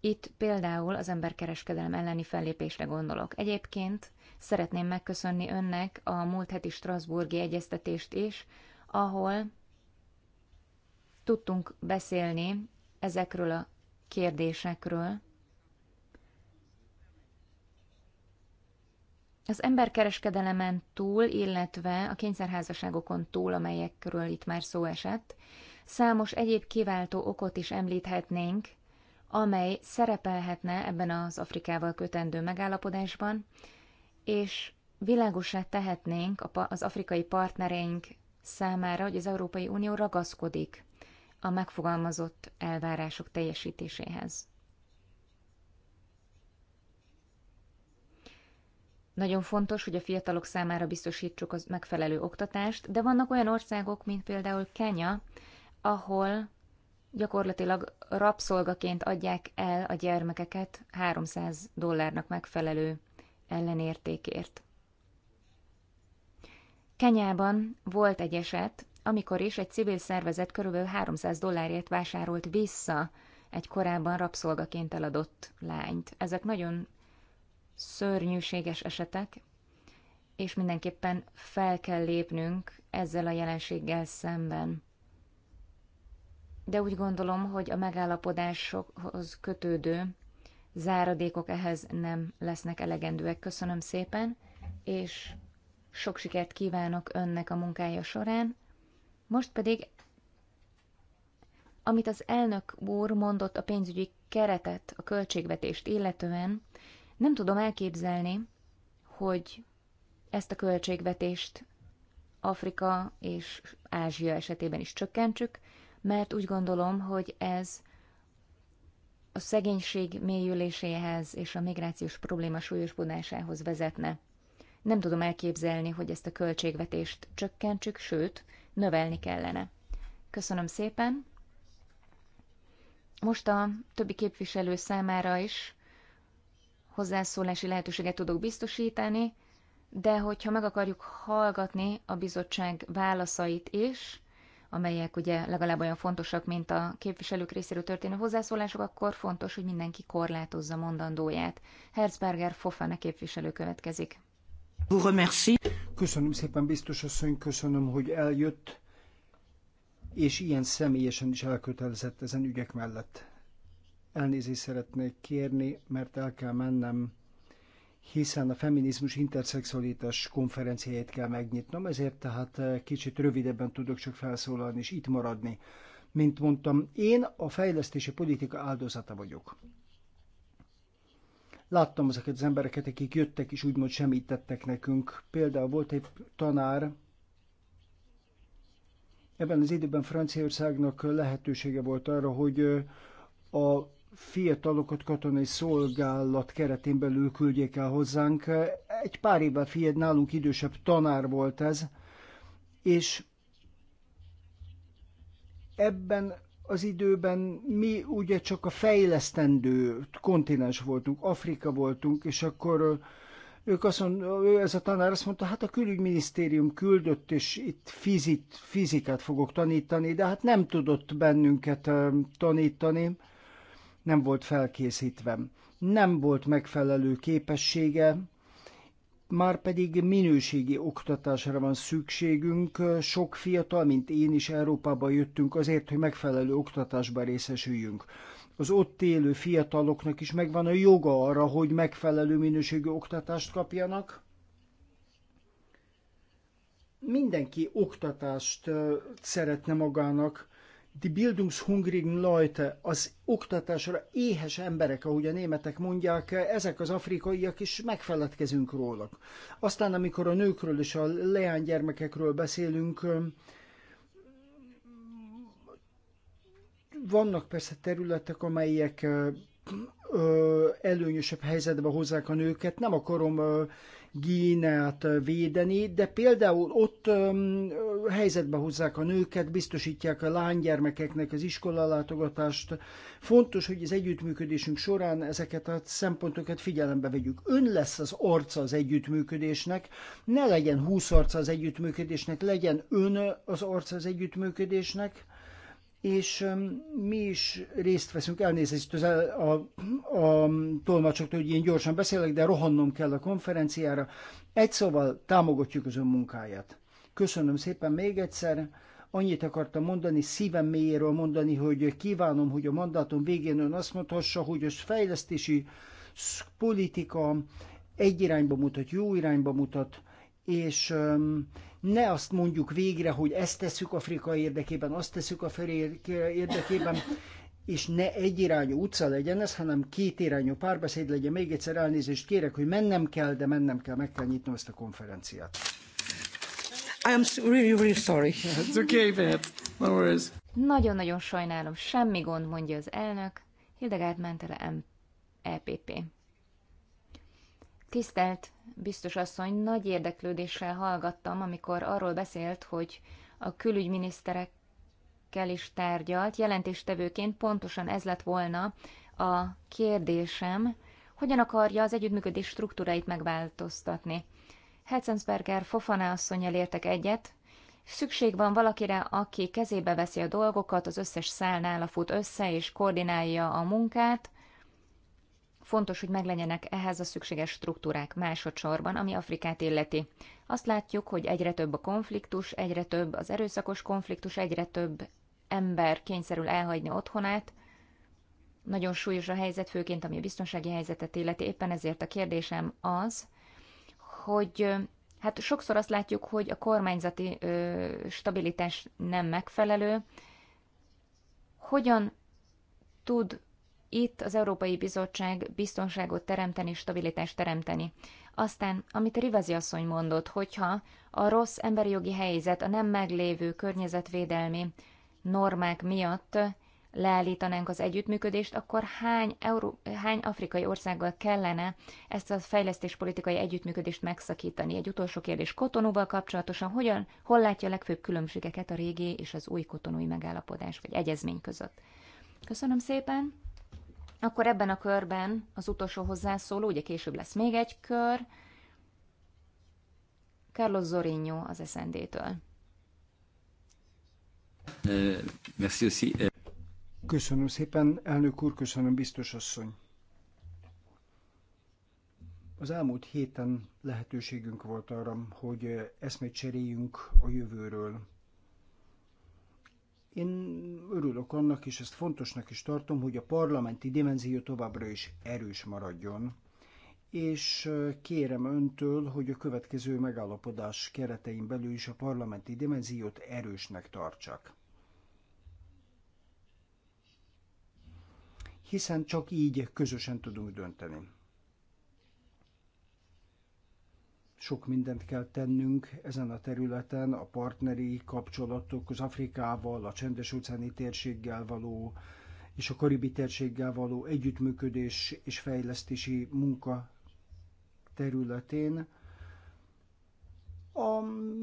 S1: Itt például az emberkereskedelem elleni fellépésre gondolok. Egyébként szeretném megköszönni önnek a múlt heti Strasburgi egyeztetést is, ahol tudtunk beszélni ezekről a kérdésekről, Az emberkereskedelemen túl, illetve a kényszerházasságokon túl, amelyekről itt már szó esett, számos egyéb kiváltó okot is említhetnénk, amely szerepelhetne ebben az Afrikával kötendő megállapodásban, és világosá tehetnénk az afrikai partnereink számára, hogy az Európai Unió ragaszkodik a megfogalmazott elvárások teljesítéséhez. Nagyon fontos, hogy a fiatalok számára biztosítsuk az megfelelő oktatást, de vannak olyan országok, mint például Kenya, ahol gyakorlatilag rabszolgaként adják el a gyermekeket 300 dollárnak megfelelő ellenértékért. Kenyában volt egy eset, amikor is egy civil szervezet körülbelül 300 dollárért vásárolt vissza egy korábban rabszolgaként eladott lányt. Ezek nagyon szörnyűséges esetek, és mindenképpen fel kell lépnünk ezzel a jelenséggel szemben. De úgy gondolom, hogy a megállapodásokhoz kötődő záradékok ehhez nem lesznek elegendőek. Köszönöm szépen, és sok sikert kívánok önnek a munkája során. Most pedig, amit az elnök úr mondott a pénzügyi keretet, a költségvetést illetően, nem tudom elképzelni, hogy ezt a költségvetést Afrika és Ázsia esetében is csökkentsük, mert úgy gondolom, hogy ez a szegénység mélyüléséhez és a migrációs probléma súlyosbodásához vezetne. Nem tudom elképzelni, hogy ezt a költségvetést csökkentsük, sőt, növelni kellene. Köszönöm szépen! Most a többi képviselő számára is hozzászólási lehetőséget tudok biztosítani, de hogyha meg akarjuk hallgatni a bizottság válaszait is, amelyek ugye legalább olyan fontosak, mint a képviselők részéről történő hozzászólások, akkor fontos, hogy mindenki korlátozza mondandóját. Herzberger Fofane képviselő következik.
S3: Köszönöm szépen, biztos asszony, köszönöm, hogy eljött, és ilyen személyesen is elkötelezett ezen ügyek mellett elnézést szeretnék kérni, mert el kell mennem, hiszen a feminizmus interszexualitás konferenciáját kell megnyitnom, ezért tehát eh, kicsit rövidebben tudok csak felszólalni és itt maradni. Mint mondtam, én a fejlesztési politika áldozata vagyok. Láttam ezeket az embereket, akik jöttek és úgymond semmit tettek nekünk. Például volt egy tanár, ebben az időben Franciaországnak lehetősége volt arra, hogy eh, a fiatalokat katonai szolgálat keretén belül küldjék el hozzánk. Egy pár évvel fiad nálunk idősebb tanár volt ez, és ebben az időben mi ugye csak a fejlesztendő kontinens voltunk, Afrika voltunk, és akkor ők azt mondta, ez a tanár azt mondta, hát a külügyminisztérium küldött, és itt fizit, fizikát fogok tanítani, de hát nem tudott bennünket tanítani nem volt felkészítve, nem volt megfelelő képessége, már pedig minőségi oktatásra van szükségünk. Sok fiatal, mint én is Európába jöttünk azért, hogy megfelelő oktatásba részesüljünk. Az ott élő fiataloknak is megvan a joga arra, hogy megfelelő minőségű oktatást kapjanak. Mindenki oktatást szeretne magának, Die Bildungshungrigen Leute, az oktatásra éhes emberek, ahogy a németek mondják, ezek az afrikaiak is megfeledkezünk róluk. Aztán, amikor a nőkről és a leánygyermekekről beszélünk, vannak persze területek, amelyek előnyösebb helyzetbe hozzák a nőket. Nem akarom Gíneát védeni, de például ott öm, helyzetbe hozzák a nőket, biztosítják a lánygyermekeknek az iskolalátogatást. Fontos, hogy az együttműködésünk során ezeket a szempontokat figyelembe vegyük. Ön lesz az arca az együttműködésnek, ne legyen húsz arca az együttműködésnek, legyen ön az arca az együttműködésnek, és mi is részt veszünk, elnézést az a, a tolmácsoktól, hogy én gyorsan beszélek, de rohannom kell a konferenciára. Egy szóval támogatjuk az ön munkáját. Köszönöm szépen még egyszer. Annyit akartam mondani, szívem mélyéről mondani, hogy kívánom, hogy a mandátum végén ön azt mondhassa, hogy az fejlesztési politika egy irányba mutat, jó irányba mutat, és ne azt mondjuk végre, hogy ezt tesszük Afrika érdekében, azt tesszük Afrika érdekében, és ne egyirányú utca legyen ez, hanem kétirányú párbeszéd legyen. Még egyszer elnézést kérek, hogy mennem kell, de mennem kell, meg kell nyitnom ezt a konferenciát. I am really, really sorry. It's okay, Pat. No worries.
S1: Nagyon-nagyon sajnálom, semmi gond, mondja az elnök. Hildegard Mentele, MPP. E Tisztelt biztos asszony, nagy érdeklődéssel hallgattam, amikor arról beszélt, hogy a külügyminiszterekkel is tárgyalt. Jelentéstevőként pontosan ez lett volna a kérdésem, hogyan akarja az együttműködés struktúráit megváltoztatni. Hetzensberger Fofana asszonyjal értek egyet, Szükség van valakire, aki kezébe veszi a dolgokat, az összes szálnál a fut össze és koordinálja a munkát, Fontos, hogy meglegyenek ehhez a szükséges struktúrák másodszorban, ami Afrikát illeti. Azt látjuk, hogy egyre több a konfliktus, egyre több az erőszakos konfliktus, egyre több ember kényszerül elhagyni otthonát. Nagyon súlyos a helyzet, főként ami a biztonsági helyzetet illeti. Éppen ezért a kérdésem az, hogy hát sokszor azt látjuk, hogy a kormányzati ö, stabilitás nem megfelelő. Hogyan tud itt az Európai Bizottság biztonságot teremteni, stabilitást teremteni. Aztán, amit Rivazi asszony mondott, hogyha a rossz emberi jogi helyzet a nem meglévő környezetvédelmi normák miatt leállítanánk az együttműködést, akkor hány, Euró- hány afrikai országgal kellene ezt a fejlesztéspolitikai együttműködést megszakítani? Egy utolsó kérdés Kotonúval kapcsolatosan, hogyan, hol látja a legfőbb különbségeket a régi és az új kotonúi megállapodás vagy egyezmény között? Köszönöm szépen! Akkor ebben a körben az utolsó hozzászóló, ugye később lesz még egy kör, Carlos Zorinho az SND-től.
S3: Köszönöm szépen, elnök úr, köszönöm, biztos asszony. Az elmúlt héten lehetőségünk volt arra, hogy eszmét cseréljünk a jövőről, én örülök annak, és ezt fontosnak is tartom, hogy a parlamenti dimenzió továbbra is erős maradjon, és kérem öntől, hogy a következő megállapodás keretein belül is a parlamenti dimenziót erősnek tartsak. Hiszen csak így közösen tudunk dönteni. sok mindent kell tennünk ezen a területen, a partneri kapcsolatok az Afrikával, a csendes-óceáni térséggel való és a karibi térséggel való együttműködés és fejlesztési munka területén. A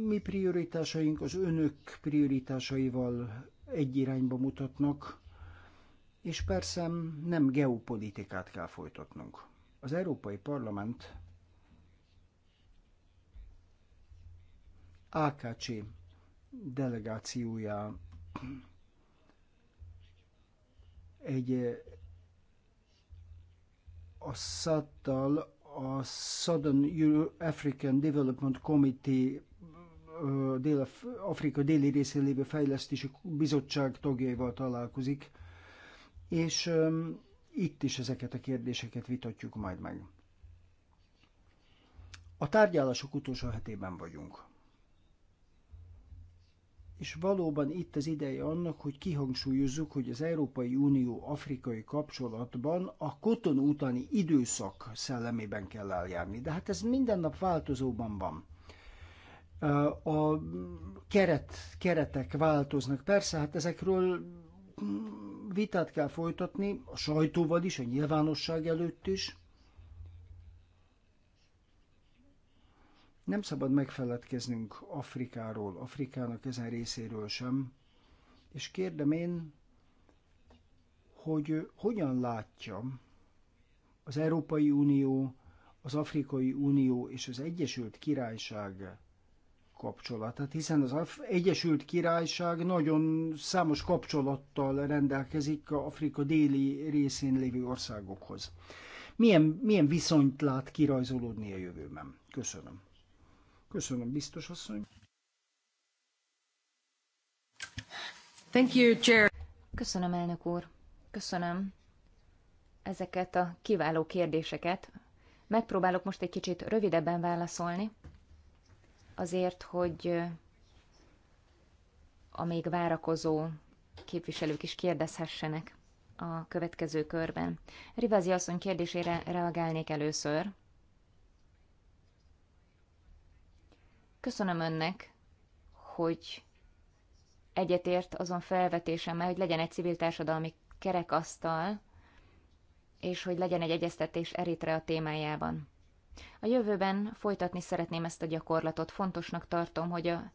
S3: mi prioritásaink az önök prioritásaival egy irányba mutatnak, és persze nem geopolitikát kell folytatnunk. Az Európai Parlament AKC delegációja egy a SAD-tal, a Southern Euro African Development Committee Dél-Afrika déli részén lévő fejlesztési bizottság tagjaival találkozik, és um, itt is ezeket a kérdéseket vitatjuk majd meg. A tárgyalások utolsó hetében vagyunk és valóban itt az ideje annak, hogy kihangsúlyozzuk, hogy az Európai Unió afrikai kapcsolatban a koton utáni időszak szellemében kell eljárni. De hát ez minden nap változóban van. A keret, keretek változnak. Persze, hát ezekről vitát kell folytatni, a sajtóval is, a nyilvánosság előtt is, Nem szabad megfeledkeznünk Afrikáról, Afrikának ezen részéről sem, és kérdem én, hogy hogyan látja az Európai Unió, az Afrikai Unió és az Egyesült Királyság kapcsolatát, hiszen az Egyesült Királyság nagyon számos kapcsolattal rendelkezik Afrika déli részén lévő országokhoz. Milyen, milyen viszonyt lát kirajzolódni a jövőben? Köszönöm. Köszönöm, biztos asszony. Thank you, Chair.
S1: Köszönöm, elnök úr. Köszönöm ezeket a kiváló kérdéseket. Megpróbálok most egy kicsit rövidebben válaszolni, azért, hogy a még várakozó képviselők is kérdezhessenek a következő körben. Rivázi asszony kérdésére reagálnék először. Köszönöm önnek, hogy egyetért azon felvetésemmel, hogy legyen egy civil társadalmi kerekasztal, és hogy legyen egy egyeztetés a témájában. A jövőben folytatni szeretném ezt a gyakorlatot. Fontosnak tartom, hogy a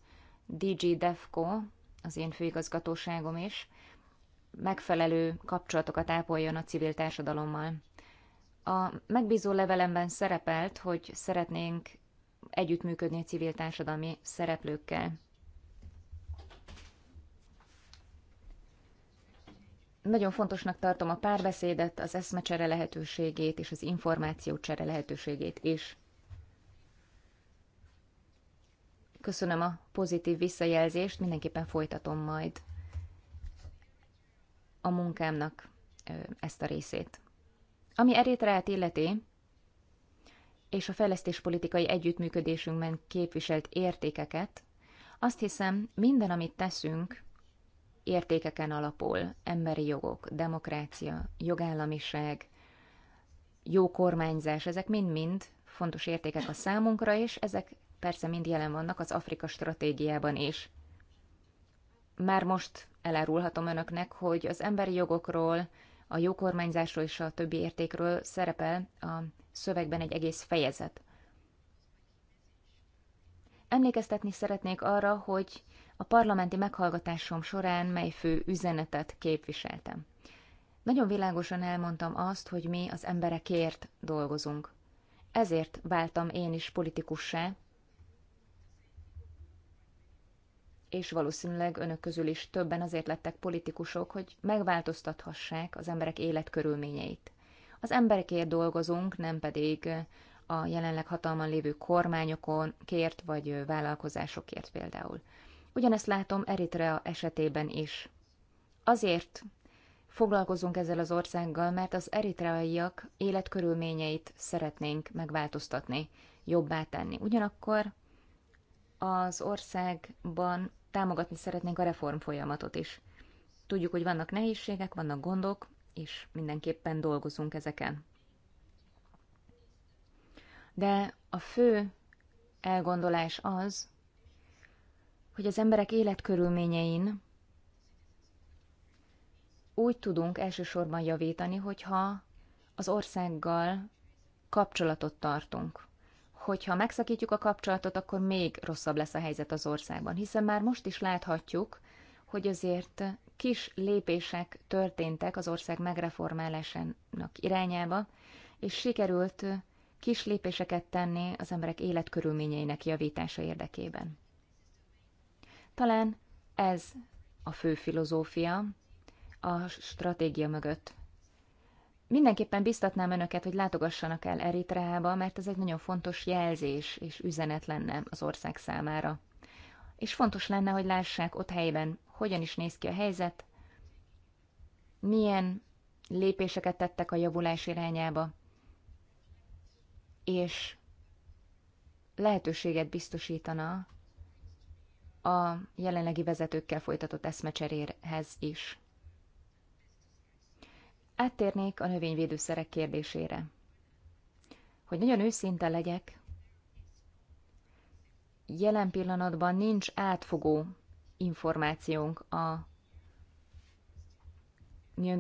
S1: DG DEFCO, az én főigazgatóságom is, megfelelő kapcsolatokat ápoljon a civil társadalommal. A megbízó levelemben szerepelt, hogy szeretnénk együttműködni a civil társadalmi szereplőkkel. Nagyon fontosnak tartom a párbeszédet, az eszmecsere lehetőségét és az információcsere lehetőségét is. Köszönöm a pozitív visszajelzést, mindenképpen folytatom majd a munkámnak ezt a részét. Ami Erétreát illeti, és a fejlesztéspolitikai együttműködésünkben képviselt értékeket, azt hiszem, minden, amit teszünk, értékeken alapul, emberi jogok, demokrácia, jogállamiság, jó kormányzás, ezek mind-mind fontos értékek a számunkra, és ezek persze mind jelen vannak az Afrika stratégiában is. Már most elárulhatom önöknek, hogy az emberi jogokról, a jó kormányzásról és a többi értékről szerepel a szövegben egy egész fejezet. Emlékeztetni szeretnék arra, hogy a parlamenti meghallgatásom során mely fő üzenetet képviseltem. Nagyon világosan elmondtam azt, hogy mi az emberekért dolgozunk. Ezért váltam én is politikussá, és valószínűleg önök közül is többen azért lettek politikusok, hogy megváltoztathassák az emberek életkörülményeit. Az emberekért dolgozunk, nem pedig a jelenleg hatalman lévő kormányokon kért vagy vállalkozásokért például. Ugyanezt látom Eritrea esetében is. Azért foglalkozunk ezzel az országgal, mert az eritreaiak életkörülményeit szeretnénk megváltoztatni, jobbá tenni. Ugyanakkor az országban támogatni szeretnénk a reform folyamatot is. Tudjuk, hogy vannak nehézségek, vannak gondok, és mindenképpen dolgozunk ezeken. De a fő elgondolás az, hogy az emberek életkörülményein úgy tudunk elsősorban javítani, hogyha az országgal kapcsolatot tartunk hogyha megszakítjuk a kapcsolatot, akkor még rosszabb lesz a helyzet az országban, hiszen már most is láthatjuk, hogy azért kis lépések történtek az ország megreformálásának irányába, és sikerült kis lépéseket tenni az emberek életkörülményeinek javítása érdekében. Talán ez a fő filozófia a stratégia mögött Mindenképpen biztatnám önöket, hogy látogassanak el Eritreába, mert ez egy nagyon fontos jelzés és üzenet lenne az ország számára. És fontos lenne, hogy lássák ott helyben, hogyan is néz ki a helyzet, milyen lépéseket tettek a javulás irányába, és lehetőséget biztosítana a jelenlegi vezetőkkel folytatott eszmecseréhez is. Áttérnék a növényvédőszerek kérdésére. Hogy nagyon őszinte legyek, jelen pillanatban nincs átfogó információnk a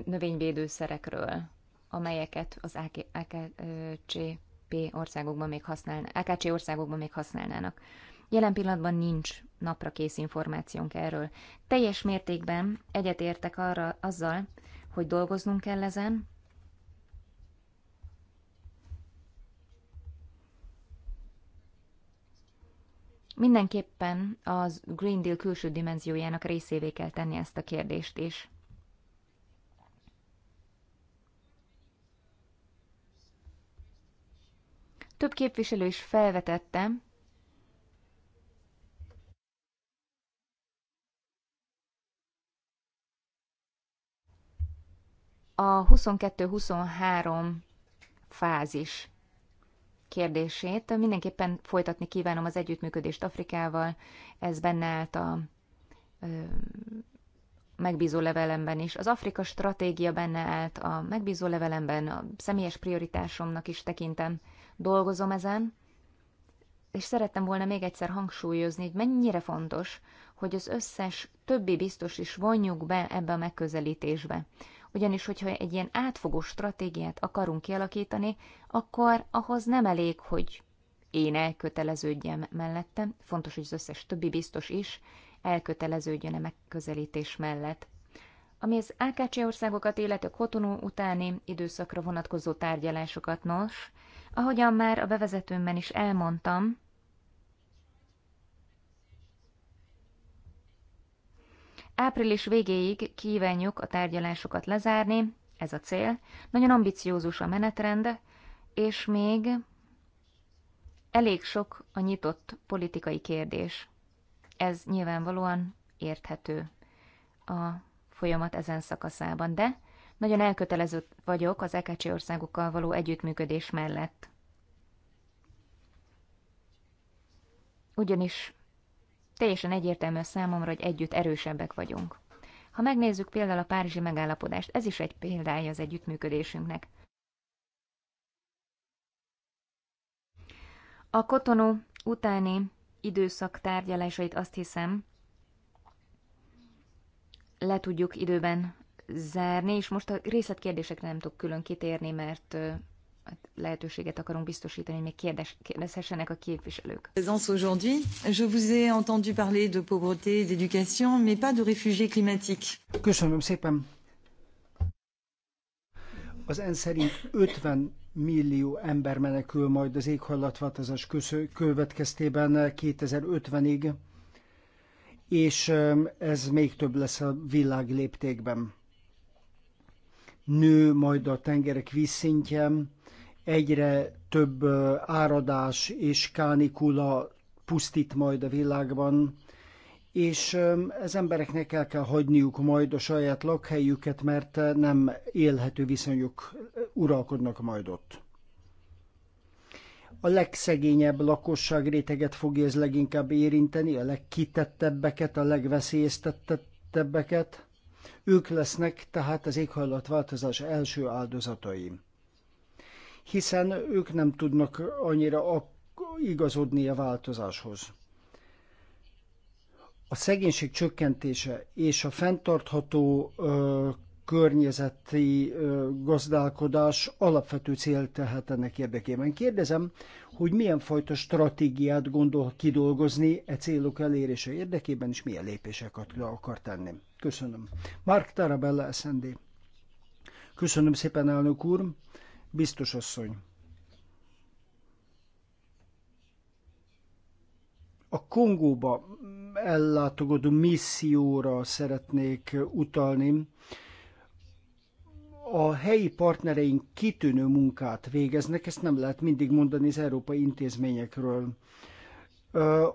S1: növényvédőszerekről, amelyeket az AKCP országokban még használna, AKC országokban még használnának. Jelen pillanatban nincs napra kész információnk erről. Teljes mértékben egyetértek arra azzal, hogy dolgoznunk kell ezen. Mindenképpen az Green Deal külső dimenziójának részévé kell tenni ezt a kérdést is. Több képviselő is felvetette, a 22-23 fázis kérdését. Mindenképpen folytatni kívánom az együttműködést Afrikával, ez benne állt a megbízó levelemben is. Az Afrika stratégia benne állt a megbízó levelemben, a személyes prioritásomnak is tekintem, dolgozom ezen, és szerettem volna még egyszer hangsúlyozni, hogy mennyire fontos, hogy az összes többi biztos is vonjuk be ebbe a megközelítésbe. Ugyanis, hogyha egy ilyen átfogó stratégiát akarunk kialakítani, akkor ahhoz nem elég, hogy én elköteleződjem mellette, fontos, hogy az összes többi biztos is elköteleződjön a megközelítés mellett. Ami az AKC országokat, illetve Kotonó utáni időszakra vonatkozó tárgyalásokat nos, ahogyan már a bevezetőmben is elmondtam, Április végéig kívánjuk a tárgyalásokat lezárni, ez a cél. Nagyon ambiciózus a menetrend, és még elég sok a nyitott politikai kérdés. Ez nyilvánvalóan érthető a folyamat ezen szakaszában, de nagyon elkötelezett vagyok az EKC országokkal való együttműködés mellett. Ugyanis Teljesen egyértelmű a számomra, hogy együtt erősebbek vagyunk. Ha megnézzük például a Párizsi megállapodást, ez is egy példája az együttműködésünknek. A kotonó utáni időszak tárgyalásait azt hiszem, le tudjuk időben zárni, és most a részletkérdésekre nem tudok külön kitérni, mert lehetőséget akarunk biztosítani, hogy még kérdez, kérdezhessenek a képviselők.
S3: aujourd'hui, je vous ai entendu parler de pauvreté, d'éducation, mais pas de réfugiés climatiques. Köszönöm szépen. Az ENSZ szerint 50 millió ember menekül majd az éghajlatváltozás következtében 2050-ig, és ez még több lesz a világ léptékben. Nő majd a tengerek vízszintje, egyre több áradás és kánikula pusztít majd a világban, és az embereknek el kell hagyniuk majd a saját lakhelyüket, mert nem élhető viszonyok uralkodnak majd ott. A legszegényebb lakosság réteget fogja ez leginkább érinteni, a legkitettebbeket, a legveszélyeztettebbeket. Ők lesznek tehát az éghajlatváltozás első áldozatai hiszen ők nem tudnak annyira igazodni a változáshoz. A szegénység csökkentése és a fenntartható ö, környezeti ö, gazdálkodás alapvető cél tehát ennek érdekében. Kérdezem, hogy milyen fajta stratégiát gondol kidolgozni e célok elérése érdekében, és milyen lépéseket akar tenni. Köszönöm. Mark Tarabella, SND. Köszönöm szépen, elnök úr. Biztos asszony, a Kongóba ellátogató misszióra szeretnék utalni. A helyi partnereink kitűnő munkát végeznek, ezt nem lehet mindig mondani az európai intézményekről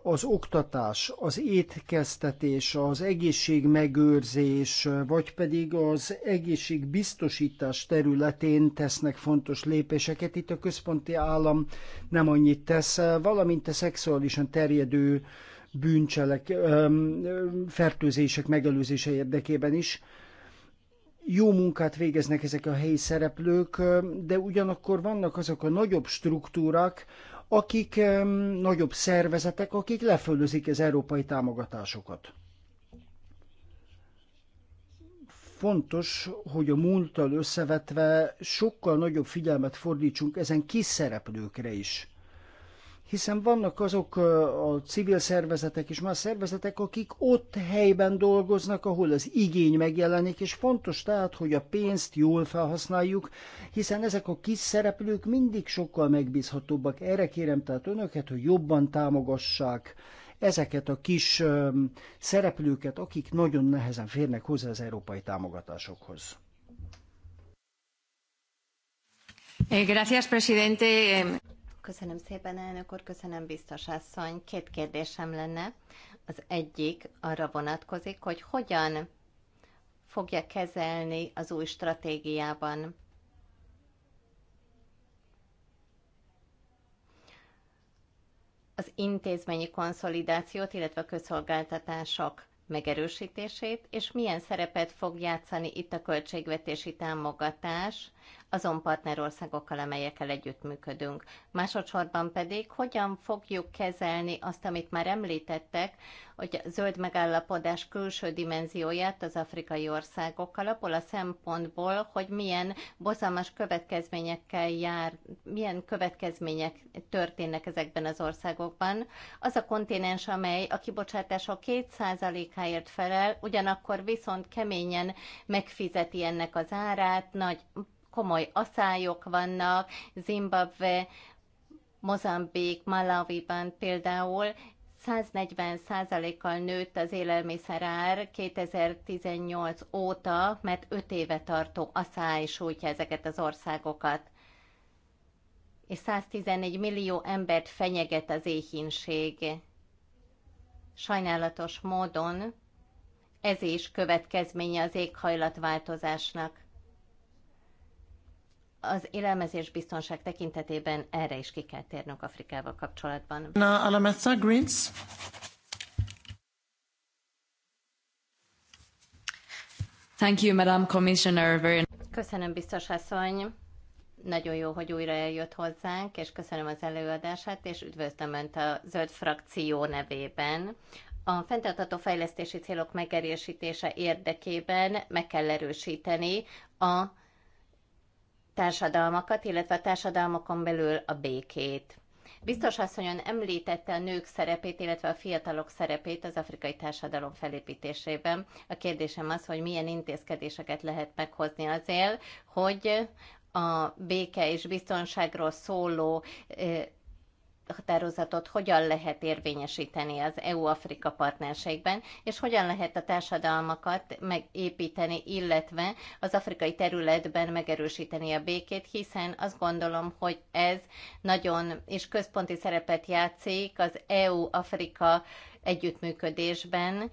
S3: az oktatás, az étkeztetés, az egészségmegőrzés, vagy pedig az egészségbiztosítás területén tesznek fontos lépéseket. Itt a központi állam nem annyit tesz, valamint a szexuálisan terjedő bűncselek, fertőzések megelőzése érdekében is jó munkát végeznek ezek a helyi szereplők, de ugyanakkor vannak azok a nagyobb struktúrák, akik nagyobb szervezetek, akik lefölözik az európai támogatásokat. Fontos, hogy a múlttal összevetve sokkal nagyobb figyelmet fordítsunk ezen kis szereplőkre is hiszen vannak azok a civil szervezetek és más szervezetek, akik ott helyben dolgoznak, ahol az igény megjelenik, és fontos tehát, hogy a pénzt jól felhasználjuk, hiszen ezek a kis szereplők mindig sokkal megbízhatóbbak. Erre kérem tehát önöket, hogy jobban támogassák ezeket a kis szereplőket, akik nagyon nehezen férnek hozzá az európai támogatásokhoz.
S2: Eh, gracias, presidente. Köszönöm szépen, elnök úr, köszönöm, biztos asszony. Két kérdésem lenne. Az egyik arra vonatkozik, hogy hogyan fogja kezelni az új stratégiában az intézményi konszolidációt, illetve a közszolgáltatások megerősítését, és milyen szerepet fog játszani itt a költségvetési támogatás azon partnerországokkal, amelyekkel együttműködünk. Másodszorban pedig hogyan fogjuk kezelni azt, amit már említettek, hogy a zöld megállapodás külső dimenzióját az afrikai országokkal, abból a szempontból, hogy milyen bozalmas következményekkel jár, milyen következmények történnek ezekben az országokban. Az a kontinens, amely a kibocsátások 2%-áért felel, ugyanakkor viszont keményen megfizeti ennek az árát, nagy komoly aszályok vannak, Zimbabwe, Mozambik, Malawiban például 140%-kal nőtt az élelmiszerár 2018 óta, mert 5 éve tartó asszály sújtja ezeket az országokat. És 114 millió embert fenyeget az éhínség. Sajnálatos módon ez is következménye az éghajlatváltozásnak az élelmezés biztonság tekintetében erre is ki kell térnünk Afrikával kapcsolatban.
S3: Na, Alamessa Greens.
S1: Thank you, Madam Commissioner. Very...
S2: Köszönöm, biztos asszony. Nagyon jó, hogy újra eljött hozzánk, és köszönöm az előadását, és üdvözlöm Önt a zöld frakció nevében. A fenntartható fejlesztési célok megerősítése érdekében meg kell erősíteni a társadalmakat, illetve a társadalmakon belül a békét. Biztos asszonyon említette a nők szerepét, illetve a fiatalok szerepét az afrikai társadalom felépítésében. A kérdésem az, hogy milyen intézkedéseket lehet meghozni azért, hogy a béke és biztonságról szóló határozatot hogyan lehet érvényesíteni az EU-Afrika partnerségben, és hogyan lehet a társadalmakat megépíteni, illetve az afrikai területben megerősíteni a békét, hiszen azt gondolom, hogy ez nagyon és központi szerepet játszik az EU-Afrika együttműködésben,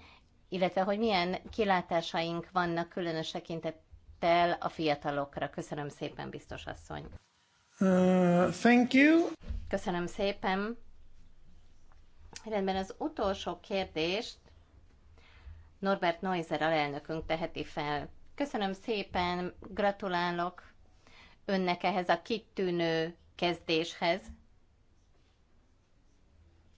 S2: illetve hogy milyen kilátásaink vannak különös tekintettel a fiatalokra. Köszönöm szépen, biztos asszony! Uh, thank you. Köszönöm szépen. Rendben, az utolsó kérdést Norbert Neuser alelnökünk teheti fel. Köszönöm szépen, gratulálok önnek ehhez a kitűnő kezdéshez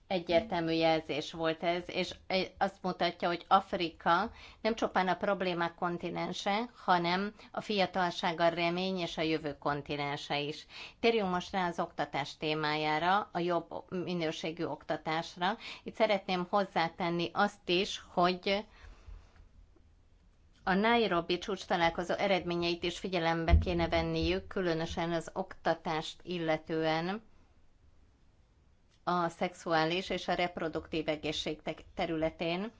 S2: egyértelmű jelzés volt ez, és eh, azt mutatja, hogy Afrika nem csupán a problémák kontinense, hanem a fiatalság, a remény és a jövő kontinense is. Térjünk most rá az oktatás témájára, a jobb minőségű oktatásra. Itt szeretném hozzátenni azt is, hogy a Nairobi csúcs találkozó eredményeit is figyelembe kéne venniük, különösen az oktatást illetően a szexuális és a reproduktív egészség területén,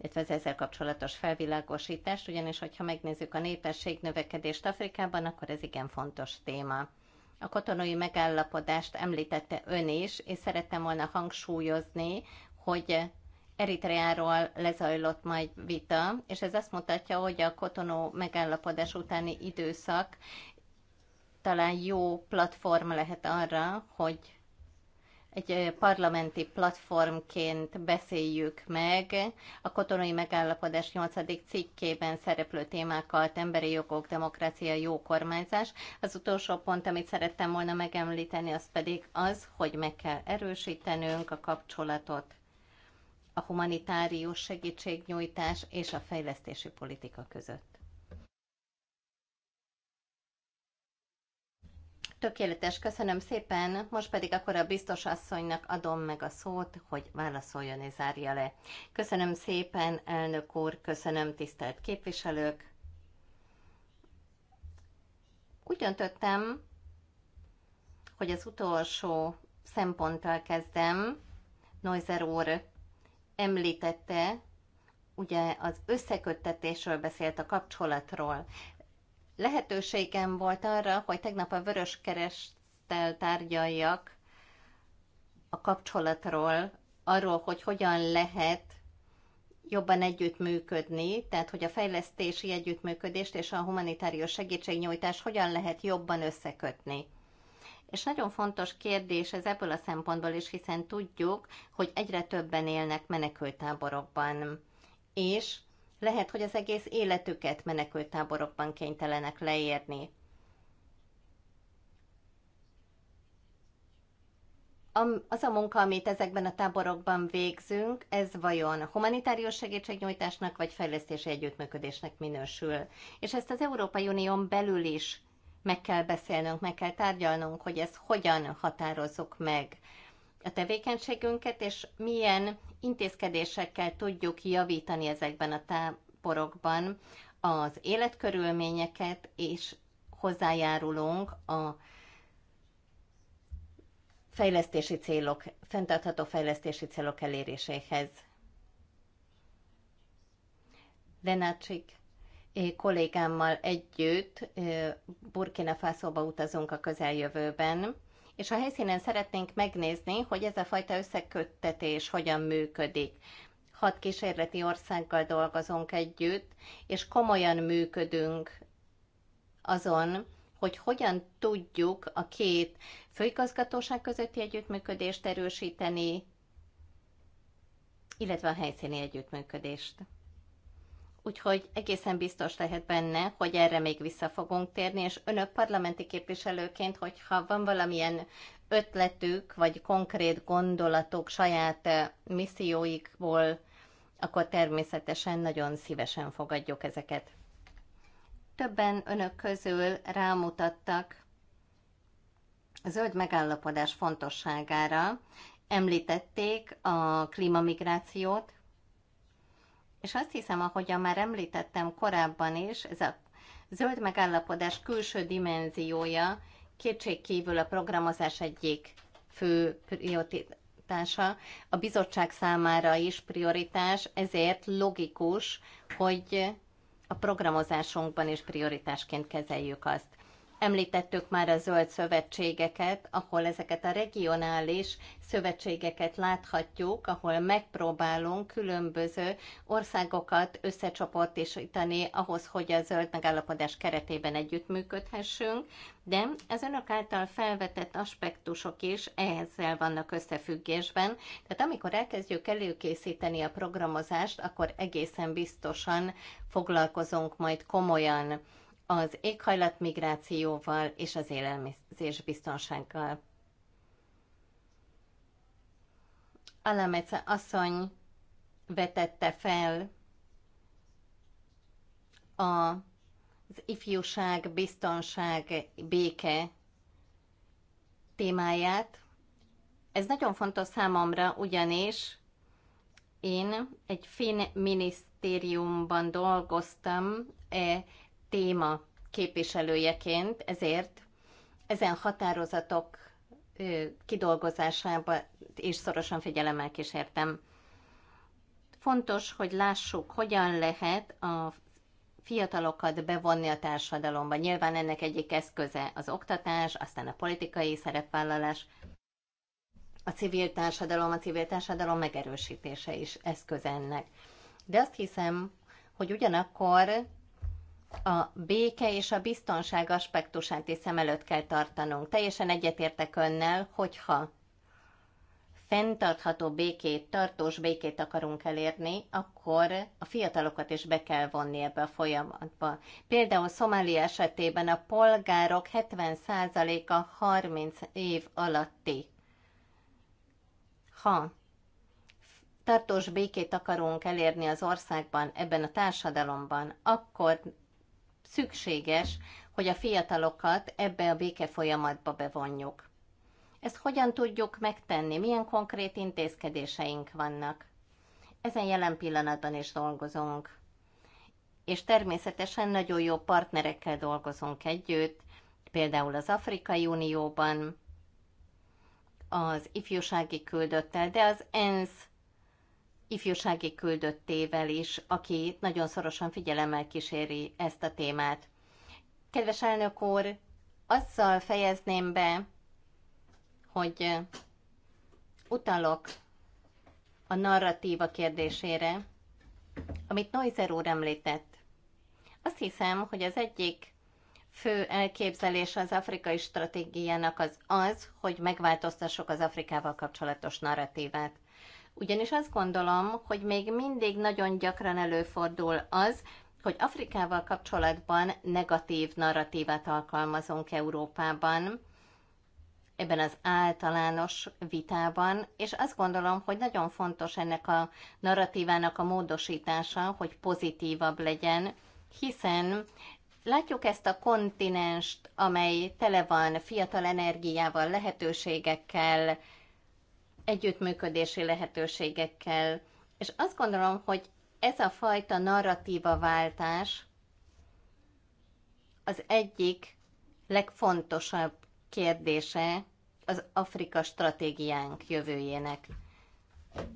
S2: illetve az ezzel kapcsolatos felvilágosítást, ugyanis hogyha megnézzük a népesség növekedést Afrikában, akkor ez igen fontos téma. A katonai megállapodást említette ön is, és szerettem volna hangsúlyozni, hogy Eritreáról lezajlott majd vita, és ez azt mutatja, hogy a kotonó megállapodás utáni időszak talán jó platform lehet arra, hogy egy parlamenti platformként beszéljük meg a kotonai megállapodás 8. cikkében szereplő témákat, emberi jogok, demokrácia, jó kormányzás. Az utolsó pont, amit szerettem volna megemlíteni, az pedig az, hogy meg kell erősítenünk a kapcsolatot a humanitárius segítségnyújtás és a fejlesztési politika között. Tökéletes, köszönöm szépen. Most pedig akkor a biztos asszonynak adom meg a szót, hogy válaszoljon és zárja le. Köszönöm szépen, elnök úr, köszönöm, tisztelt képviselők. Úgy döntöttem, hogy az utolsó szemponttal kezdem. Noizer úr említette, ugye az összeköttetésről beszélt a kapcsolatról lehetőségem volt arra, hogy tegnap a Vörös Keresztel tárgyaljak a kapcsolatról, arról, hogy hogyan lehet jobban együttműködni, tehát hogy a fejlesztési együttműködést és a humanitárius segítségnyújtást hogyan lehet jobban összekötni. És nagyon fontos kérdés ez ebből a szempontból is, hiszen tudjuk, hogy egyre többen élnek menekültáborokban, és lehet, hogy az egész életüket menekültáborokban kénytelenek leérni. az a munka, amit ezekben a táborokban végzünk, ez vajon humanitárius segítségnyújtásnak vagy fejlesztési együttműködésnek minősül. És ezt az Európai Unión belül is meg kell beszélnünk, meg kell tárgyalnunk, hogy ezt hogyan határozzuk meg a tevékenységünket, és milyen intézkedésekkel tudjuk javítani ezekben a táborokban az életkörülményeket, és hozzájárulunk a fejlesztési célok, fenntartható fejlesztési célok eléréséhez. Lenácsik eh, kollégámmal együtt eh, Burkina Faszóba utazunk a közeljövőben, és a helyszínen szeretnénk megnézni, hogy ez a fajta összeköttetés hogyan működik. Hat kísérleti országgal dolgozunk együtt, és komolyan működünk azon, hogy hogyan tudjuk a két főigazgatóság közötti együttműködést erősíteni, illetve a helyszíni együttműködést. Úgyhogy egészen biztos lehet benne, hogy erre még vissza fogunk térni, és önök parlamenti képviselőként, hogyha van valamilyen ötletük, vagy konkrét gondolatok saját eh, misszióikból, akkor természetesen nagyon szívesen fogadjuk ezeket. Többen önök közül rámutattak a zöld megállapodás fontosságára, említették a klímamigrációt, és azt hiszem, ahogyan már említettem korábban is, ez a zöld megállapodás külső dimenziója kétségkívül a programozás egyik fő prioritása, a bizottság számára is prioritás, ezért logikus, hogy a programozásunkban is prioritásként kezeljük azt. Említettük már a zöld szövetségeket, ahol ezeket a regionális szövetségeket láthatjuk, ahol megpróbálunk különböző országokat összecsoportosítani ahhoz, hogy a zöld megállapodás keretében együttműködhessünk, de az önök által felvetett aspektusok is ehhezzel vannak összefüggésben. Tehát amikor elkezdjük előkészíteni a programozást, akkor egészen biztosan foglalkozunk majd komolyan az éghajlatmigrációval és az élelmezésbiztonsággal. Alamece asszony vetette fel a, az ifjúság, biztonság, béke témáját. Ez nagyon fontos számomra, ugyanis én egy finn minisztériumban dolgoztam, e téma képviselőjeként, ezért ezen határozatok kidolgozásába és szorosan figyelemmel kísértem. Fontos, hogy lássuk, hogyan lehet a fiatalokat bevonni a társadalomba. Nyilván ennek egyik eszköze az oktatás, aztán a politikai szerepvállalás, a civil társadalom, a civil társadalom megerősítése is eszköz ennek. De azt hiszem, hogy ugyanakkor a béke és a biztonság aspektusát is szem előtt kell tartanunk. Teljesen egyetértek önnel, hogyha fenntartható békét, tartós békét akarunk elérni, akkor a fiatalokat is be kell vonni ebbe a folyamatba. Például Szomália esetében a polgárok 70%-a 30 év alatti. Ha tartós békét akarunk elérni az országban, ebben a társadalomban, akkor szükséges, hogy a fiatalokat ebbe a béke folyamatba bevonjuk. Ezt hogyan tudjuk megtenni? Milyen konkrét intézkedéseink vannak? Ezen jelen pillanatban is dolgozunk. És természetesen nagyon jó partnerekkel dolgozunk együtt, például az Afrikai Unióban, az ifjúsági küldöttel, de az ENSZ ifjúsági küldöttével is, aki nagyon szorosan figyelemmel kíséri ezt a témát. Kedves elnök úr, azzal fejezném be, hogy eh, utalok a narratíva kérdésére, amit Neuser úr említett. Azt hiszem, hogy az egyik fő elképzelése az afrikai stratégiának az az, hogy megváltoztassuk az Afrikával kapcsolatos narratívát. Ugyanis azt gondolom, hogy még mindig nagyon gyakran előfordul az, hogy Afrikával kapcsolatban negatív narratívát alkalmazunk Európában, ebben az általános vitában, és azt gondolom, hogy nagyon fontos ennek a narratívának a módosítása, hogy pozitívabb legyen, hiszen látjuk ezt a kontinenst, amely tele van fiatal energiával, lehetőségekkel, együttműködési lehetőségekkel. És azt gondolom, hogy ez a fajta narratíva váltás az egyik legfontosabb kérdése az Afrika stratégiánk jövőjének.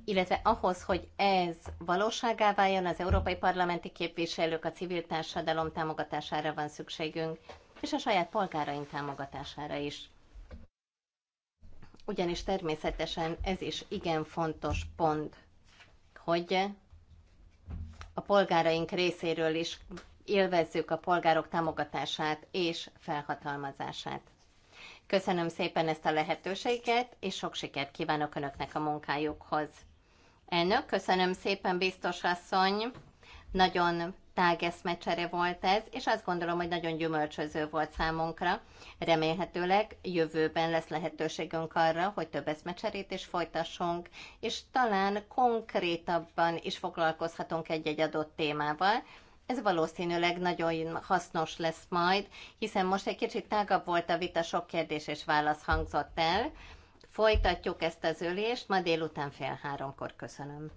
S2: Illetve ahhoz, hogy ez valóságá váljon, az európai parlamenti képviselők, a civil társadalom támogatására van szükségünk, és a saját polgáraink támogatására is ugyanis természetesen ez is igen fontos pont, hogy a polgáraink részéről is élvezzük a polgárok támogatását és felhatalmazását. Köszönöm szépen ezt a lehetőséget, és sok sikert kívánok Önöknek a munkájukhoz. Elnök, köszönöm szépen, biztos asszony. Nagyon tágeszmecsere volt ez, és azt gondolom, hogy nagyon gyümölcsöző volt számunkra. Remélhetőleg jövőben lesz lehetőségünk arra, hogy több eszmecserét is folytassunk, és talán konkrétabban is foglalkozhatunk egy-egy adott témával. Ez valószínűleg nagyon hasznos lesz majd, hiszen most egy kicsit tágabb volt a vita, sok kérdés és válasz hangzott el. Folytatjuk ezt az ülést, ma délután fél háromkor köszönöm.